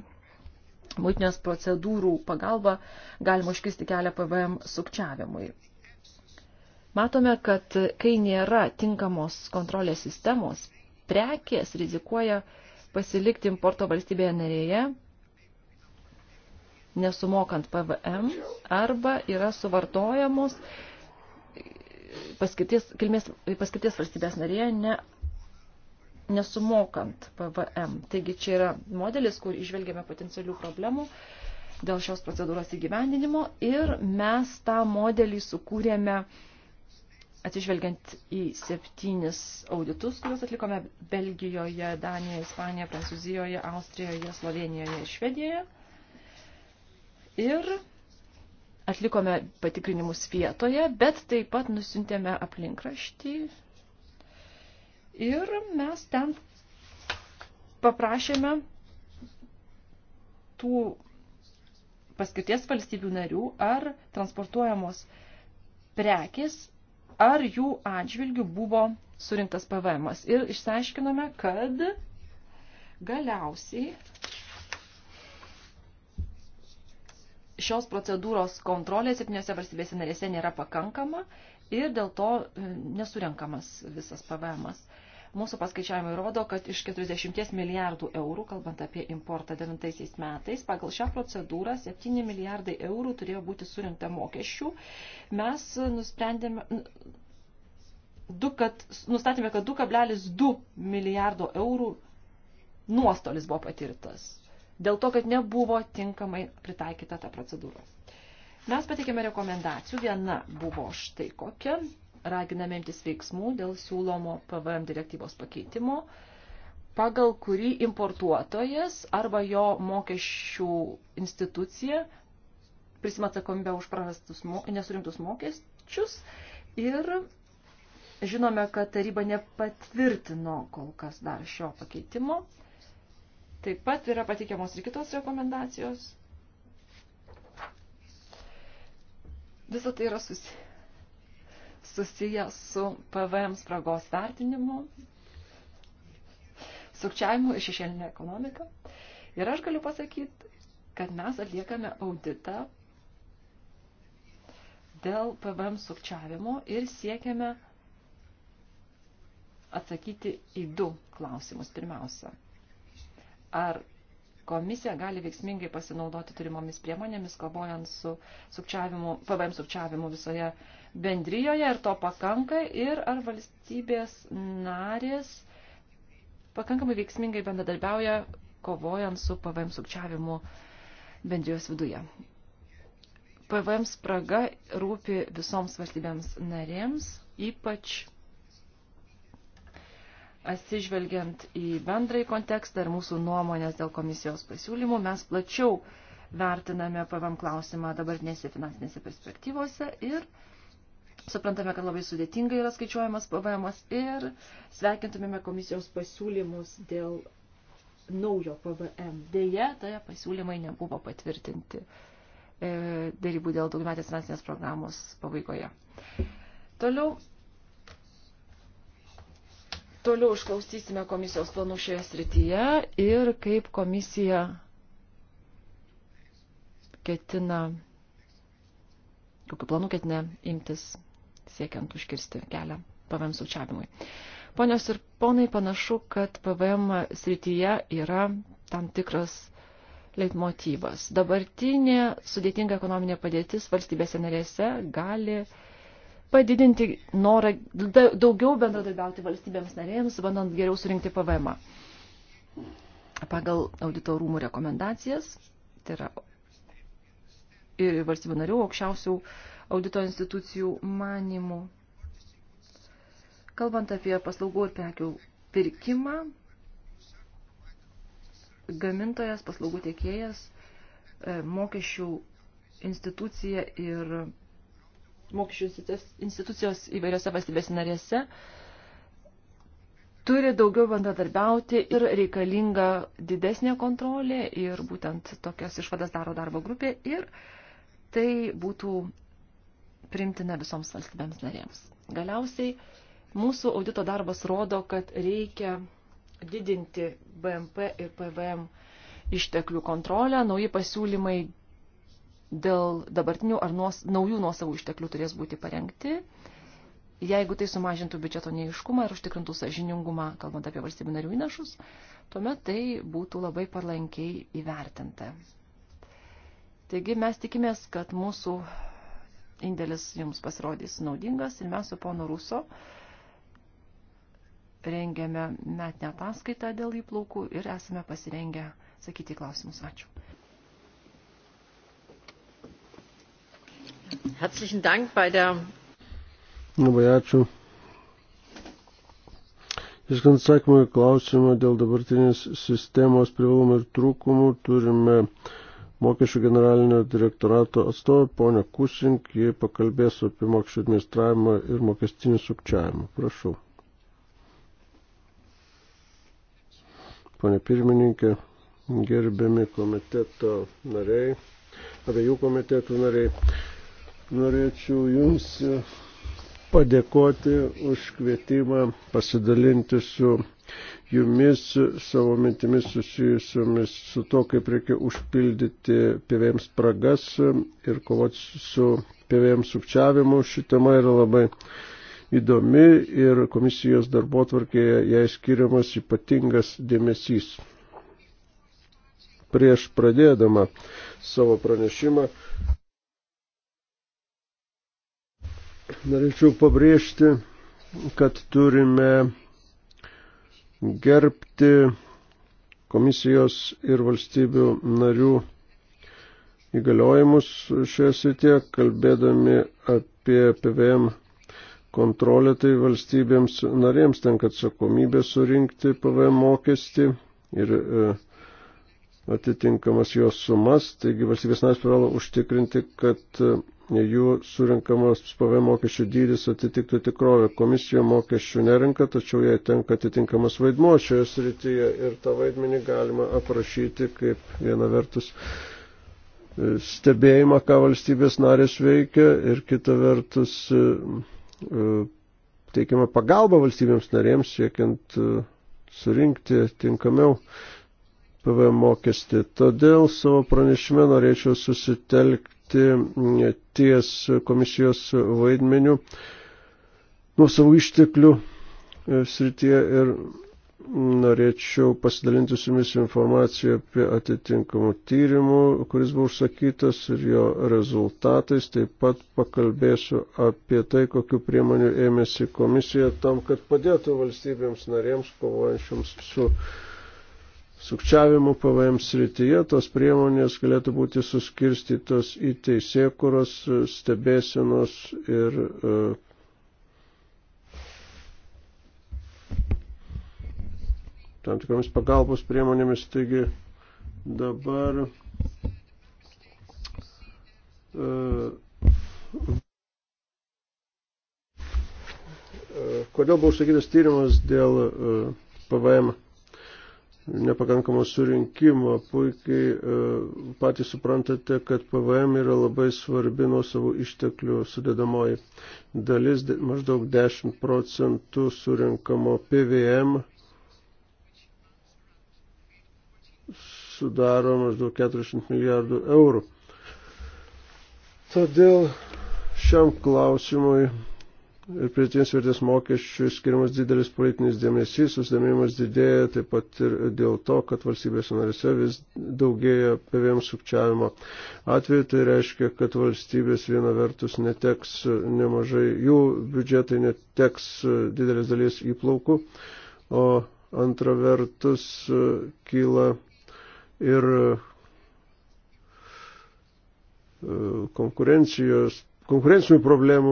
muitinės procedūrų pagalba galima užkisti kelią PVM sukčiavimui. Matome, kad kai nėra tinkamos kontrolės sistemos, prekės rizikuoja pasilikti importo valstybėje narėje, nesumokant PVM, arba yra suvartojamos paskirties, kilmės, paskirties valstybės narėje ne, nesumokant PVM. Taigi čia yra modelis, kur išvelgiame potencialių problemų dėl šios procedūros įgyvendinimo ir mes tą modelį sukūrėme uh, atsižvelgiant į septynis auditus, kuriuos atlikome Belgijoje, Danijoje, Ispanijoje, Prancūzijoje, Austrijoje, Slovenijoje ir Švedijoje. Ir atlikome patikrinimus vietoje, bet taip pat nusintėme aplinkraštį. Ir mes ten paprašėme tų paskirties valstybių narių, ar transportuojamos prekės ar jų atžvilgių buvo surinktas PVM. -as. Ir išsiaiškinome, kad galiausiai šios procedūros kontrolė septyniose valstybėse narėse nėra pakankama ir dėl to e, nesurenkamas visas PVM. -as. Mūsų paskaičiavimai rodo, kad iš 40 milijardų eurų, kalbant apie importą 9 metais, pagal šią procedūrą 7 milijardai eurų turėjo būti surinkta mokesčių. Mes nusprendėme, du, kad, nustatėme, kad 2,2 milijardo eurų nuostolis buvo patirtas dėl to, kad nebuvo tinkamai pritaikyta ta procedūra. Mes pateikėme rekomendacijų, viena buvo štai kokia, raginame imtis veiksmų dėl siūlomo PVM direktyvos pakeitimo, pagal kurį importuotojas arba jo mokesčių institucija prisima atsakomybę už prarastus nesurimtus mokesčius ir žinome, kad taryba nepatvirtino kol kas dar šio pakeitimo. Taip pat yra pateikiamos ir kitos rekomendacijos. Visą tai yra susiję susiję su PVM spragos vertinimu, sukčiavimu ir šešėlinė ekonomika. Ir aš galiu pasakyti, kad mes atliekame auditą dėl PVM sukčiavimo ir siekiame atsakyti į du klausimus. Pirmiausia, ar komisija gali veiksmingai pasinaudoti turimomis priemonėmis, kovojant su sukčiavimu, PVM sukčiavimu visoje uh, bendrijoje ir to pakanka ir ar valstybės narės pakankamai veiksmingai bendradarbiauja kovojant su PVM sukčiavimu bendrijos viduje. PVM spraga rūpi visoms valstybėms narėms, ypač atsižvelgiant į bendrąjį kontekstą ir mūsų nuomonės dėl komisijos pasiūlymų, mes plačiau vertiname PVM klausimą dabartinėse finansinėse perspektyvose ir Suprantame, kad labai sudėtingai yra skaičiuojamas PVM ir sveikintumėme komisijos pasiūlymus dėl naujo PVM. Deja, toje pasiūlymai nebuvo patvirtinti e, dėrybų dėl daugmetės finansinės programos pabaigoje. Toliau, toliau išklausysime komisijos planų šioje srityje ir kaip komisija ketina, kokiu planu ketina imtis siekiant užkirsti kelią PVM sučiavimui. Ponios ir ponai, panašu, kad PVM srityje yra tam tikras leitmotyvas. Dabartinė sudėtinga ekonominė padėtis valstybėse narėse gali padidinti norą daugiau bendradarbiauti valstybėms narėms, bandant geriau surinkti PVM. Pagal audito rūmų rekomendacijas, tai yra ir valstybių narių aukščiausių audito institucijų manimų. Kalbant apie paslaugų ir prekių pirkimą, gamintojas, paslaugų tiekėjas, e, mokesčių institucija ir mokesčių institucijos įvairiose valstybės narėse turi daugiau bendradarbiauti ir reikalinga didesnė kontrolė ir būtent tokias išvadas daro darbo grupė ir tai būtų primtina visoms valstybėms narėms. Galiausiai mūsų audito darbas rodo, kad reikia didinti BMP ir PVM išteklių kontrolę. Nauji pasiūlymai dėl dabartinių ar nuos, naujų nuosavų išteklių turės būti parengti. Jeigu tai sumažintų biudžeto neiškumą ir užtikrintų sažiningumą, kalbant apie valstybių narių įnašus, tuomet tai būtų labai parlankiai įvertinta. Taigi mes tikimės, kad mūsų indėlis jums pasirodys naudingas ir mes su ponu Ruso rengiame metinę ataskaitą dėl įplaukų ir esame pasirengę sakyti klausimus. Ačiū. Herzlichen Dank bei der. Labai ačiū. Iškant atsakymą į klausimą dėl dabartinės sistemos privalumų ir trūkumų turime uh, mokesčių generalinio direktorato atstovė, ponia Kusink, jie pakalbės apie mokesčių administravimą ir mokestinį sukčiavimą. Prašau. Pone pirmininkė, gerbiami komiteto nariai, abiejų komitetų nariai, norėčiau Jums padėkoti už kvietimą pasidalinti su jumis savo mintimis susijusiomis su to, kaip reikia užpildyti pėvėms spragas ir kovoti su pėvėms sukčiavimu. Ši tema yra labai įdomi ir komisijos darbo tvarkėje jai skiriamas ypatingas dėmesys. Prieš pradėdama savo pranešimą norėčiau pabrėžti, kad turime gerbti komisijos ir valstybių narių įgaliojimus šioje srityje, kalbėdami apie PVM kontrolę, tai valstybėms narėms tenka atsakomybė surinkti PVM mokestį ir e, atitinkamas jos sumas, taigi valstybės narės privalo užtikrinti, kad e, jų surinkamas PVM mokesčių dydis atitiktų tikrovę. Komisija mokesčių nerenka, tačiau jai tenka atitinkamas vaidmuo šioje srityje ir tą vaidmenį galima aprašyti kaip viena vertus stebėjimą, ką valstybės narės veikia ir kita vertus e, teikiama pagalba valstybėms narėms siekiant e, surinkti tinkamiau PVM mokestį. Todėl savo pranešime norėčiau susitelkti dirbti e, ties komisijos vaidmeniu nuo savo išteklių e, srityje ir norėčiau pasidalinti su jumis informaciją apie atitinkamų tyrimų, kuris buvo užsakytas ir jo rezultatais. Taip pat pakalbėsiu apie tai, kokiu priemoniu ėmėsi komisija tam, kad padėtų valstybėms narėms kovojančiams su sukčiavimų PVM srityje, tos priemonės galėtų būti suskirstytos į teisėkuros, e, stebėsenos ir e, tam tikromis pagalbos priemonėmis. Taigi dabar e, kodėl buvo užsakytas tyrimas dėl PVM nepakankamo surinkimo. Puikiai e, patys suprantate, kad PVM yra labai svarbi nuo savo išteklių sudėdamoji dalis, maždaug 10 procentų surinkamo PVM sudaro maždaug 40 milijardų eurų. Todėl šiam klausimui ir pridėtinės vertės mokesčių skiriamas didelis politinis dėmesys, susidomėjimas didėja taip pat ir dėl to, kad valstybės narėse vis daugėja PVM sukčiavimo atveju, tai reiškia, kad valstybės viena vertus neteks nemažai, jų biudžetai neteks didelės dalies įplaukų, o antra vertus kyla ir e, konkurencijos konkurencinių problemų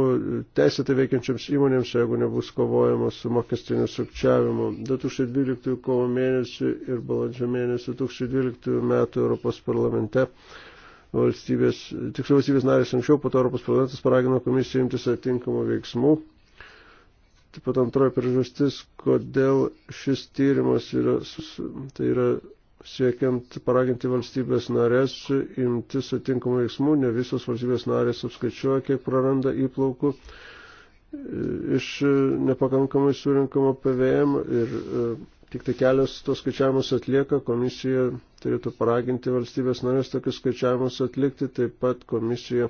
teisėtai veikiančiams įmonėms, jeigu nebus kovojama su mokestiniu sukčiavimu. 2012 kovo mėnesį ir balandžio mėnesį 2012 metų Europos parlamente valstybės, tiksliau valstybės narės anksčiau, po to Europos parlamentas paragino komisiją imtis atinkamų veiksmų. Taip pat antroji priežastis, kodėl šis tyrimas yra, tai yra siekiant paraginti valstybės narės imti sutinkamų veiksmų, ne visos valstybės narės apskaičiuoja, kiek praranda įplaukų e, iš e, nepakankamai surinkamo PVM ir e, Tik tai kelios tos skaičiavimus atlieka, komisija turėtų paraginti valstybės narės tokius skaičiavimus atlikti, taip pat komisija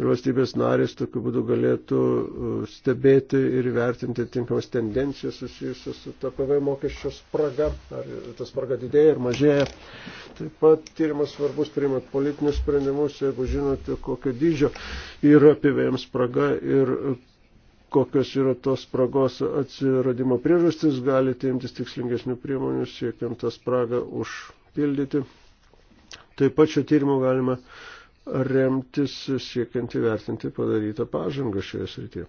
ir valstybės narės tokiu būdu galėtų uh, stebėti ir vertinti tinkamas tendencijas susijusias su TPV mokesčio spraga, ar tas spraga didėja ir mažėja. Taip pat tyrimas svarbus priimant politinius sprendimus, jeigu žinote, kokio dydžio yra PVM spraga ir kokios yra tos spragos atsiradimo priežastis, galite imtis tikslingesnių priemonių, siekiant tą spragą užpildyti. Taip pat šio tyrimo galima remtis, siekiant įvertinti padarytą pažangą šioje srityje.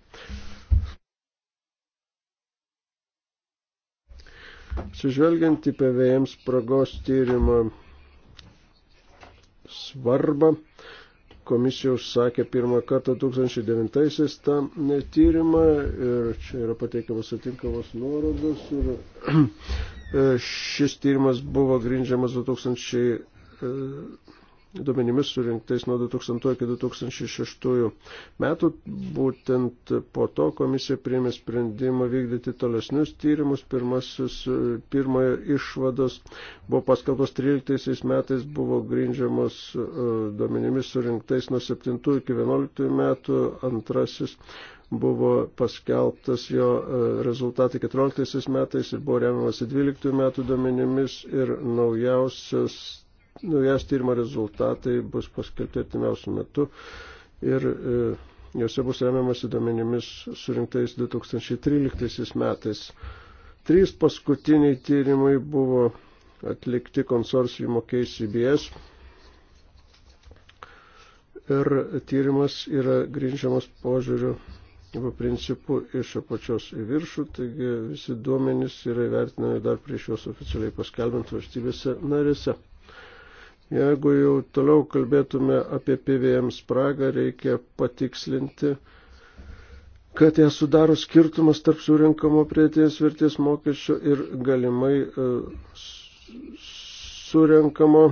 Sužvelgiant į PVM spragos tyrimą svarbą, komisija užsakė pirmą kartą 2009-aisiais tą tyrimą ir čia yra pateikiamas atinkamos nuorodos ir *clears throat* e, šis tyrimas buvo grindžiamas 2000 duomenimis surinktais nuo 2000 iki 2006 metų. Būtent po to komisija priėmė sprendimą vykdyti tolesnius tyrimus. Pirmasis, pirmojo išvados buvo paskalbos 13 metais, buvo grindžiamos e, duomenimis surinktais nuo 7 iki 11 metų. Antrasis buvo paskelbtas jo e, rezultatai 14 metais ir buvo remiamasi 12 metų duomenimis ir naujausias naujas tyrimo rezultatai bus paskelbti artimiausių metų ir e, juose bus remiamasi duomenimis surinktais 2013 metais. Trys paskutiniai tyrimai buvo atlikti konsorcijumo KCBS ir tyrimas yra grindžiamas požiūriu arba principu iš apačios į viršų, taigi visi duomenys yra vertinami dar prieš juos oficialiai paskelbant valstybėse narėse. Jeigu jau toliau kalbėtume apie PVM spragą, reikia patikslinti, kad ją sudaro skirtumas tarp surinkamo prietinės vertės mokesčio ir galimai e, surinkamo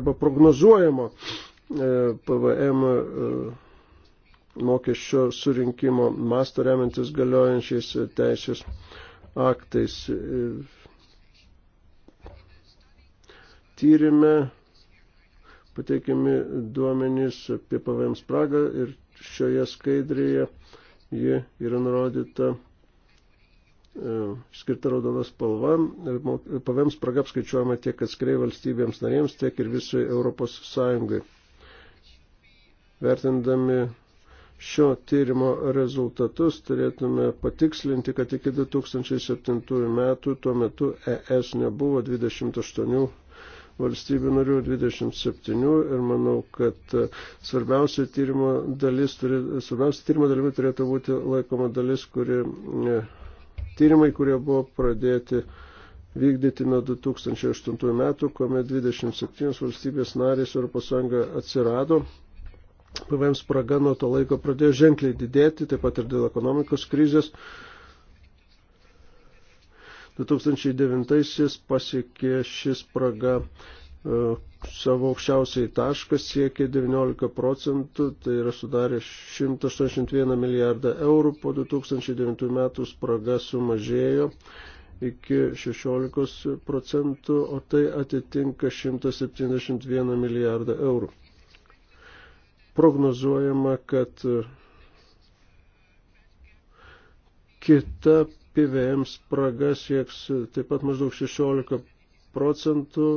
arba prognozuojamo e, PVM e, mokesčio surinkimo masto remiantis galiojančiais teisės aktais. Tyrime pateikiami duomenys apie PVM spragą ir šioje skaidrėje ji yra nurodyta e, skirta raudonas spalva ir PVM spraga apskaičiuojama tiek atskiriai valstybėms narėms, tiek ir visai Europos Sąjungai. Vertindami šio tyrimo rezultatus turėtume patikslinti, kad iki 2007 metų tuo metu ES nebuvo 28 valstybių narių 27 ir manau, kad e, svarbiausia tyrimo, dalis turi, svarbiausia tyrimo dalimi turėtų būti laikoma dalis, kuri, e, tyrimai, kurie buvo pradėti vykdyti nuo 2008 metų, kuomet 27 valstybės narės Europos Sąjunga atsirado. PVM spraga nuo to laiko pradėjo ženkliai didėti, taip pat ir dėl ekonomikos krizės. 2009-aisiais pasiekė šis praga e, savo aukščiausiai tašką siekė 19 procentų, tai yra sudarė 181 milijardą eurų, po 2009 metų spraga sumažėjo iki 16 procentų, o tai atitinka 171 milijardą eurų. Prognozuojama, kad kita PVM spraga sieks taip pat maždaug 16 procentų,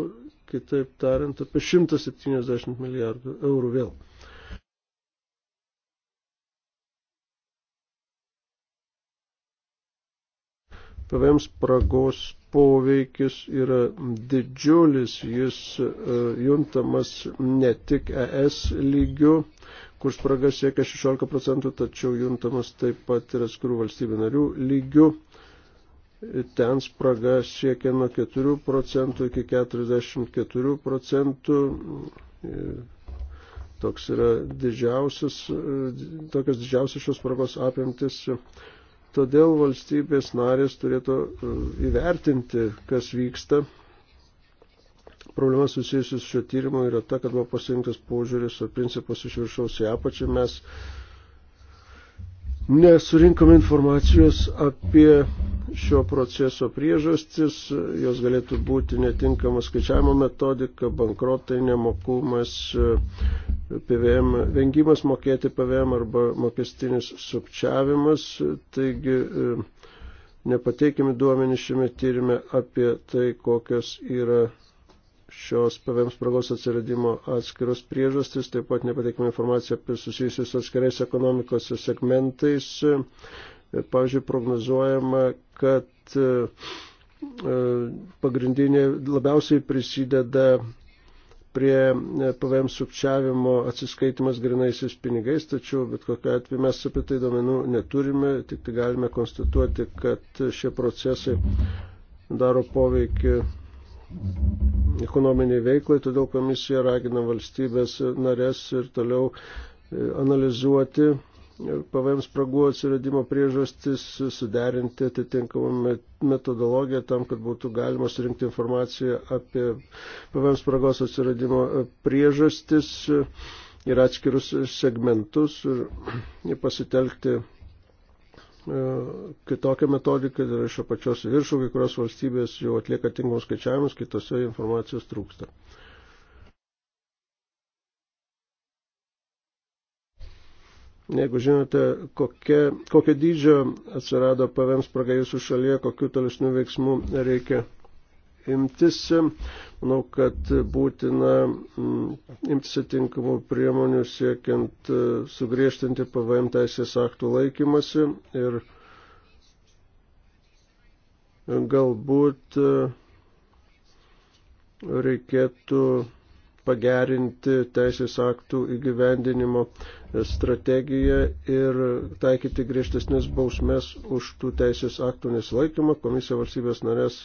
kitaip tariant, apie 170 milijardų eurų vėl. PVM spragos poveikis yra didžiulis, jis e, juntamas ne tik ES lygiu, kur spraga siekia 16 procentų, tačiau juntamas taip pat ir atskirų valstybių narių lygių ten spraga siekia nuo 4 procentų iki 44 procentų. Toks yra didžiausias, tokios didžiausios šios spragos apimtis. Todėl valstybės narės turėtų e, įvertinti, kas vyksta. Problema susijusi su šio tyrimo yra ta, kad buvo pasirinktas požiūris ir principas iš viršaus į apačią. Mes Nesurinkome informacijos apie šio proceso priežastis, jos galėtų būti netinkama skaičiavimo metodika, bankrotai, nemokumas, PVM, vengimas mokėti PVM arba mokestinis sukčiavimas. Taigi e, nepateikime duomenys šiame tyrime apie tai, kokios yra šios PVM spragos atsiradimo atskiros priežastis, taip pat nepateikime informaciją apie susijusius atskirais ekonomikos segmentais. Pavyzdžiui, prognozuojama, kad e, e, pagrindinė labiausiai prisideda prie e, PVM sukčiavimo atsiskaitimas grinaisiais pinigais, tačiau bet kokiu atveju mes apie tai domenų neturime, tik tai galime konstatuoti, kad šie procesai daro poveikį ekonominiai veiklai, todėl komisija ragina valstybės narės ir toliau e, analizuoti PVM spragų atsiradimo priežastis, suderinti atitinkamą metodologiją tam, kad būtų galima surinkti informaciją apie PVM spragos atsiradimo e, priežastis ir atskirus segmentus ir pasitelkti E, kitokią metodiką, tai yra iš apačios viršų, kai kurios valstybės jau atlieka tinkamus skaičiavimus, kitose informacijos trūksta. Jeigu žinote, kokie, kokio dydžio atsirado PVM spraga jūsų šalyje, kokiu tolesnių veiksmų reikia imtis. Manau, kad būtina mm, imtis atinkamų priemonių siekiant e, sugriežtinti PVM teisės aktų laikymasi ir galbūt e, reikėtų pagerinti teisės aktų įgyvendinimo strategiją ir taikyti griežtesnės bausmės už tų teisės aktų nesilaikymą. Komisija valstybės narės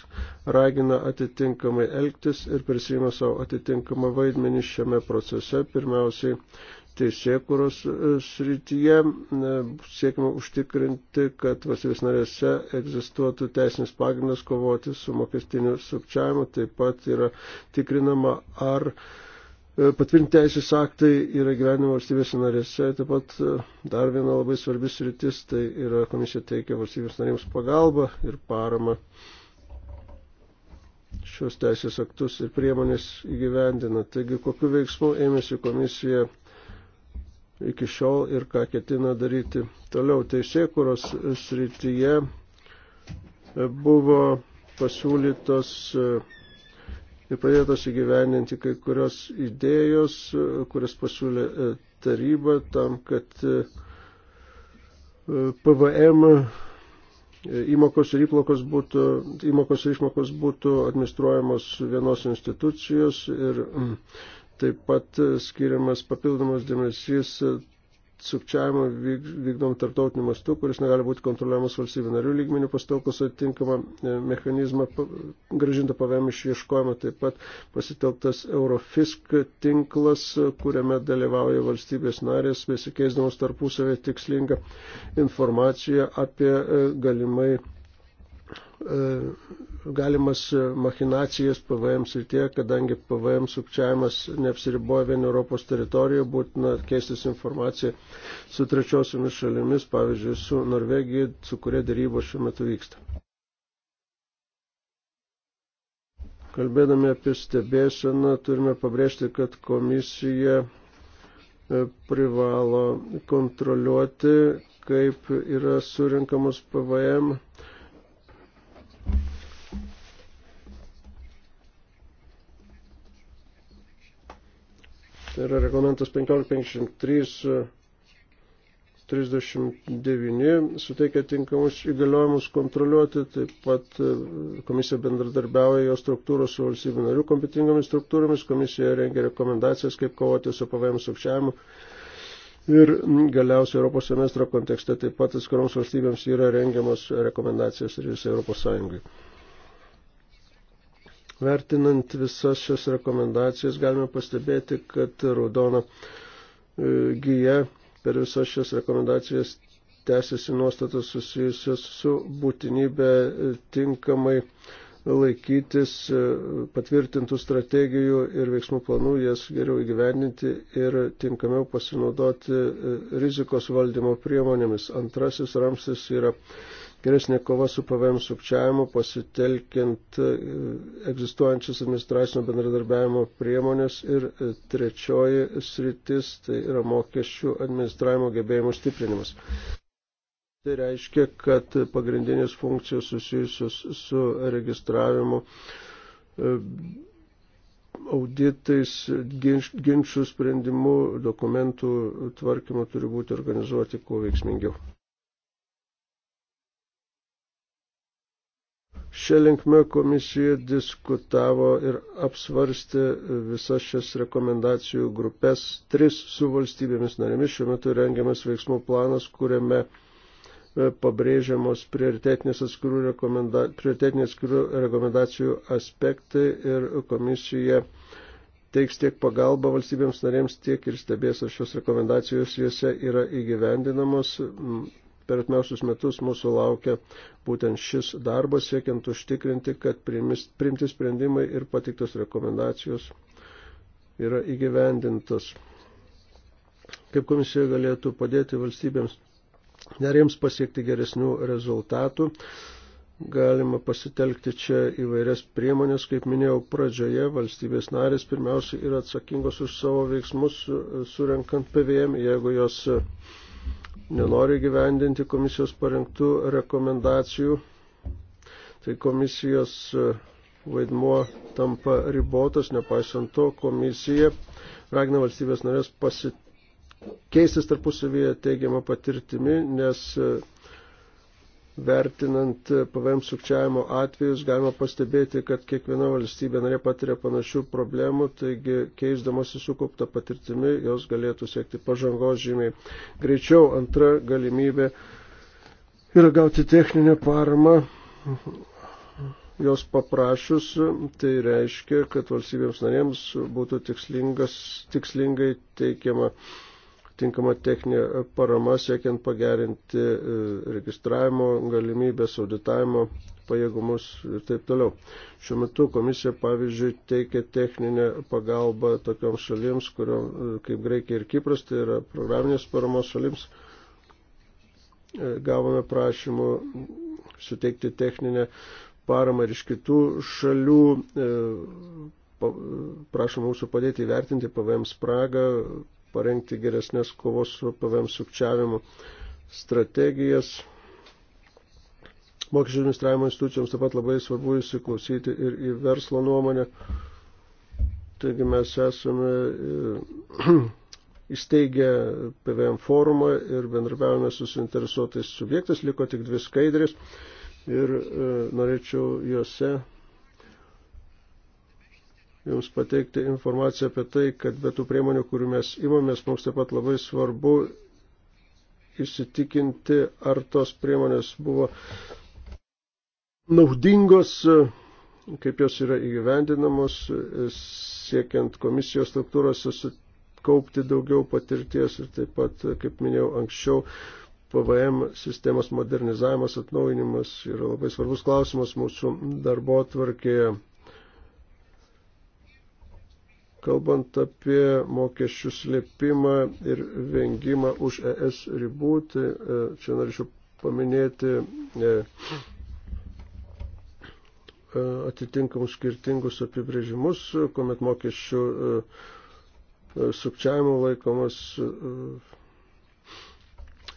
ragina atitinkamai elgtis ir prisima savo atitinkamą vaidmenį šiame procese. Pirmiausiai teisėkuros e, srityje e, siekime užtikrinti, kad valstybės narėse egzistuotų teisinis pagrindas kovoti su mokestiniu sukčiavimu. Taip pat yra tikrinama, ar E, patvirtinti teisės aktai yra gyvenimo valstybės narėse. Taip pat e, dar viena labai svarbis rytis, tai yra komisija teikia valstybės narėms pagalbą ir paramą šios teisės aktus ir priemonės įgyvendina. Taigi, kokiu veiksmu ėmėsi komisija iki šiol ir ką ketina daryti toliau. Teisėkuros srityje buvo pasiūlytos e, ir pradėtos įgyveninti kai kurios idėjos, e, kurias pasiūlė e, taryba tam, kad e, PVM įmokos ir įplokos būtų, įmokos ir išmokos būtų administruojamos vienos institucijos ir mm, taip pat skiriamas papildomas dėmesys sukčiavimą vykdom tarptautiniu mastu, kuris negali būti kontroliuojamas valstybių narių lygmenių pastelkus atitinkamą e, mechanizmą gražintą pavėm išieškojimą. Taip pat pasitelktas Eurofisk tinklas, kuriame dalyvauja valstybės narės, besikeisdamos tarpusavę tikslingą informaciją apie e, galimai E, galimas machinacijas PVM srityje, kadangi PVM sukčiavimas neapsiriboja vien Europos teritorijoje, būtina keistis informacija su trečiosiomis šalimis, pavyzdžiui, su Norvegija, su kuria dėrybos šiuo metu vyksta. Kalbėdami apie stebėseną, turime pabrėžti, kad komisija e, privalo kontroliuoti, kaip yra surinkamos PVM Tai yra reglamentas 1553 39 suteikia tinkamus įgaliojimus kontroliuoti, taip pat e, komisija bendradarbiauja jo struktūros su valstybių narių kompetingomis struktūromis, komisija rengia rekomendacijas, kaip kovoti su pavajam sukčiavimu. Ir galiausiai Europos semestro kontekste taip pat atskiroms valstybėms yra rengiamos rekomendacijos ir visai Europos Sąjungai. Vertinant visas šias rekomendacijas, galime pastebėti, kad raudona e, gyja per visas šias rekomendacijas tęsiasi nuostatas susijusios su būtinybė e, tinkamai laikytis e, patvirtintų strategijų ir veiksmų planų, jas geriau įgyvendinti ir tinkamiau pasinaudoti rizikos valdymo priemonėmis. Antrasis ramstis yra geresnė kova su PVM sukčiavimu, pasitelkiant e, egzistuojančias administracinio bendradarbiavimo priemonės ir e, trečioji sritis tai yra mokesčių administravimo gebėjimų stiprinimas. Tai reiškia, kad pagrindinės funkcijos susijusios su registravimu e, auditais, ginčių sprendimu, dokumentų tvarkymu turi būti organizuoti kuo veiksmingiau. Šią linkmę komisija diskutavo ir apsvarstė visas šias rekomendacijų grupės, tris su valstybėmis narėmis. Šiuo metu rengiamas veiksmų planas, kuriame e, pabrėžiamos prioritetinės atskirų, rekomenda... prioritetinės atskirų rekomendacijų aspektai ir komisija teiks tiek pagalbą valstybėms narėms, tiek ir stebės, ar šios rekomendacijos juose yra įgyvendinamos per atmiausius metus mūsų laukia būtent šis darbas, siekiant užtikrinti, kad priimti sprendimai ir patiktos rekomendacijos yra įgyvendintas. Kaip komisija galėtų padėti valstybėms narėms pasiekti geresnių rezultatų, galima pasitelkti čia įvairias priemonės, kaip minėjau pradžioje, valstybės narės pirmiausia yra atsakingos už savo veiksmus, surenkant PVM, jeigu jos uh, nenori gyvendinti komisijos parengtų rekomendacijų, tai komisijos e, vaidmuo tampa ribotas, nepaisant to komisija ragina valstybės narės pasikeisti tarpusavyje teigiamą patirtimi, nes e, vertinant PVM sukčiavimo atvejus, galima pastebėti, kad kiekviena valstybė narė patiria panašių problemų, taigi keisdamasi sukauptą patirtimi, jos galėtų siekti pažangos žymiai greičiau. Antra galimybė yra gauti techninę paramą. Jos paprašus, tai reiškia, kad valstybėms narėms būtų tikslingai teikiama tinkama techninė parama siekiant pagerinti e, registravimo galimybės, auditavimo pajėgumus ir taip toliau. Šiuo metu komisija, pavyzdžiui, teikia techninę pagalbą tokioms šalims, kurio, e, kaip Graikija ir Kipras, tai yra programinės paramos šalims. E, gavome prašymų suteikti techninę paramą ir iš kitų šalių. Prašom mūsų padėti įvertinti PVM spragą, parengti geresnės kovos su PVM sukčiavimu strategijas. Mokesčių administravimo institucijoms taip pat labai svarbu įsiklausyti ir į verslo nuomonę. Taigi mes esame e, *clears throat* įsteigę PVM forumą ir bendrabiavome su suinteresuotais subjektais, liko tik dvi skaidrės ir e, norėčiau juose Jums pateikti informaciją apie tai, kad be tų priemonių, kurių mes imamės, mums taip pat labai svarbu įsitikinti, ar tos priemonės buvo naudingos, kaip jos yra įgyvendinamos, siekiant komisijos struktūrose sukaupti daugiau patirties ir taip pat, kaip minėjau anksčiau, PVM sistemos modernizavimas, atnaujinimas yra labai svarbus klausimas mūsų darbo tvarkėje. Kalbant apie mokesčių slėpimą ir vengimą už ES ribų, tai e, čia norėčiau paminėti e, e, atitinkamus skirtingus apibrėžimus, kuomet mokesčių sukčiavimo laikomas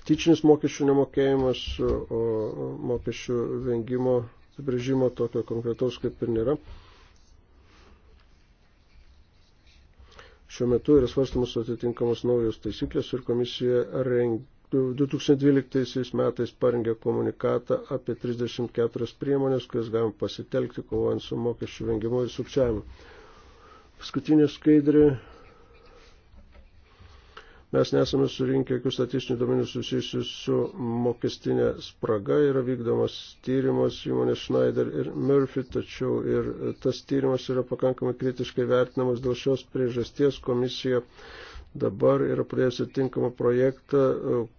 tyčinis mokesčių nemokėjimas, o mokesčių vengimo apibrėžimo tokio konkretaus kaip ir nėra. Šiuo metu yra svarstamos atitinkamos naujos taisyklės ir komisija reng... 2012 metais parengė komunikatą apie 34 priemonės, kurias galima pasitelkti kovojant su mokesčių vengimu ir sukčiavimu. Paskutinė skaidrė Mes nesame surinkę jokių statistinių duomenų susijusių su mokestinė spraga, yra vykdomas tyrimas įmonės Schneider ir Murphy, tačiau ir tas tyrimas yra pakankamai kritiškai vertinamas dėl šios priežasties komisija dabar yra pradėjusi tinkamą projektą,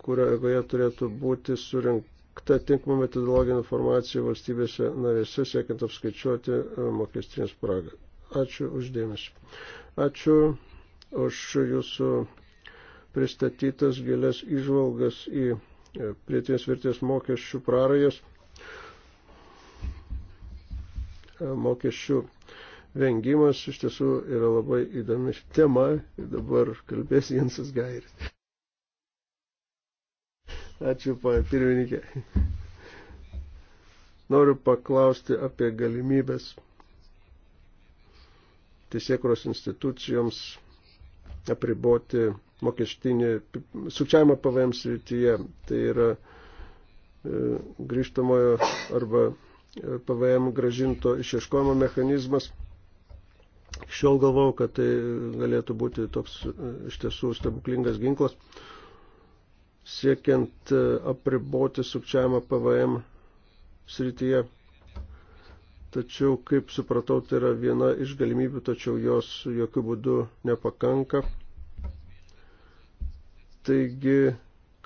kurio egoje turėtų būti surinkta tinkama metodologinė informacija valstybėse narėse, siekiant apskaičiuoti e, mokestinės spragą. Ačiū uždėmesi. Ačiū už jūsų pristatytas gėlės išvalgas į e, prietinės vertės mokesčių prarajas, e, mokesčių vengimas iš tiesų yra labai įdomi tema ir dabar kalbės Jensas Gairis. Ačiū, pana pirmininkė. Noriu paklausti apie galimybės teisėkros institucijoms apriboti mokestinį sukčiavimą PVM srityje. Tai yra e, grįžtamojo arba e, PVM gražinto išieškojimo mechanizmas. Šiol galvau, kad tai galėtų būti toks e, iš tiesų stebuklingas ginklas, siekiant apriboti sukčiavimą PVM srityje. Tačiau, kaip supratau, tai yra viena iš galimybių, tačiau jos jokių būdų nepakanka. Taigi,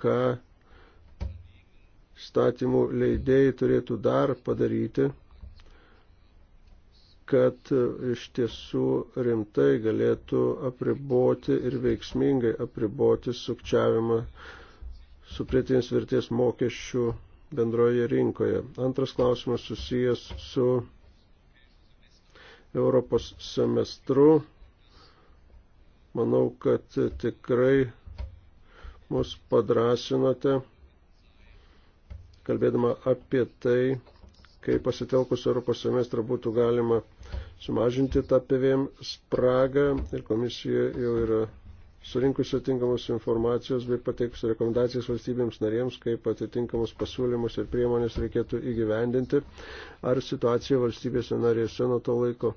ką statymų leidėjai turėtų dar padaryti, kad iš tiesų rimtai galėtų apriboti ir veiksmingai apriboti sukčiavimą su prietinės vertės mokesčių bendroje rinkoje. Antras klausimas susijęs su Europos semestru. Manau, kad tikrai mus padrasinote, kalbėdama apie tai, kaip pasitelkus Europos semestrą būtų galima sumažinti tą PVM spragą ir komisija jau yra surinkusi atitinkamos informacijos bei pateikusi rekomendacijas valstybėms narėms, kaip atitinkamus pasiūlymus ir priemonės reikėtų įgyvendinti, ar situacija valstybėse narėse nuo to laiko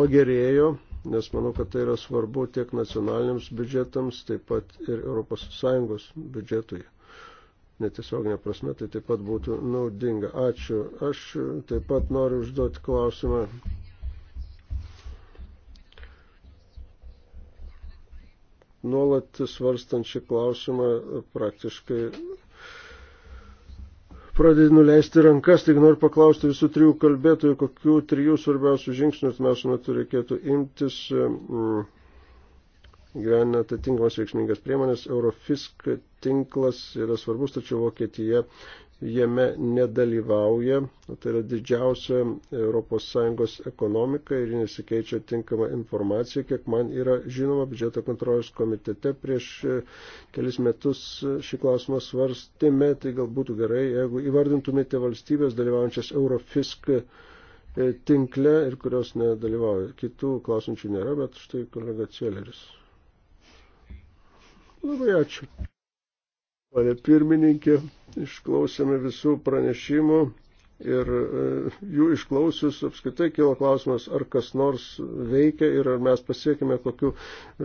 pagerėjo, nes manau, kad tai yra svarbu tiek nacionaliniams biudžetams, taip pat ir ES biudžetui. Netiesioginė prasme, tai taip pat būtų naudinga. Ačiū. Aš taip pat noriu užduoti klausimą. Nuolat svarstant šį klausimą praktiškai pradedi nuleisti rankas, taigi noriu paklausti visų trijų kalbėtojų, kokių trijų svarbiausių žingsnių mes metu reikėtų imtis mm, gyvena atitinkamas veiksmingas priemonės. Eurofisk tinklas yra svarbus, tačiau Vokietija jame nedalyvauja, tai yra didžiausia ES ekonomika ir nesikeičia tinkama informacija, kiek man yra žinoma, biudžeto kontrolės komitete prieš e, kelis metus e, šį klausimą svarstėme, tai gal būtų gerai, jeigu įvardintumėte valstybės dalyvaujančias Eurofisk e, tinkle ir kurios nedalyvauja. Kitų klausimčių nėra, bet štai kolega Celeris. Labai ačiū. Pane pirmininkė, išklausėme visų pranešimų ir e, jų išklausius apskritai kilo klausimas, ar kas nors veikia ir ar mes pasiekime kokiu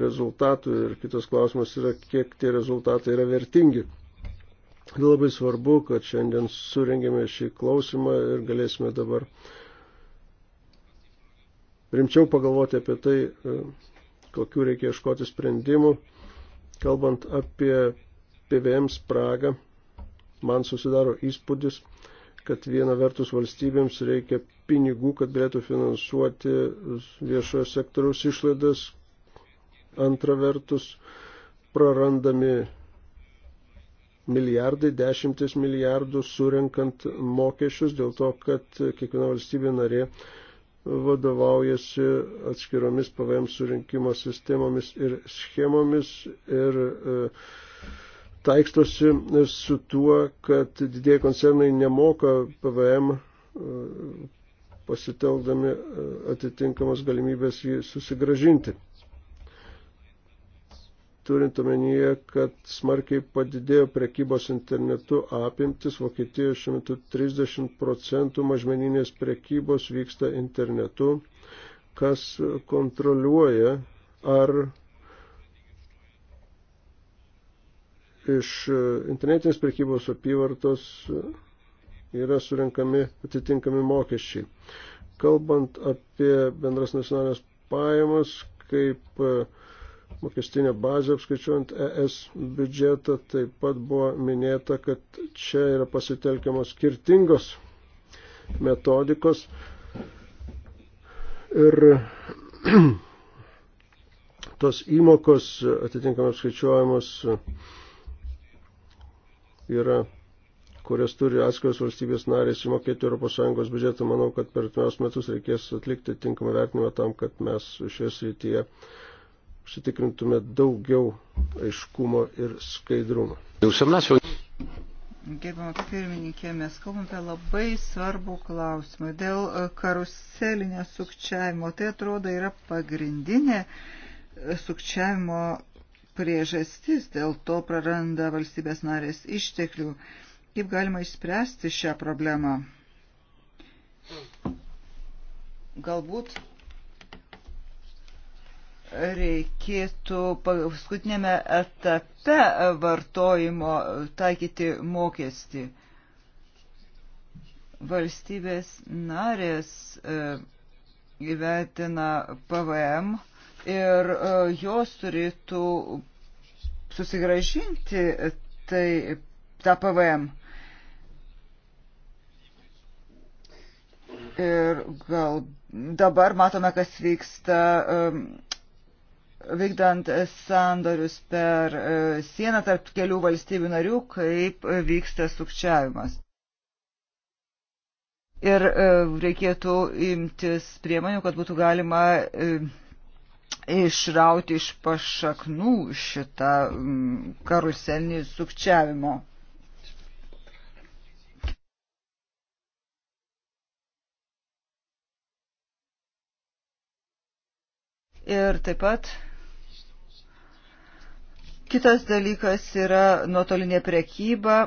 rezultatu ir kitas klausimas yra, kiek tie rezultatai yra vertingi. Labai svarbu, kad šiandien surengėme šį klausimą ir galėsime dabar rimčiau pagalvoti apie tai, e, kokiu reikia iškoti sprendimų, kalbant apie PVM spragą, man susidaro įspūdis, kad viena vertus valstybėms reikia pinigų, kad galėtų finansuoti viešojo sektoriaus išlaidas, antra vertus prarandami milijardai, dešimtis milijardų surenkant mokesčius dėl to, kad kiekviena valstybė narė vadovaujasi atskiromis PVM surinkimo sistemomis ir schemomis ir e, taikstosi su tuo, kad didieji koncernai nemoka PVM e, pasiteldami e, atitinkamas galimybės jį susigražinti. Turint omenyje, kad smarkiai padidėjo prekybos internetu apimtis, Vokietijoje šiuo metu 30 procentų mažmeninės prekybos vyksta internetu, kas kontroliuoja, ar iš e, internetinės prekybos apyvartos e, yra surinkami atitinkami mokesčiai. Kalbant apie bendras nacionalinės pajamas, kaip e, mokestinė bazė apskaičiuojant ES biudžetą, taip pat buvo minėta, kad čia yra pasitelkiamos skirtingos metodikos. Ir *clears throat* tos įmokos atitinkamai apskaičiuojamos yra kurias turi atskiros valstybės narės įmokėti ES biudžetą, manau, kad per atmiaus metus reikės atlikti tinkamą vertinimą tam, kad mes šioje srityje užsitikrintume daugiau aiškumo ir skaidrumo. Gerbama pirmininkė, mes kalbame apie labai svarbų klausimą. Dėl e, karuselinio sukčiavimo tai atrodo yra pagrindinė e, sukčiavimo priežastis, dėl to praranda valstybės narės išteklių. Kaip galima išspręsti šią problemą? Galbūt reikėtų paskutinėme etape vartojimo taikyti mokestį. Valstybės narės e, įvertina PVM ir e, jos turėtų susigražinti tai, tą PVM. Ir gal dabar matome, kas vyksta e, vykdant sandorius per e, sieną tarp kelių valstybių narių, kaip vyksta sukčiavimas. Ir reikėtų imtis priemonių, kad būtų galima išrauti iš pašaknų šitą mm, karuselinį sukčiavimo. Ir taip pat kitas dalykas yra nuotolinė prekyba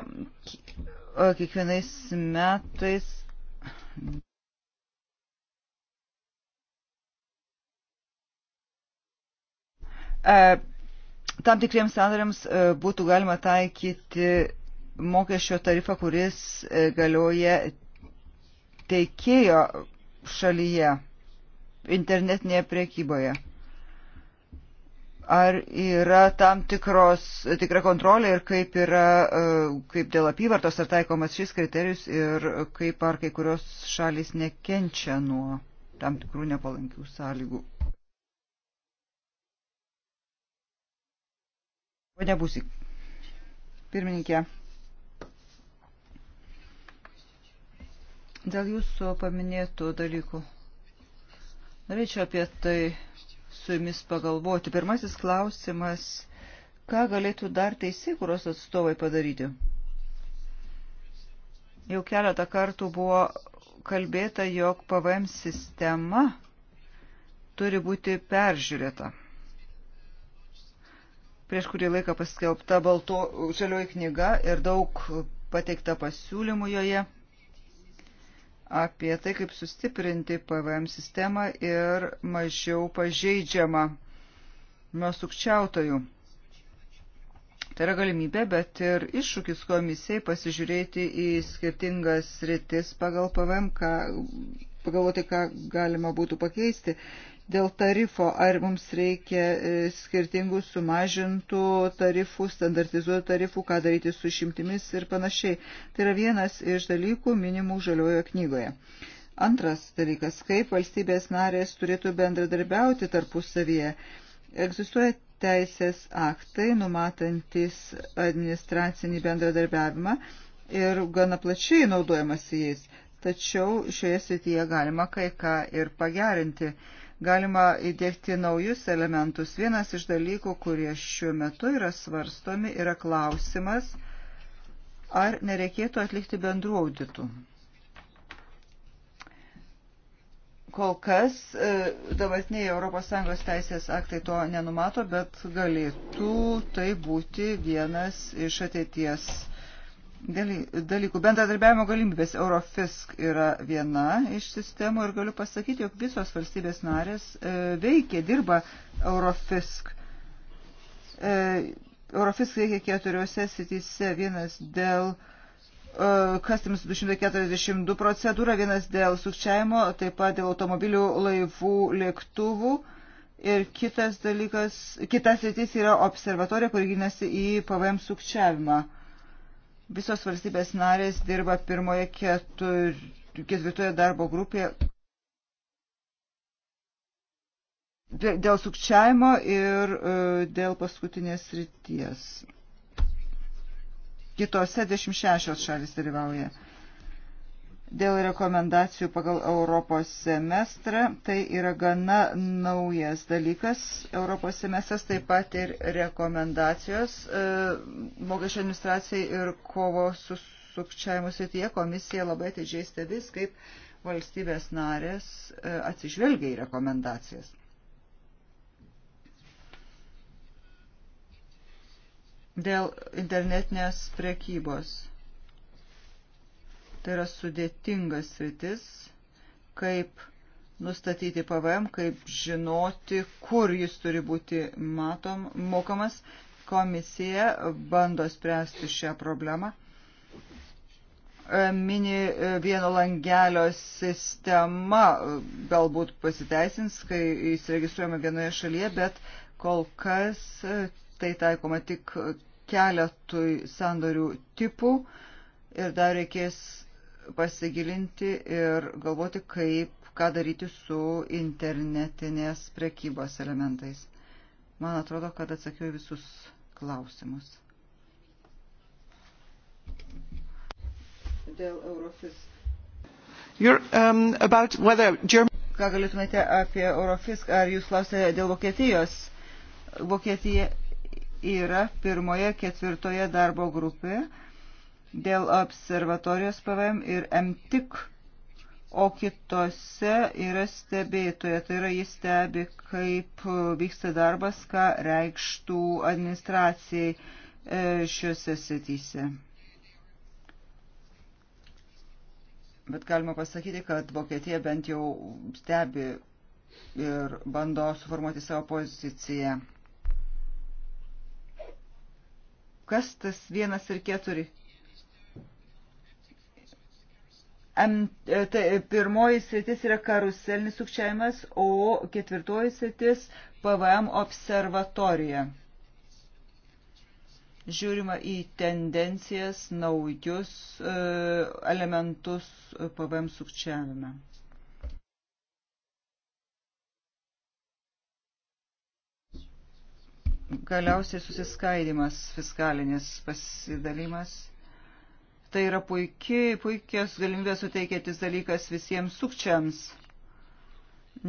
kiekvienais metais. E, tam tikriems sandoriams e, būtų galima taikyti mokesčio tarifą, kuris e, galioja teikėjo šalyje internetinėje priekyboje. Ar yra tam tikros, tikra kontrolė ir kaip, yra, kaip dėl apyvartos ar taikomas šis kriterijus ir kaip ar kai kurios šalis nekenčia nuo tam tikrų nepalankių sąlygų? Pane Busik. Pirmininkė. Dėl jūsų paminėtų dalykų. Norėčiau apie tai su jumis pagalvoti. Pirmasis klausimas, ką galėtų dar teisėkuros atstovai padaryti? Jau keletą kartų buvo kalbėta, jog PVM sistema turi būti peržiūrėta prieš kurį laiką paskelbta balto žalioji knyga ir daug pateikta pasiūlymų joje apie tai, kaip sustiprinti PVM sistemą ir mažiau pažeidžiamą nuo sukčiautojų. Tai yra galimybė, bet ir iššūkis komisijai pasižiūrėti į skirtingas rytis pagal PVM, ką, pagalvoti, ką galima būtų pakeisti dėl tarifo, ar mums reikia e, skirtingų sumažintų tarifų, standartizuotų tarifų, ką daryti su šimtimis ir panašiai. Tai yra vienas iš dalykų minimų žaliojo knygoje. Antras dalykas, kaip valstybės narės turėtų bendradarbiauti tarpusavyje. Egzistuoja teisės aktai, numatantis administracinį bendradarbiavimą ir gana plačiai naudojamas jais. Tačiau šioje srityje galima kai ką ir pagerinti galima įdėkti naujus elementus. Vienas iš dalykų, kurie šiuo metu yra svarstomi, yra klausimas, ar nereikėtų atlikti bendrų auditų. Kol kas e, dabartiniai ES teisės aktai to nenumato, bet galėtų tai būti vienas iš ateities dalykų. Bendradarbiavimo galimybės Eurofisk yra viena iš sistemų ir galiu pasakyti, jog visos valstybės narės e, veikia, dirba Eurofisk. E, Eurofisk veikia keturiose sityse, vienas dėl e, customs 242 procedūra, vienas dėl sukčiavimo, taip pat dėl automobilių, laivų, lėktuvų. Ir kitas dalykas, kitas rytis yra observatorija, kur gynasi į PVM sukčiavimą. Uh, Visos valstybės narės dirba pirmoje ketur, ketvirtoje darbo grupėje dėl sukčiavimo ir e, dėl paskutinės ryties. Kitose 26 šalis dalyvauja dėl rekomendacijų pagal Europos semestrą. Tai yra gana naujas dalykas. Europos semestras taip pat ir rekomendacijos e, mokesčio administracijai ir kovo su sukčiavimu srityje komisija labai atidžiai stebės, kaip valstybės narės e, atsižvelgia į rekomendacijas. Dėl internetinės prekybos Tai yra sudėtingas sritis, kaip nustatyti PVM, kaip žinoti, kur jis turi būti matom, mokamas. Komisija bando spręsti šią problemą. E, mini e, vieno langelio sistema e, galbūt pasiteisins, kai įsiregistruojame vienoje šalyje, bet kol kas tai taikoma tik keletui sandorių tipų ir dar reikės pasigilinti ir galvoti, kaip, ką daryti su internetinės prekybos elementais. Man atrodo, kad atsakiau visus klausimus. Dėl Eurofis. You're, um, about whether Germany... Ką galėtumėte apie Eurofisk? Ar jūs klausėte dėl Vokietijos? Vokietija yra pirmoje ketvirtoje darbo grupėje dėl observatorijos PVM ir MTIK, o kitose yra stebėtoje. Tai yra jis stebi, kaip vyksta darbas, ką reikštų administracijai e, šiuose sityse. Bet galima pasakyti, kad Vokietija bent jau stebi ir bando suformuoti savo poziciją. Kas tas vienas ir keturi? E, e, pirmoji sritis yra karuselinis sukčiavimas, o ketvirtoji sritis PVM observatorija. Žiūrima į tendencijas, naujus e, elementus PVM sukčiavime. Galiausiai susiskaidimas fiskalinis pasidalimas Tai yra puikiai, puikias galimybės suteikėtis dalykas visiems sukčiams,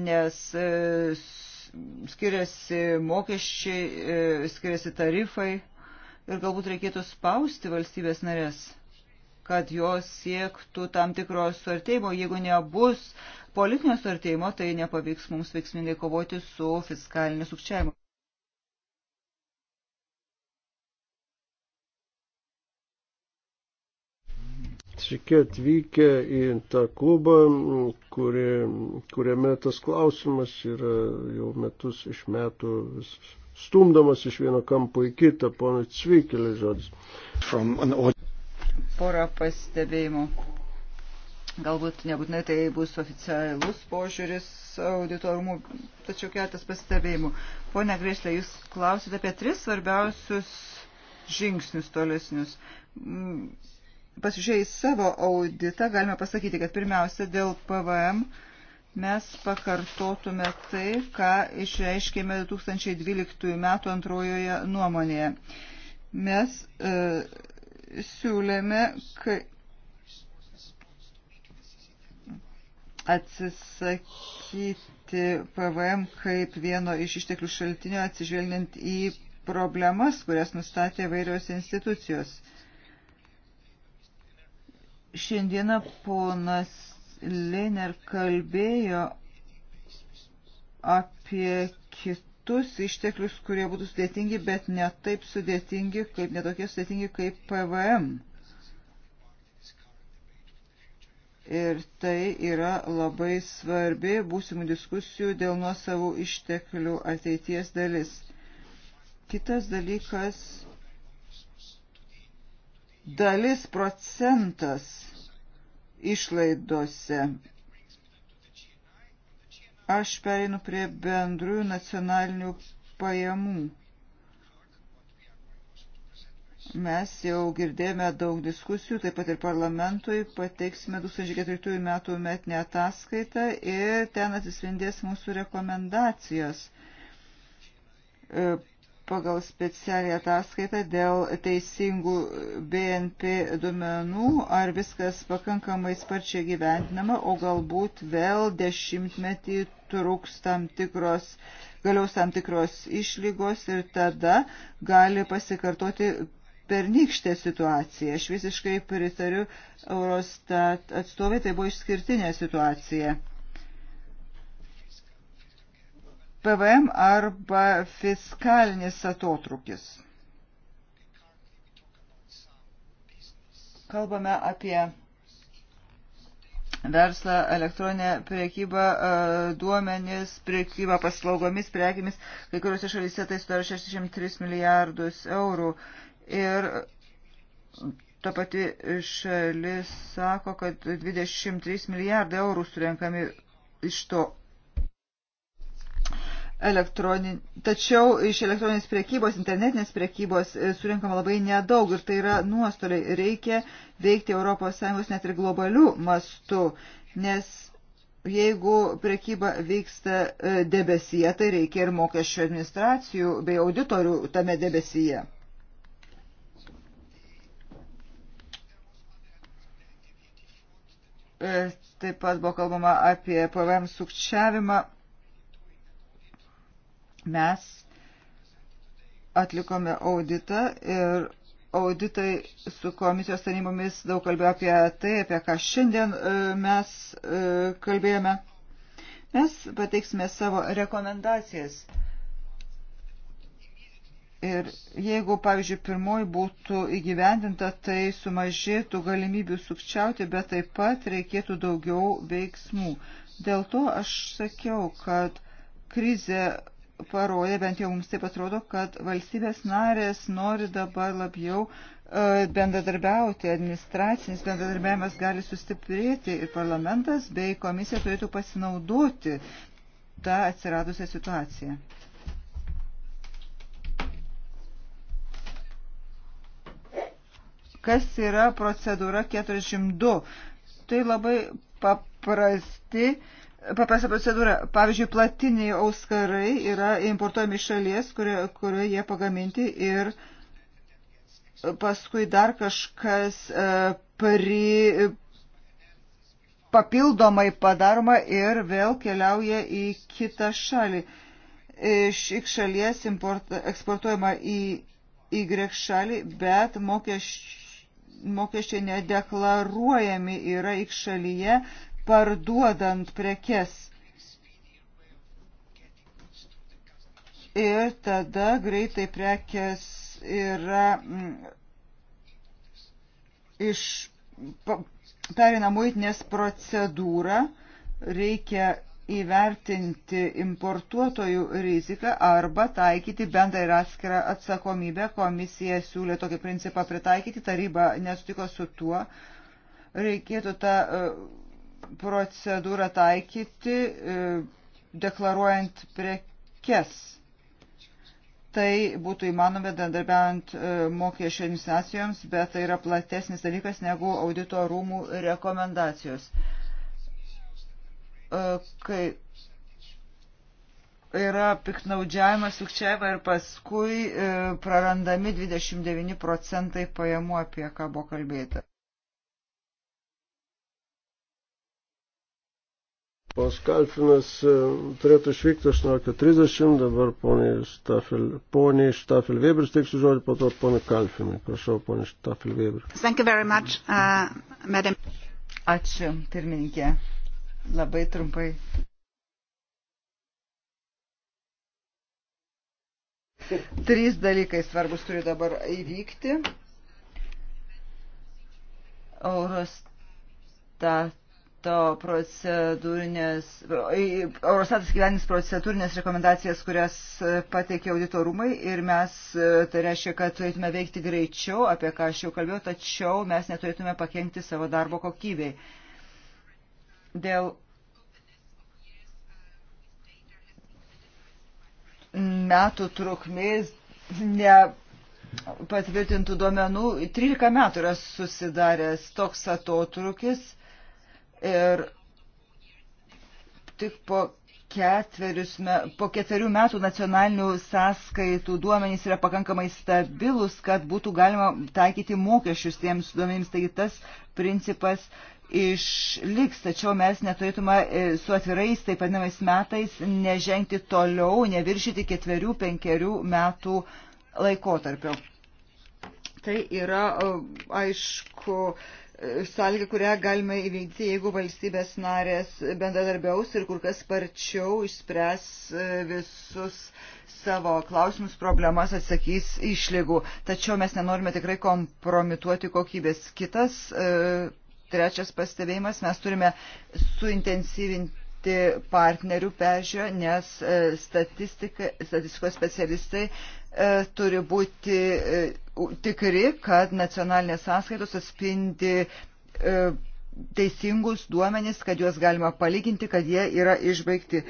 nes e, skiriasi mokesčiai, e, skiriasi tarifai ir galbūt reikėtų spausti valstybės narės kad jos siektų tam tikros suartėjimo. Jeigu nebus politinio suartėjimo, tai nepavyks mums veiksmingai kovoti su fiskaliniu sukčiavimu. Sykė atvykę į tą klubą, kuri, kuriame tas klausimas yra jau metus iš metų vis stumdamas iš vieno kampo į kitą, ponas Cvikelė žodis. An... Porą pastebėjimų. Galbūt nebūtinai tai bus oficialus požiūris auditorumų, tačiau keletas pastebėjimų. Pone Grėslė, jūs klausite apie tris svarbiausius žingsnius tolesnius mm, pasižiūrėjus savo auditą, galime pasakyti, kad pirmiausia dėl PVM mes pakartotume tai, ką išreiškėme 2012 metų antrojoje nuomonėje. Mes e, siūlėme, kai atsisakyti PVM kaip vieno iš išteklių šaltinio atsižvelgiant į problemas, kurias nustatė vairios institucijos. E, Šiandieną ponas Lener kalbėjo apie kitus išteklius, kurie būtų sudėtingi, bet ne taip sudėtingi, kaip netokie sudėtingi kaip PVM. Ir tai yra labai svarbi būsimų diskusijų dėl nuosavų išteklių ateities dalis. Kitas dalykas dalis procentas išlaidose. Aš pereinu prie bendrųjų nacionalinių pajamų. Mes jau girdėjome daug diskusijų, taip pat ir parlamentui pateiksime 2004 metų metinę ataskaitą ir ten atsispindės mūsų rekomendacijos e, pagal specialią ataskaitą dėl teisingų BNP duomenų, ar viskas pakankamai sparčiai gyventinama, o galbūt vėl dešimtmetį truks tam tikros, galiaus tam tikros išlygos ir tada gali pasikartoti pernykštė situacija. Aš visiškai pritariu Eurostat atstovai, tai buvo išskirtinė situacija. PVM arba fiskalinis atotrukis. Kalbame apie verslą, elektroninę priekybą, e, duomenis, priekybą paslaugomis, prekimis. Kai kuriuose šalyse tai sudaro 63 milijardus eurų. Ir ta pati šalis sako, kad 23 milijardai eurų surenkami iš to elektronin... Tačiau iš elektroninės priekybos, internetinės priekybos e, surinkama labai nedaug ir tai yra nuostoliai. Reikia veikti ES net ir globalių mastų, nes jeigu priekyba vyksta e, debesyje, tai reikia ir mokesčių administracijų bei auditorių tame debesyje. E, taip pat buvo kalbama apie PVM sukčiavimą Mes atlikome auditą ir auditai su komisijos tarnybomis daug kalbėjo apie tai, apie ką šiandien e, mes e, kalbėjome. Mes pateiksime savo rekomendacijas. Ir jeigu, pavyzdžiui, pirmoji būtų įgyvendinta, tai sumažėtų galimybių sukčiauti, bet taip pat reikėtų daugiau veiksmų. Dėl to aš sakiau, kad krizė paroja, bent jau mums tai atrodo, kad valstybės narės nori dabar labiau e, bendradarbiauti, administracinis bendradarbiavimas gali sustiprėti ir parlamentas bei komisija turėtų pasinaudoti tą atsiradusią situaciją. Kas yra procedūra 42? Tai labai paprasti Paprasta procedūra. Pavyzdžiui, platiniai auskarai yra importuojami iš šalies, kurioje kurio jie pagaminti ir paskui dar kažkas e, pri, papildomai padaroma ir vėl keliauja į kitą šalį. Iš X šalies import, eksportuojama į Y šalį, bet mokesčių mokesčiai nedeklaruojami yra iš šalyje, parduodant prekes. Ir tada greitai prekes yra mm, iš perina muitinės procedūrą, reikia įvertinti importuotojų riziką arba taikyti bendrą ir atskirą atsakomybę. Komisija siūlė tokį principą pritaikyti, taryba nesutiko su tuo. Reikėtų tą uh, procedūrą taikyti e, deklaruojant prekes. Tai būtų įmanoma bendarbiaujant e, mokesčio administracijoms, bet tai yra platesnis dalykas negu audito rūmų rekomendacijos. E, kai yra piknaudžiavimas, sukčiavimai ir paskui prarandami 29 procentai pajamų, apie ką buvo kalbėta. Pos Kalfinas e, turėtų išvykti 18.30, dabar poniai Štafel, poniai Štafel Weber steiksiu žodį, po to poniai Kalfinai. Prašau, poniai Štafel Weber. Thank you very much, uh, madam. Ačiū, pirmininkė. Labai trumpai. Trys dalykai svarbus turi dabar įvykti. Eurostat Eurostato procedūrinės, Eurostatas gyvenis procedūrinės rekomendacijas, kurias pateikė auditorumai ir mes, e, tai reiškia, kad turėtume veikti greičiau, apie ką aš jau kalbėjau, tačiau mes neturėtume pakengti savo darbo kokybei. Dėl metų trukmės ne patvirtintų duomenų 13 metų yra susidaręs toks atotrukis Ir tik po ketverius, po ketverių metų nacionalinių sąskaitų duomenys yra pakankamai stabilus, kad būtų galima taikyti mokesčius tiems duomenims. Taigi tas principas išliks, tačiau mes neturėtume e, su atvirais, taip vadinamais metais, nežengti toliau, neviršyti ketverių, penkerių metų laikotarpio. Tai yra, e, aišku, sąlyga, kurią galime įveikti, jeigu valstybės narės bendradarbiaus ir kur kas sparčiau išspręs e, visus savo klausimus, problemas, atsakys išlygų. Tačiau mes nenorime tikrai kompromituoti kokybės. Kitas, e, trečias pastebėjimas, mes turime suintensyvinti atlikti partnerių peržiūrą, nes e, statistikos specialistai e, turi būti e, tikri, kad nacionalinės sąskaitos atspindi teisingus duomenis, kad juos galima palyginti, kad jie yra išbaigti.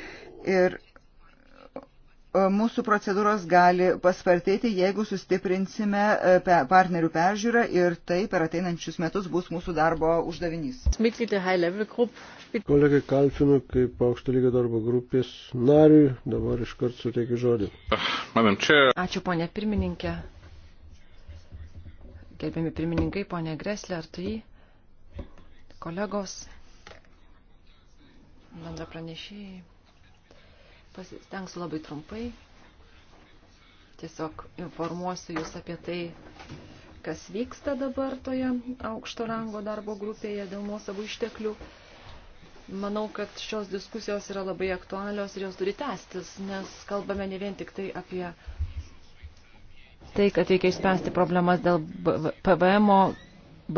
Ir mūsų procedūros gali paspartėti, jeigu sustiprinsime partnerių peržiūrą ir tai per ateinančius metus bus mūsų darbo uždavinys. Kolegai Kalfinu, kaip aukšto lygio darbo grupės nariui, dabar iškart suteikiu žodį. Ah, Ačiū, ponė pirmininkė. Gerbiami pirmininkai, ponė Greslė, ar tai kolegos, bendra pranešėjai. Pasistengsiu labai trumpai. Tiesiog informuosiu Jūs apie tai, kas vyksta dabar toje aukšto rango darbo grupėje dėl nuosavų išteklių. Manau, kad šios diskusijos yra labai aktualios ir jos turi tęstis, nes kalbame ne vien tik tai apie tai, kad reikia išspręsti problemas dėl PVM,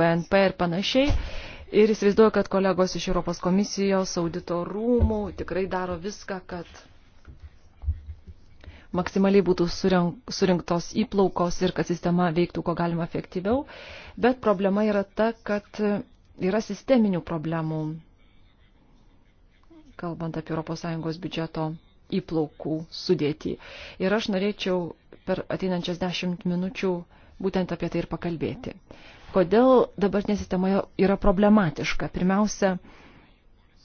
BNP ir panašiai. Ir įsivaizduoju, kad kolegos iš Europos komisijos, audito rūmų tikrai daro viską, kad maksimaliai būtų surinktos įplaukos ir kad sistema veiktų ko galima efektyviau. Bet problema yra ta, kad yra sisteminių problemų kalbant apie ES biudžeto įplaukų sudėtį. Ir aš norėčiau per ateinančias dešimt minučių būtent apie tai ir pakalbėti. Kodėl dabartinė sistema yra problematiška? Pirmiausia,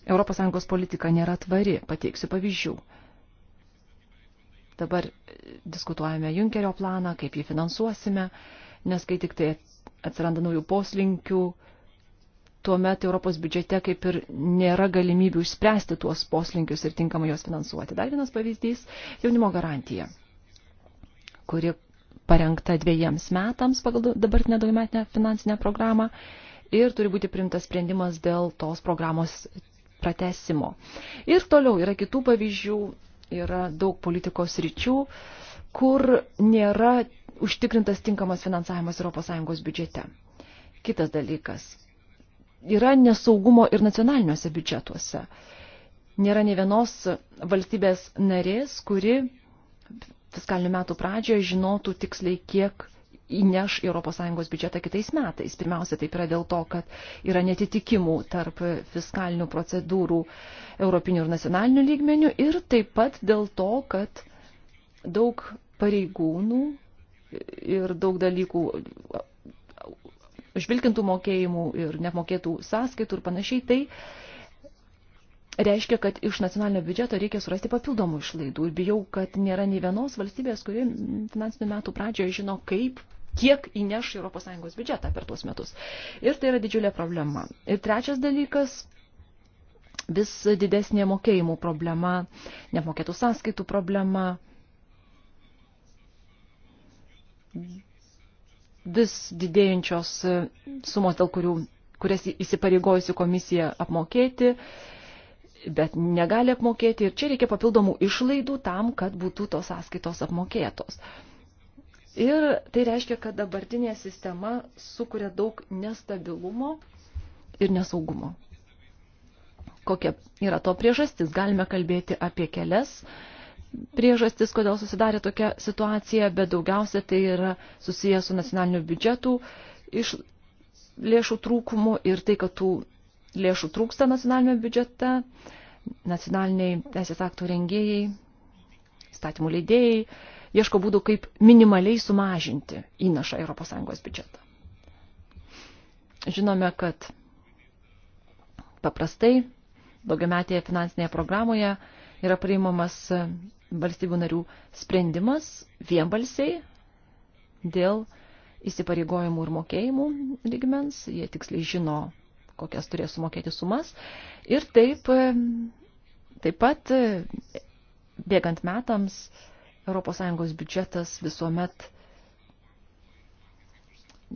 ES politika nėra tvari, pateiksiu pavyzdžių. Dabar diskutuojame Junkerio planą, kaip jį finansuosime, nes kai tik tai atsiranda naujų poslinkių, tuomet Europos biudžete kaip ir nėra galimybių išspręsti tuos poslinkius ir tinkamai juos finansuoti. Dar vienas pavyzdys – jaunimo garantija, kuri parengta dviejiems metams pagal dabartinę daugiametinę finansinę programą ir turi būti primtas sprendimas dėl tos programos pratesimo. Ir toliau yra kitų pavyzdžių, yra daug politikos ryčių, kur nėra užtikrintas tinkamas finansavimas ES biudžete. Kitas dalykas yra nesaugumo ir nacionaliniuose biudžetuose. Nėra ne vienos valstybės narės, kuri fiskalinių metų pradžioje žinotų tiksliai, kiek įneš į ES biudžetą kitais metais. Pirmiausia, taip yra dėl to, kad yra netitikimų tarp fiskalinių procedūrų europinių ir nacionalinių lygmenių ir taip pat dėl to, kad daug pareigūnų ir daug dalykų žvilgintų mokėjimų ir neapmokėtų sąskaitų ir panašiai, tai reiškia, kad iš nacionalinio biudžeto reikia surasti papildomų išlaidų. Ir bijau, kad nėra nei vienos valstybės, kuri finansinių metų pradžioje žino, kaip kiek įneš ES biudžetą per tuos metus. Ir tai yra didžiulė problema. Ir trečias dalykas – vis didesnė mokėjimų problema, neapmokėtų sąskaitų problema, vis didėjančios e, sumos, dėl kurių, kurias įsipareigojusi komisija apmokėti, bet negali apmokėti ir čia reikia papildomų išlaidų tam, kad būtų tos sąskaitos apmokėtos. Ir tai reiškia, kad dabartinė sistema sukuria daug nestabilumo ir nesaugumo. Kokia yra to priežastis? Galime kalbėti apie kelias uh, priežastis, kodėl susidarė tokia situacija, bet daugiausia tai yra susijęs su nacionaliniu biudžetu iš lėšų trūkumu ir tai, kad tų lėšų trūksta nacionalinėme biudžete, nacionaliniai teisės aktų rengėjai, statymų leidėjai ieško būdų, kaip minimaliai sumažinti įnašą ES biudžetą. Žinome, kad paprastai daugiametėje finansinėje programoje yra priimamas valstybių narių sprendimas vienbalsiai dėl įsipareigojimų ir mokėjimų lygmens, jie tiksliai žino, kokias turės sumokėti sumas. Ir taip, taip pat, bėgant metams, ES biudžetas visuomet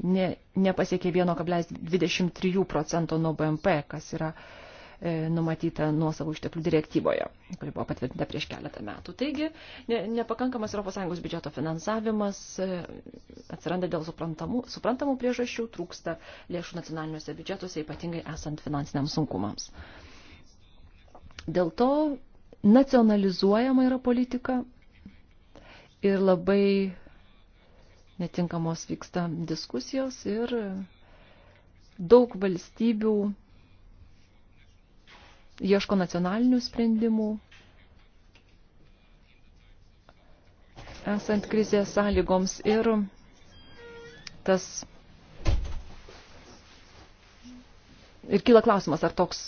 ne, nepasiekė 1,23 procento nuo BMP, kas yra uh, E, numatyta nuosavų išteklių direktyvoje, kuri buvo patvirtinta prieš keletą metų. Taigi, ne, nepakankamas ES biudžeto finansavimas e, atsiranda dėl suprantamų, suprantamų priežasčių, trūksta lėšų nacionaliniuose biudžetuose, ypatingai esant finansiniams sunkumams. Dėl to nacionalizuojama yra politika ir labai netinkamos vyksta diskusijos ir daug valstybių ieško nacionalinių sprendimų. Esant krizės sąlygoms ir tas Ir kyla klausimas, ar toks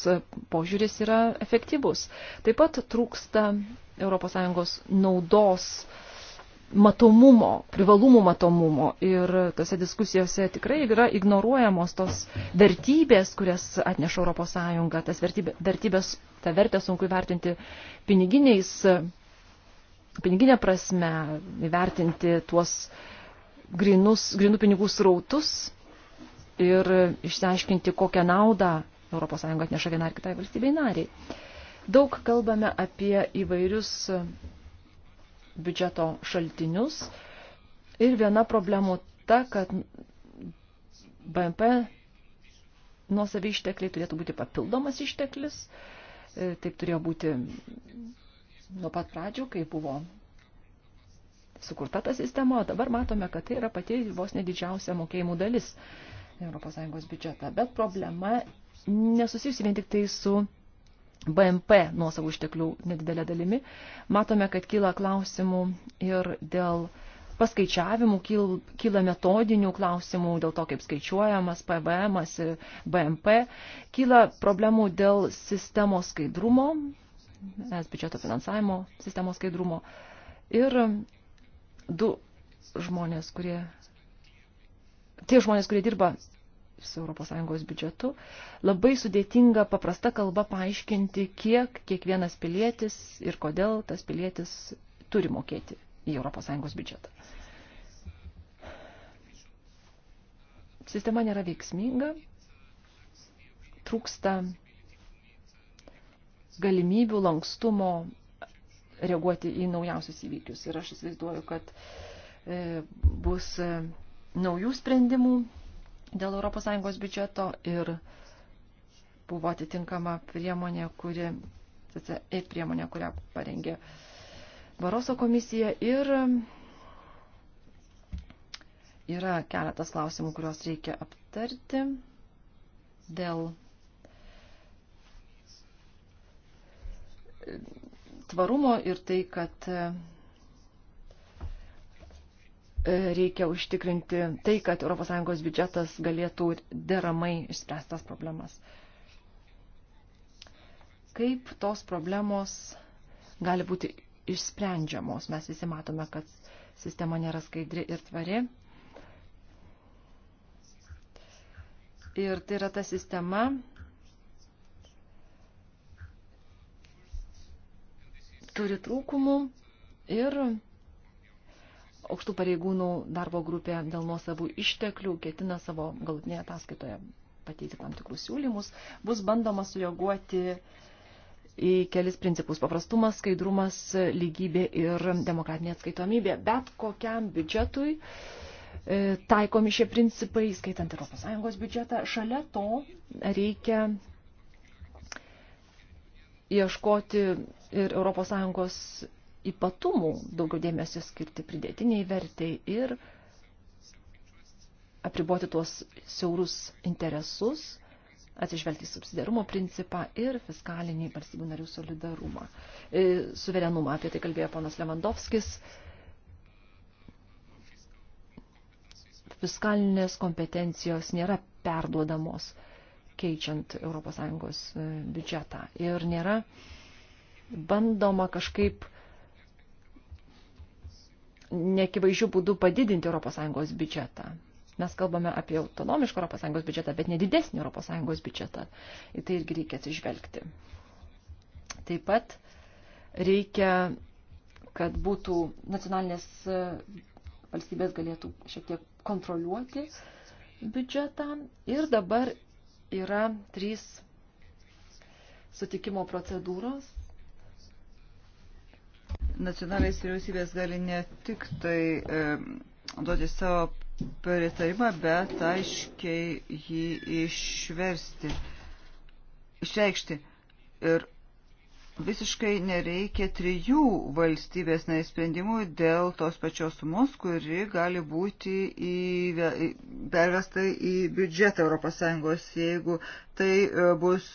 požiūris yra efektyvus. Taip pat trūksta ES naudos uh, matomumo, privalumų matomumo. Ir tose diskusijose tikrai yra ignoruojamos tos vertybės, kurias atneša ES. Tas vertybė, vertybės, tą vertę sunku įvertinti piniginiais, piniginė prasme, įvertinti tuos grinus, grinų pinigų srautus ir išsiaiškinti, kokią naudą ES atneša vienai ar kitai valstybei nariai. Daug kalbame apie įvairius biudžeto šaltinius. Ir viena problemų ta, kad BMP nuosavį ištekliai turėtų būti papildomas išteklis. E, taip turėjo būti nuo pat pradžių, kai buvo sukurta ta sistema, o dabar matome, kad tai yra pati vos nedidžiausia mokėjimų dalis ES biudžeta. Bet problema nesusijusi vien tik tai su BMP nuosavų išteklių nedidelė dalimi. Matome, kad kyla klausimų ir dėl paskaičiavimų, kyla metodinių klausimų dėl to, kaip skaičiuojamas PVM, BMP, kyla problemų dėl sistemos skaidrumo, es biudžeto finansavimo sistemos skaidrumo. Ir du žmonės, kurie, tie žmonės, kurie dirba su ES biudžetu, labai sudėtinga paprasta kalba paaiškinti, kiek kiekvienas pilietis ir kodėl tas pilietis turi mokėti į ES biudžetą. Sistema nėra veiksminga, trūksta galimybių lankstumo reaguoti į naujausius įvykius. Ir aš įsivaizduoju, kad e, bus e, naujų sprendimų dėl ES biudžeto ir buvo atitinkama priemonė, kuri, EIT priemonė, kurią parengė Baroso komisija ir yra keletas klausimų, kuriuos reikia aptarti dėl tvarumo ir tai, kad reikia užtikrinti tai, kad ES biudžetas galėtų deramai išspręstas problemas. Kaip tos problemos gali būti išsprendžiamos? Mes visi matome, kad sistema nėra skaidri ir tvari. Ir tai yra ta sistema, turi trūkumų ir aukštų pareigūnų darbo grupė dėl nuosavų išteklių ketina savo galutinėje ataskaitoje pateikti tam tikrus siūlymus, bus bandoma sureaguoti į kelis principus – paprastumas, skaidrumas, lygybė ir demokratinė atskaitomybė. Bet kokiam biudžetui e, taikomi šie principai, skaitant Europos Sąjungos biudžetą, šalia to reikia ieškoti ir Europos Sąjungos ypatumų, daugiau dėmesio skirti pridėtiniai vertai ir apriboti tuos siaurus interesus, atsižvelgti subsidiarumo principą ir fiskalinį valstybių narių solidarumą. E, suverenumą apie tai kalbėjo ponas Levandovskis. Fiskalinės kompetencijos nėra perduodamos keičiant ES e, biudžetą ir nėra bandoma kažkaip nekivaizdžių būdų padidinti ES biudžetą. Mes kalbame apie autonomišką ES biudžetą, bet nedidesnį ES biudžetą. Į tai irgi reikia atsižvelgti. Taip pat reikia, kad būtų nacionalinės e, valstybės galėtų šiek tiek kontroliuoti biudžetą. Ir dabar yra trys sutikimo procedūros nacionalinės vyriausybės gali ne tik tai e, duoti savo pritarimą, bet aiškiai jį išversti, išreikšti. Ir visiškai nereikia trijų valstybės neįsprendimų dėl tos pačios sumos, kuri gali būti į, pervesta į biudžetą ES, jeigu tai e, bus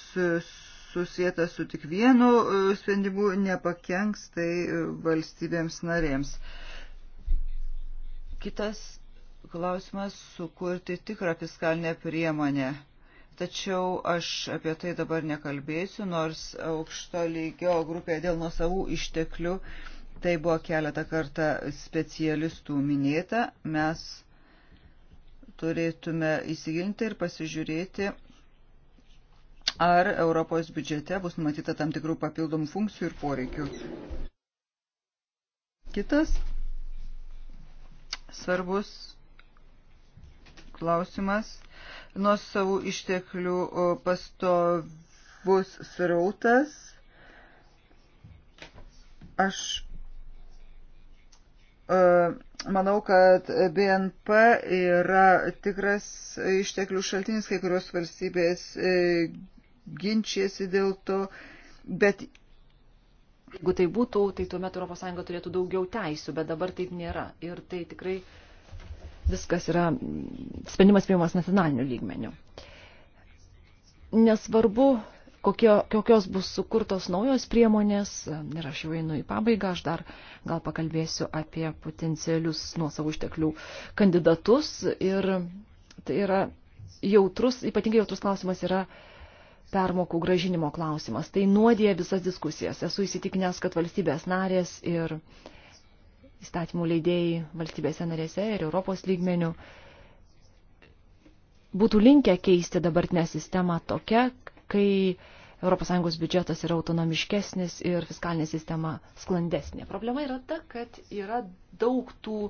susijęta su tik vienu e, sprendimu nepakenks tai e, valstybėms narėms. Kitas klausimas - sukurti tikrą fiskalinę priemonę. Tačiau aš apie tai dabar nekalbėsiu, nors aukšto lygio grupėje dėl nuosavų išteklių tai buvo keletą kartą specialistų minėta. Mes turėtume įsigilinti ir pasižiūrėti, ar Europos biudžete bus numatyta tam tikrų papildomų funkcijų ir poreikių. Kitas svarbus klausimas - nuo savų išteklių pastovus srautas. Aš e, Manau, kad BNP yra tikras išteklių šaltinis, kai kurios valstybės e, ginčiasi dėl to, bet jeigu tai būtų, tai tuomet ES turėtų daugiau teisų, bet dabar taip nėra. Ir tai tikrai viskas yra mm, sprendimas priimamas nacionaliniu lygmeniu. Nesvarbu, kokio, kokios bus sukurtos naujos priemonės, ir aš jau einu į pabaigą, aš dar gal pakalbėsiu apie potencialius nuosavų išteklių kandidatus. Ir tai yra jautrus, ypatingai jautrus klausimas yra permokų gražinimo klausimas. Tai nuodėja visas diskusijas. Esu įsitikinęs, kad valstybės narės ir įstatymų leidėjai valstybėse narėse ir Europos lygmenių būtų linkę keisti dabartinę sistemą tokia, kai ES biudžetas yra autonomiškesnis ir fiskalinė sistema sklandesnė. Problema yra ta, kad yra daug tų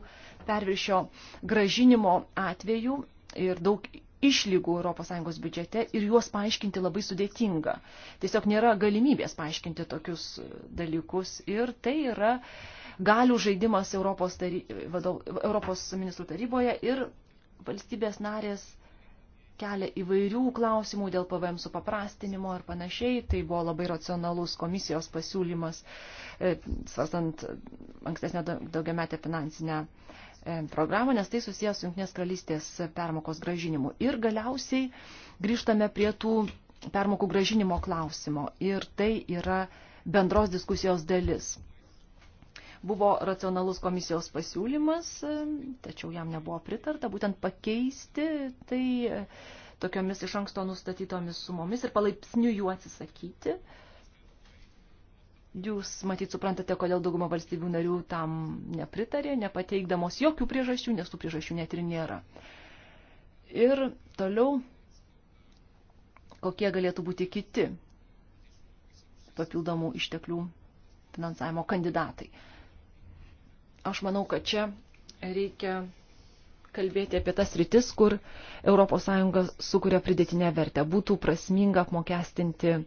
perviršio gražinimo atvejų ir daug išlygų ES biudžete ir juos paaiškinti labai sudėtinga. Tiesiog nėra galimybės paaiškinti tokius e, dalykus ir tai yra galių žaidimas Europos, tary, vadov, Europos ministrų taryboje ir valstybės narės kelia įvairių klausimų dėl PVM supaprastinimo ir panašiai. Tai buvo labai racionalus komisijos pasiūlymas, e, svarstant ankstesnę daugiametę finansinę E, programą, nes tai susijęs su Junktinės karalystės permokos gražinimu. Ir galiausiai grįžtame prie tų permokų gražinimo klausimo. Ir tai yra bendros diskusijos dalis. Buvo racionalus komisijos pasiūlymas, e, tačiau jam nebuvo pritarta, būtent pakeisti tai e, tokiomis iš anksto nustatytomis sumomis ir palaipsniui jų atsisakyti. Uh, Jūs matyt suprantate, kodėl dauguma valstybių narių tam nepritarė, nepateikdamos jokių priežasčių, nes tų priežasčių net ir nėra. Ir toliau, kokie galėtų būti kiti papildomų išteklių finansavimo kandidatai. Aš manau, kad čia reikia kalbėti apie tas rytis, kur ES sukuria pridėtinę vertę. Būtų prasminga apmokestinti uh,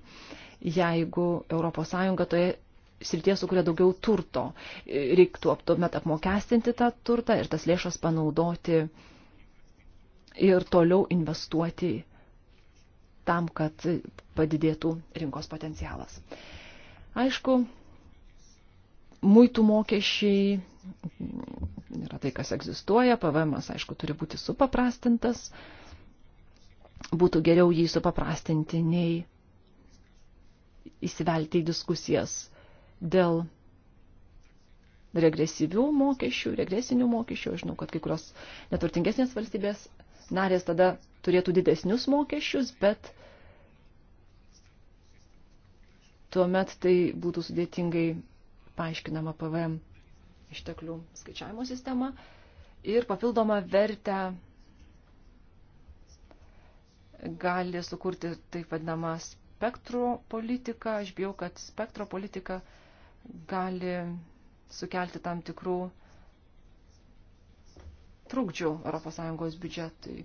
jeigu ES toje srityje sukuria daugiau turto. Reiktų tuomet apmokestinti tą turtą ir tas lėšas panaudoti ir toliau investuoti tam, kad padidėtų rinkos potencialas. Aišku, muitų mokesčiai yra tai, kas egzistuoja, PVM, aišku, turi būti supaprastintas, būtų geriau jį supaprastinti nei įsivelti į diskusijas dėl regresyvių mokesčių, regresinių mokesčių. Aš žinau, kad kai kurios neturtingesnės valstybės narės tada turėtų didesnius mokesčius, bet tuomet tai būtų sudėtingai paaiškinama PVM išteklių skaičiavimo sistema ir papildomą vertę gali sukurti taip vadinamas spektro politiką. Aš bijau, kad spektro politika gali sukelti tam tikrų trukdžių ES biudžetui.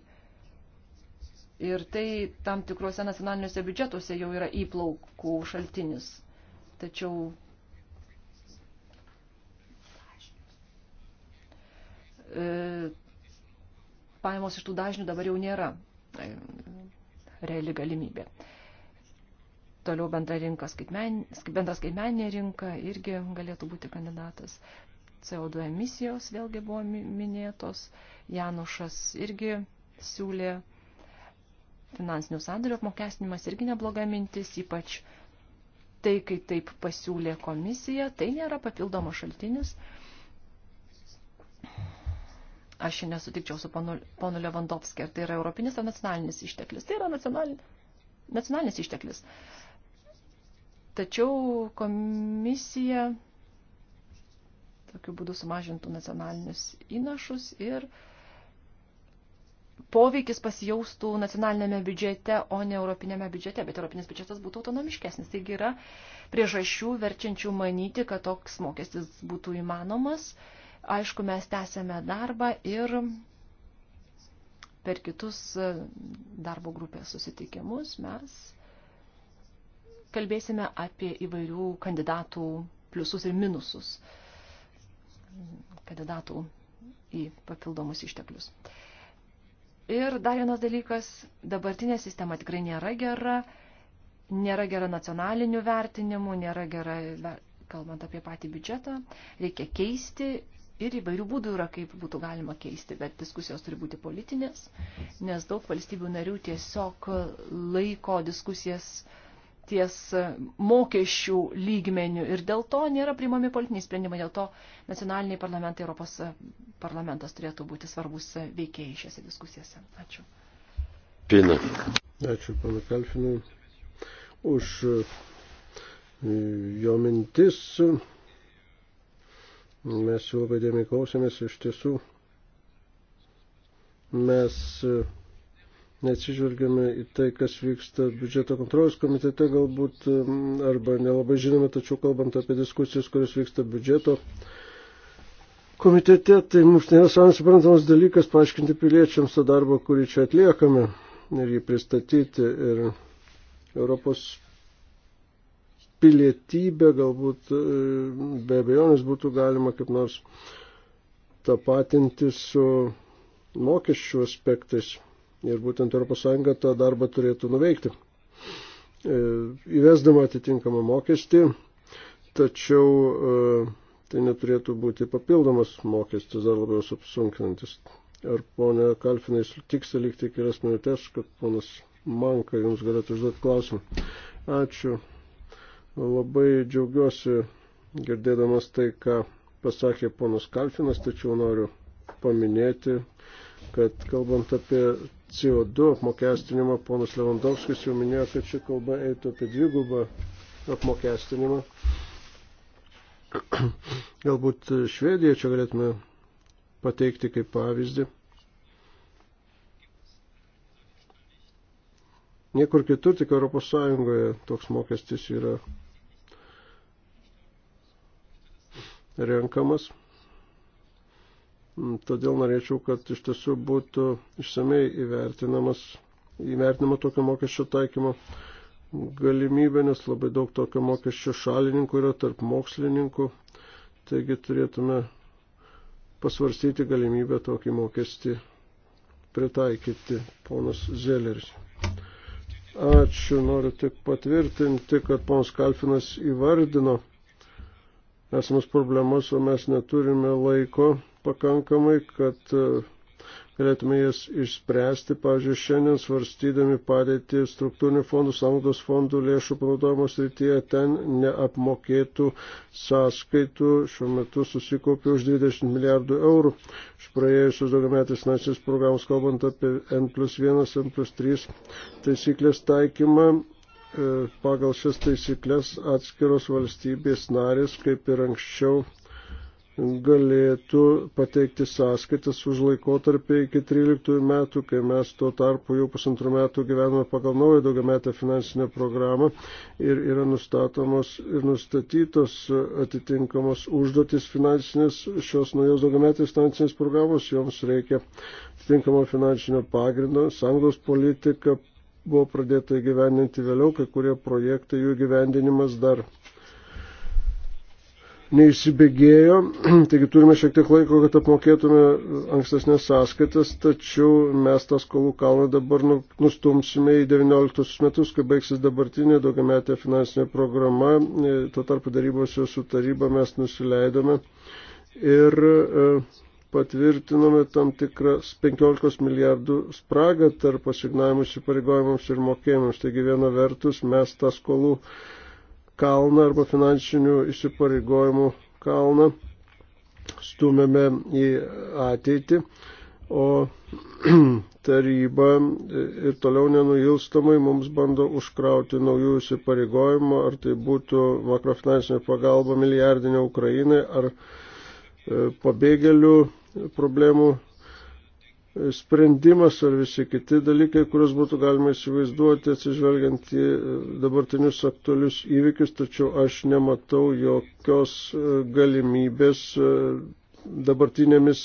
Ir tai tam tikrose nacionaliniuose biudžetuose jau yra įplaukų šaltinis. Tačiau e, pajamos iš tų dažnių dabar jau nėra e, reali galimybė. E, Toliau bendra rinka, skaitmen, bendra skaitmeninė rinka irgi galėtų būti kandidatas. CO2 emisijos vėlgi buvo minėtos. Janušas irgi siūlė finansinių sandorių apmokestinimas irgi nebloga mintis, ypač tai, kai taip pasiūlė komisija, tai nėra papildomas šaltinis. Aš čia nesutikčiau su ponu, ponu Levandovskiu, ar tai yra europinis ar nacionalinis išteklis. Tai yra nacionalinis, nacionalinis išteklis. Uh, Tačiau komisija tokiu būdu sumažintų nacionalinius įnašus ir poveikis pasijaustų nacionalinėme biudžete, o ne europinėme biudžete, bet europinis biudžetas būtų autonomiškesnis. Taigi yra priežasčių verčiančių manyti, kad toks mokestis būtų įmanomas. Aišku, mes tęsėme darbą ir per kitus darbo grupės susitikimus mes kalbėsime apie įvairių kandidatų pliusus ir minusus, kandidatų į papildomus išteklius. Ir dar vienas dalykas, dabartinė sistema tikrai nėra gera, nėra gera nacionalinių vertinimų, nėra gera, kalbant apie patį biudžetą, reikia keisti ir įvairių būdų yra, kaip būtų galima keisti, bet diskusijos turi būti politinės, nes daug valstybių narių tiesiog laiko diskusijas uh, ties mokesčių lygmenių ir dėl to nėra priimami politiniai sprendimai, dėl to nacionaliniai parlamentai, Europos parlamentas turėtų būti svarbus veikėjai šiose diskusijose. Ačiū. Pina. Ačiū, pana Kalfinui, už e, jo mintis. Mes jau labai dėmiai klausėmės, iš tiesų mes e, neatsižvelgiame į tai, kas vyksta biudžeto kontrolės komitete galbūt arba nelabai žinome, tačiau kalbant apie diskusijas, kurios vyksta biudžeto komitete, tai mums nėra savai suprantamas dalykas paaiškinti piliečiams tą darbą, kurį čia atliekame ir jį pristatyti. Ir Europos pilietybę galbūt e, be abejonės būtų galima kaip nors tapatinti su mokesčių aspektais. Ir būtent ES tą darbą turėtų nuveikti, e, įvesdama atitinkamą mokestį, tačiau e, tai neturėtų būti papildomas mokestis, dar labiau apsunkinantis. Ar ponia Kalfinai tiksi likti kelias minutės, kad ponas Manka jums galėtų užduoti klausimą. Ačiū. Labai džiaugiuosi girdėdamas tai, ką pasakė ponas Kalfinas, tačiau noriu paminėti, kad kalbant apie CO2 apmokestinimą, ponas Levandovskis jau minėjo, kad čia kalba eitų apie dvigubą apmokestinimą. *clears throat* Galbūt Švediją čia galėtume pateikti kaip pavyzdį. Niekur kitur, tik Europos Sąjungoje toks mokestis yra renkamas. Mm, todėl norėčiau, kad iš tiesų būtų išsamei įvertinamas, įvertinama tokio mokesčio taikymo galimybė, nes labai daug tokio mokesčio šalininkų yra tarp mokslininkų. Taigi turėtume pasvarstyti galimybę tokį mokestį pritaikyti, ponas Zelleris. Ačiū, noriu tik patvirtinti, kad ponas Kalfinas įvardino esamas problemas, o mes neturime laiko pakankamai, kad e, galėtume jas išspręsti. Pavyzdžiui, šiandien svarstydami padėti struktūrinių fondų, sąnaudos fondų lėšų panaudojimo srityje, ten neapmokėtų sąskaitų šiuo metu susikaupė už 20 milijardų eurų. Iš praėjusios daugiametės finansinės programos, kalbant apie N plus 1, N plus 3 taisyklės taikymą, e, pagal šias taisyklės atskiros valstybės narės, kaip ir anksčiau, galėtų pateikti sąskaitas už laikotarpį iki 13 metų, kai mes tuo tarpu jau pusantrų metų gyvename pagal naują daugiametę finansinę programą ir yra nustatomos ir nustatytos atitinkamos užduotis finansinės šios naujos daugiametės finansinės programos, joms reikia atitinkamo finansinio pagrindo, sąjungos politika buvo pradėta įgyvendinti vėliau, kai kurie projektai jų gyvendinimas dar neįsibėgėjo, *clears throat* taigi turime šiek tiek laiko, kad apmokėtume ankstesnės sąskaitas, tačiau mes tą skolų kalną dabar nu, nustumsime į 19 metus, kai baigsis dabartinė daugiametė finansinė programa, e, tuo tarpu darybose su taryba mes nusileidome ir e, patvirtinome tam tikrą 15 milijardų spragą tarp asignavimų įsipareigojimams ir mokėjimams, taigi viena vertus mes tą skolų kalną kalną arba finansinių įsipareigojimų kalną stumiame į ateitį, o *clears throat* taryba ir toliau nenuilstamai mums bando užkrauti naujų įsipareigojimų, ar tai būtų makrofinansinė pagalba milijardinė Ukrainai, ar e, pabėgėlių problemų sprendimas ar visi kiti dalykai, kuriuos būtų galima įsivaizduoti atsižvelgiant į e, dabartinius aktualius įvykius, tačiau aš nematau jokios e, galimybės e, dabartinėmis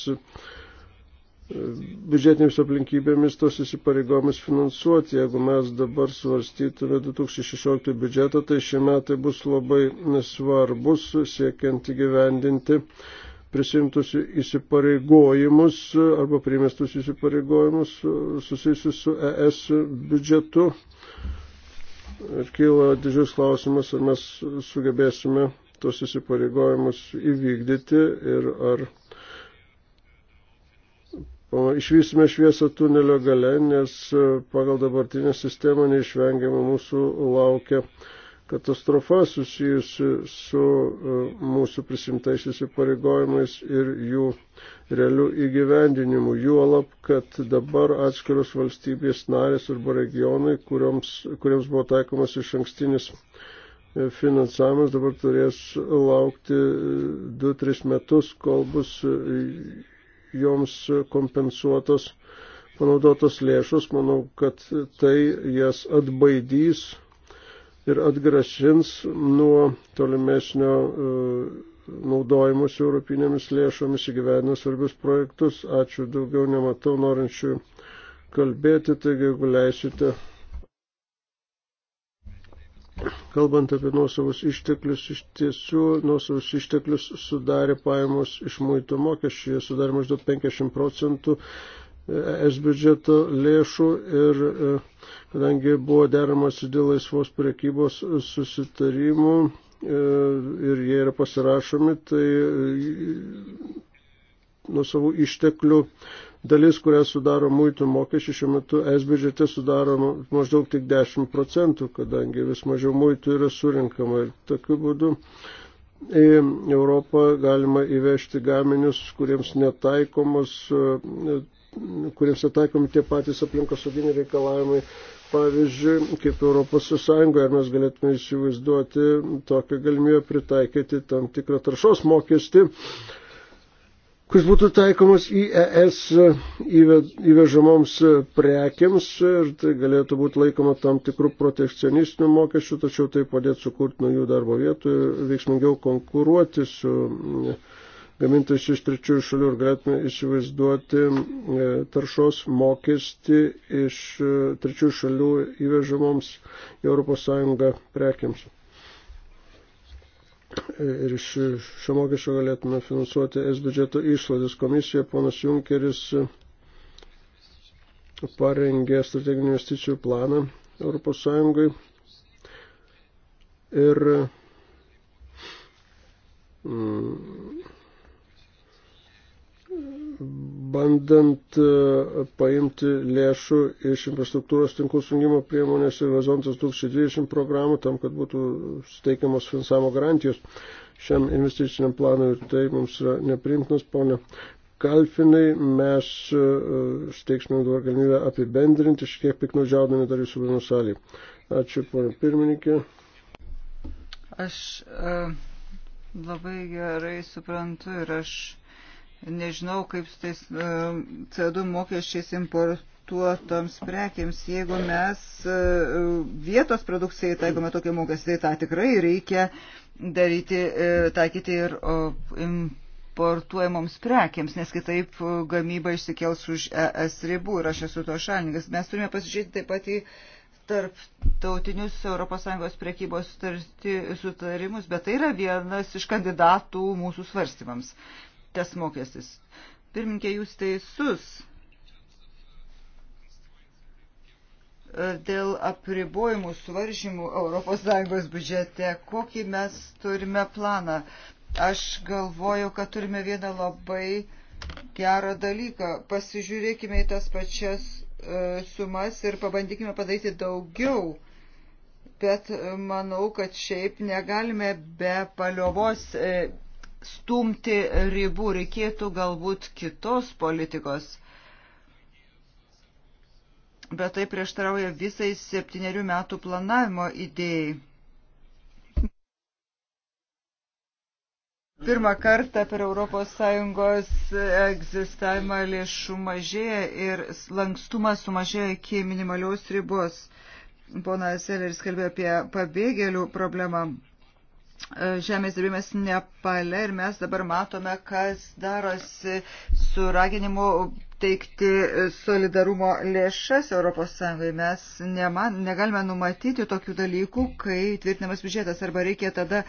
biudžetinėmis aplinkybėmis tos įsipareigomis finansuoti. Jeigu mes dabar svarstytume 2016 biudžetą, tai šie metai bus labai svarbus siekiant įgyvendinti prisimtus įsipareigojimus arba primestus įsipareigojimus susijusius su ES biudžetu. Ir kyla didžius klausimas, ar mes sugebėsime tos įsipareigojimus įvykdyti ir ar išvysime šviesą tunelio gale, nes pagal dabartinę sistemą neišvengiamą mūsų laukia katastrofa susijusi su e, mūsų prisimtais įsipareigojimais ir jų realių įgyvendinimu. Juolab, kad dabar atskiros valstybės narės arba regionai, kuriems, kuriems buvo taikomas iš ankstinis e, finansavimas, dabar turės laukti 2-3 e, metus, kol bus joms kompensuotos panaudotos lėšos. Manau, kad tai jas atbaidys ir atgrasins nuo tolimesnio e, naudojimus europinėmis lėšomis įgyvenę svarbius projektus. Ačiū, daugiau nematau norinčių kalbėti, taigi jeigu leisite. Kalbant apie nuosavus išteklius, iš tiesų nuosavus išteklius sudarė pajamos iš muito mokesčių, jie sudarė maždaug 50 procentų e, es biudžeto lėšų ir e, kadangi buvo deramasi dėl laisvos prekybos susitarimų e, ir jie yra pasirašomi, tai e, nuo savų išteklių dalis, kurią sudaro muitų mokesčiai, šiuo metu es biudžete sudaro maždaug tik 10 procentų, kadangi vis mažiau muitų yra surinkama ir tokiu būdu į Europą galima įvežti gaminius, kuriems netaikomos e, kuriems netaikomi tie patys aplinkosauginiai reikalavimai pavyzdžiui, kaip Europos Sąjungoje, ar mes galėtume įsivaizduoti tokią galimybę pritaikyti tam tikrą taršos mokestį, kuris būtų taikomas į ES įvežamoms prekiams ir tai galėtų būti laikoma tam tikrų protekcionistinių mokesčių, tačiau tai padėtų sukurti naujų darbo vietų ir veiksmingiau konkuruoti su. Ne, gamintojus iš trečiųjų šalių ir galėtume įsivaizduoti e, taršos mokestį iš e, trečiųjų šalių įvežamoms į ES prekiams. E, ir iš šio mokesčio galėtume finansuoti S biudžeto išlaidas. Komisija ponas Junkeris parengė strateginių investicijų planą ES ir mm, bandant e, paimti lėšų iš infrastruktūros tinklų sungimo priemonės ir Horizontas 2020 programų tam, kad būtų suteikiamos finansavimo garantijos šiam investiciniam planui ir tai mums yra neprimtinas, ponė. Kalfinai mes e, steiksime dabar galimybę apibendrinti, šiek tiek piknaudžiaudami dar jūsų vienų salį. Ačiū, ponė pirmininkė. Aš uh, labai gerai suprantu ir aš Nežinau, kaip su tais e, CO2 mokesčiais importuotoms prekiams, jeigu mes e, vietos produkcijai taikome tokie mokesčiai, tai tą tikrai reikia daryti, e, taikyti ir importuojamoms prekiams, nes kitaip gamyba išsikels už ES ribų ir aš esu to šalininkas. Mes turime pasižiūrėti taip pat į tarptautinius ES prekybos sutarti, sutarimus, bet tai yra vienas iš kandidatų mūsų svarstymams tas mokestis. Pirminkė, jūs teisus. E, dėl apribojimų suvaržymų ES biudžete, kokį mes turime planą. Aš galvoju, kad turime vieną labai gerą dalyką. Pasižiūrėkime į tas pačias e, sumas ir pabandykime padaryti daugiau bet manau, kad šiaip negalime be paliovos e, stumti ribų, reikėtų galbūt kitos politikos. Bet tai prieštarauja visai septyniarių metų planavimo idėjai. Pirmą kartą per ES egzistavimą lėšų mažėja ir lankstumas sumažėja iki minimalios ribos. Ponas Seleris kalbėjo apie pabėgėlių problemą. E, žemės dirbimas Nepale ir mes dabar matome, kas darosi su raginimu teikti solidarumo lėšas ES. Mes neman, negalime numatyti tokių dalykų, kai tvirtinamas biudžetas arba reikia tada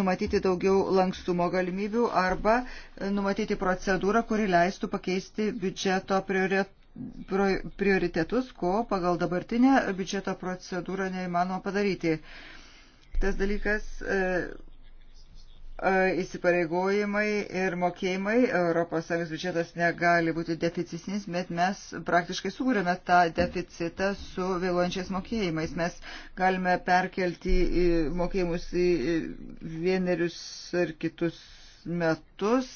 numatyti daugiau lankstumo galimybių arba e, numatyti procedūrą, kuri leistų pakeisti biudžeto prioritetų prioritetus, ko pagal dabartinę biudžeto procedūrą neįmanoma padaryti. Uh, Kitas dalykas e, e, įsipareigojimai ir mokėjimai. ES biudžetas negali būti deficitinis, bet mes praktiškai sukūrėme tą deficitą su vėluojančiais mokėjimais. Mes galime perkelti mokėjimus į vienerius ar kitus metus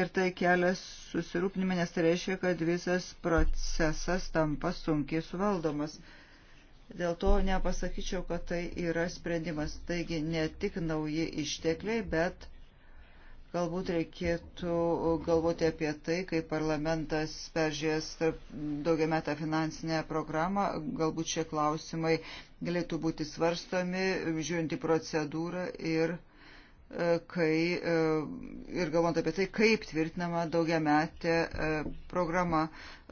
ir tai kelias susirūpinimą, nes tai reiškia, kad visas procesas tampa sunkiai suvaldomas. Dėl to nepasakyčiau, kad tai yra sprendimas. Taigi ne tik nauji ištekliai, bet galbūt reikėtų galvoti apie tai, kai parlamentas peržiūrės daugiametą finansinę programą, galbūt šie klausimai galėtų būti svarstomi, žiūrinti procedūrą ir. E, kai e, ir galvant apie tai, kaip tvirtinama daugiametė e, programa.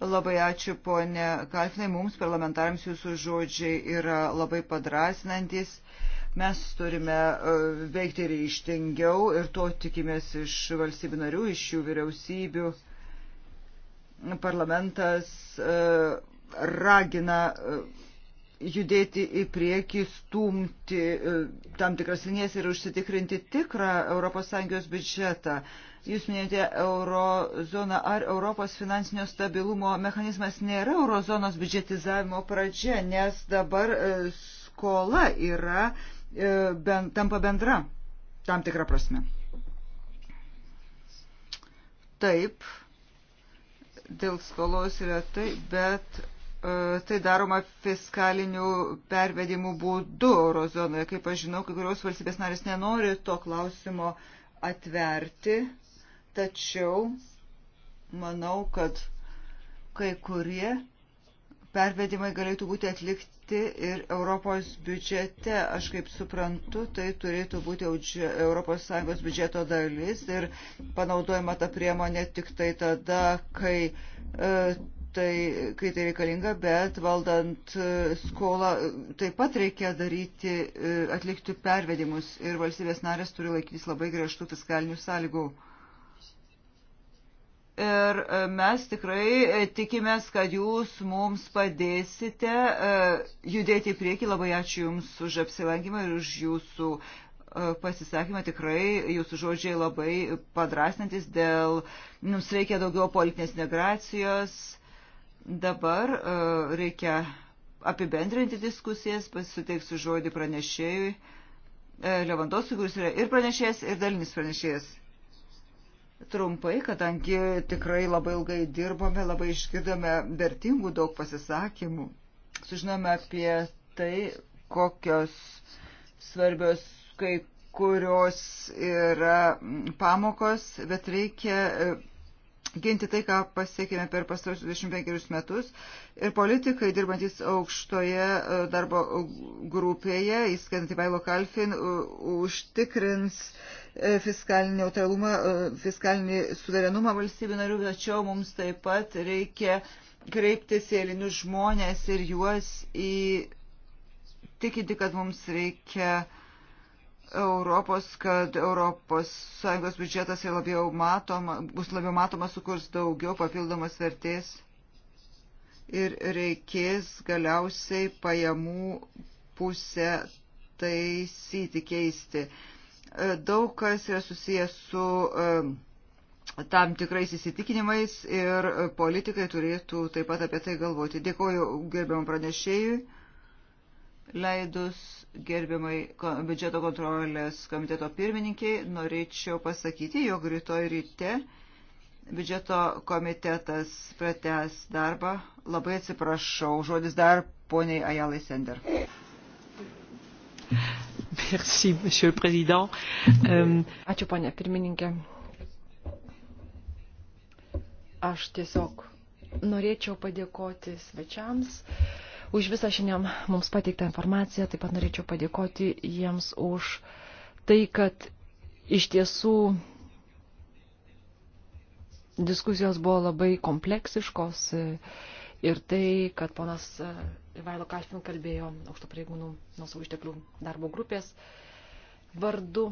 Labai ačiū, ponė Kalfinai, mums parlamentarams jūsų žodžiai yra labai padrasinantis. Mes turime veikti ryštingiau ir to tikimės iš valstybių narių, iš jų vyriausybių. Parlamentas ragina judėti į priekį, stumti e, tam tikras linijas ir užsitikrinti tikrą ES biudžetą. Jūs minėjote eurozoną. Ar Europos finansinio stabilumo mechanizmas nėra eurozonos biudžetizavimo pradžia, nes dabar e, skola yra, e, ben, tampa bendra tam tikrą prasme? Taip, dėl skolos yra taip, bet E, tai daroma fiskalinių pervedimų būdu eurozonoje. Kaip aš žinau, kai kurios valstybės narės nenori to klausimo atverti, tačiau manau, kad kai kurie pervedimai galėtų būti atlikti ir Europos biudžete. Aš kaip suprantu, tai turėtų būti ES biudžeto dalis ir panaudojama ta priemonė tik tai tada, kai. E, tai, kai tai reikalinga, bet valdant e, skolą e, taip pat reikia daryti, e, atlikti pervedimus ir valstybės narės turi laikytis labai griežtų fiskalinių sąlygų. Ir mes tikrai tikimės, kad jūs mums padėsite judėti į priekį. Labai ačiū Jums už apsilankymą ir už Jūsų pasisakymą. Tikrai Jūsų žodžiai labai padrasnantis dėl mums reikia daugiau politinės migracijos Dabar e, reikia apibendrinti diskusijas, pasiteiksiu žodį pranešėjui e, Levandosui, kuris yra ir pranešėjas, ir dalinis pranešėjas. Trumpai, kadangi tikrai labai ilgai dirbome, labai išgirdome vertingų daug pasisakymų, sužinome apie tai, kokios svarbios kai kurios yra pamokos, bet reikia e, ginti tai, ką pasiekėme per pastarosius 25 metus. Ir politikai, dirbantis aukštoje e, darbo grupėje, įskaitant į Bailo Kalfin, užtikrins e, fiskalinį neutralumą, e, fiskalinį suverenumą valstybių narių, tačiau mums taip pat reikia kreiptis į elinius žmonės ir juos įtikinti, kad mums reikia uh, Europos, kad ES biudžetas labiau matoma, bus labiau matomas, sukurs daugiau papildomos vertės ir reikės galiausiai pajamų pusę taisyti, keisti. E, daug kas yra susijęs su e, tam tikrais įsitikinimais ir politikai turėtų taip pat apie tai galvoti. Dėkoju gerbiamam pranešėjui. Leidus gerbiamai biudžeto kontrolės komiteto pirmininkiai, norėčiau pasakyti, jog rytoj ryte biudžeto komitetas prates darbą. Labai atsiprašau, žodis dar poniai Ajalai Sender. Merci, monsieur le président. Um... Ačiū, ponė pirmininkė. Aš tiesiog norėčiau padėkoti svečiams. Uh, už visą šiandien mums pateiktą informaciją. Taip pat norėčiau padėkoti jiems už tai, kad iš tiesų diskusijos buvo labai kompleksiškos ir tai, kad ponas Vailo Kašpin kalbėjo aukšto pareigūnų nuosavų išteklių darbo grupės vardu.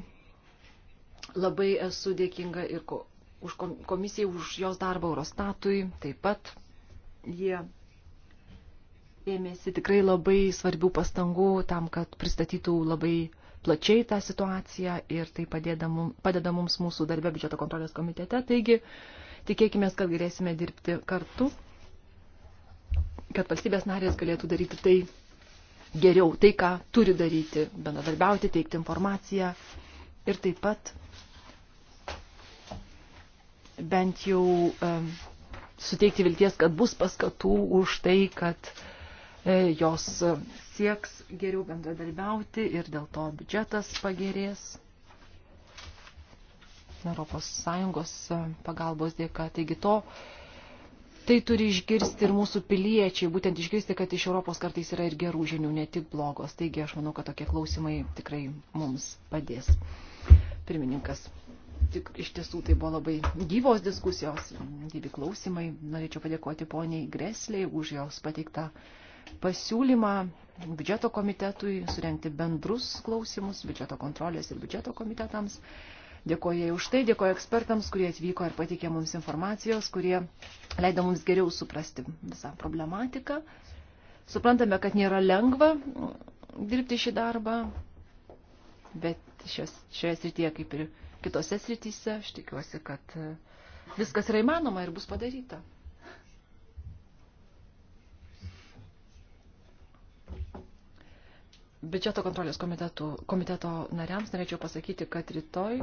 Labai esu dėkinga ir ko, už komisijai, už jos darbą Eurostatui. Taip pat jie ėmėsi tikrai labai svarbių pastangų tam, kad pristatytų labai plačiai tą situaciją ir tai padeda mums, padeda mums mūsų darbę biudžeto kontrolės komitete. Taigi tikėkime, kad galėsime dirbti kartu, kad valstybės narės galėtų daryti tai geriau, tai ką turi daryti, bendradarbiauti, teikti informaciją ir taip pat bent jau um, suteikti vilties, kad bus paskatų už tai, kad uh, E, jos sieks geriau bendradarbiauti ir dėl to biudžetas pagerės. Europos Sąjungos pagalbos dėka. Taigi to, tai turi išgirsti ir mūsų piliečiai, būtent išgirsti, kad iš Europos kartais yra ir gerų žinių, ne tik blogos. Taigi aš manau, kad tokie klausimai tikrai mums padės. Pirmininkas tik iš tiesų tai buvo labai gyvos diskusijos, gyvi klausimai. Norėčiau padėkoti poniai Greslei už jos pateiktą pasiūlymą biudžeto komitetui surenkti bendrus klausimus biudžeto kontrolės ir biudžeto komitetams. Dėkoju už tai, dėkoju ekspertams, kurie atvyko ir patikė mums informacijos, kurie leido mums geriau suprasti visą problematiką. Suprantame, kad nėra lengva dirbti šį darbą, bet šios, šioje srityje, kaip ir kitose srityse, aš tikiuosi, kad viskas yra įmanoma ir bus padaryta. biudžeto kontrolės komitetų, komiteto nariams norėčiau pasakyti, kad rytoj,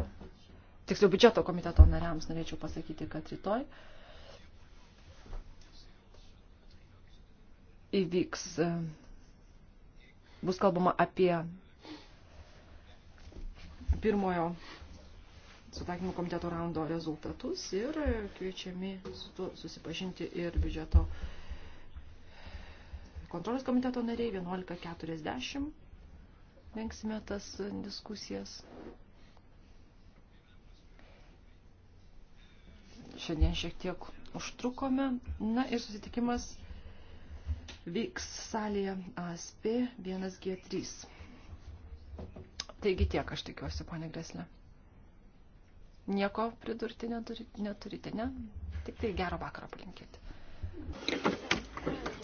tiksliau biudžeto komiteto nariams norėčiau pasakyti, kad rytoj įvyks, bus kalbama apie pirmojo sutakymo komiteto raundo rezultatus ir kviečiami su tuo susipažinti ir biudžeto kontrolės komiteto nariai 11.40 rengsime tas diskusijas. Šiandien šiek tiek užtrukome. Na ir susitikimas vyks salėje ASP 1G3. Taigi tiek aš tikiuosi, ponė Greslė. Nieko pridurti neturite, ne? Tik tai gero vakaro palinkėti. Thank you.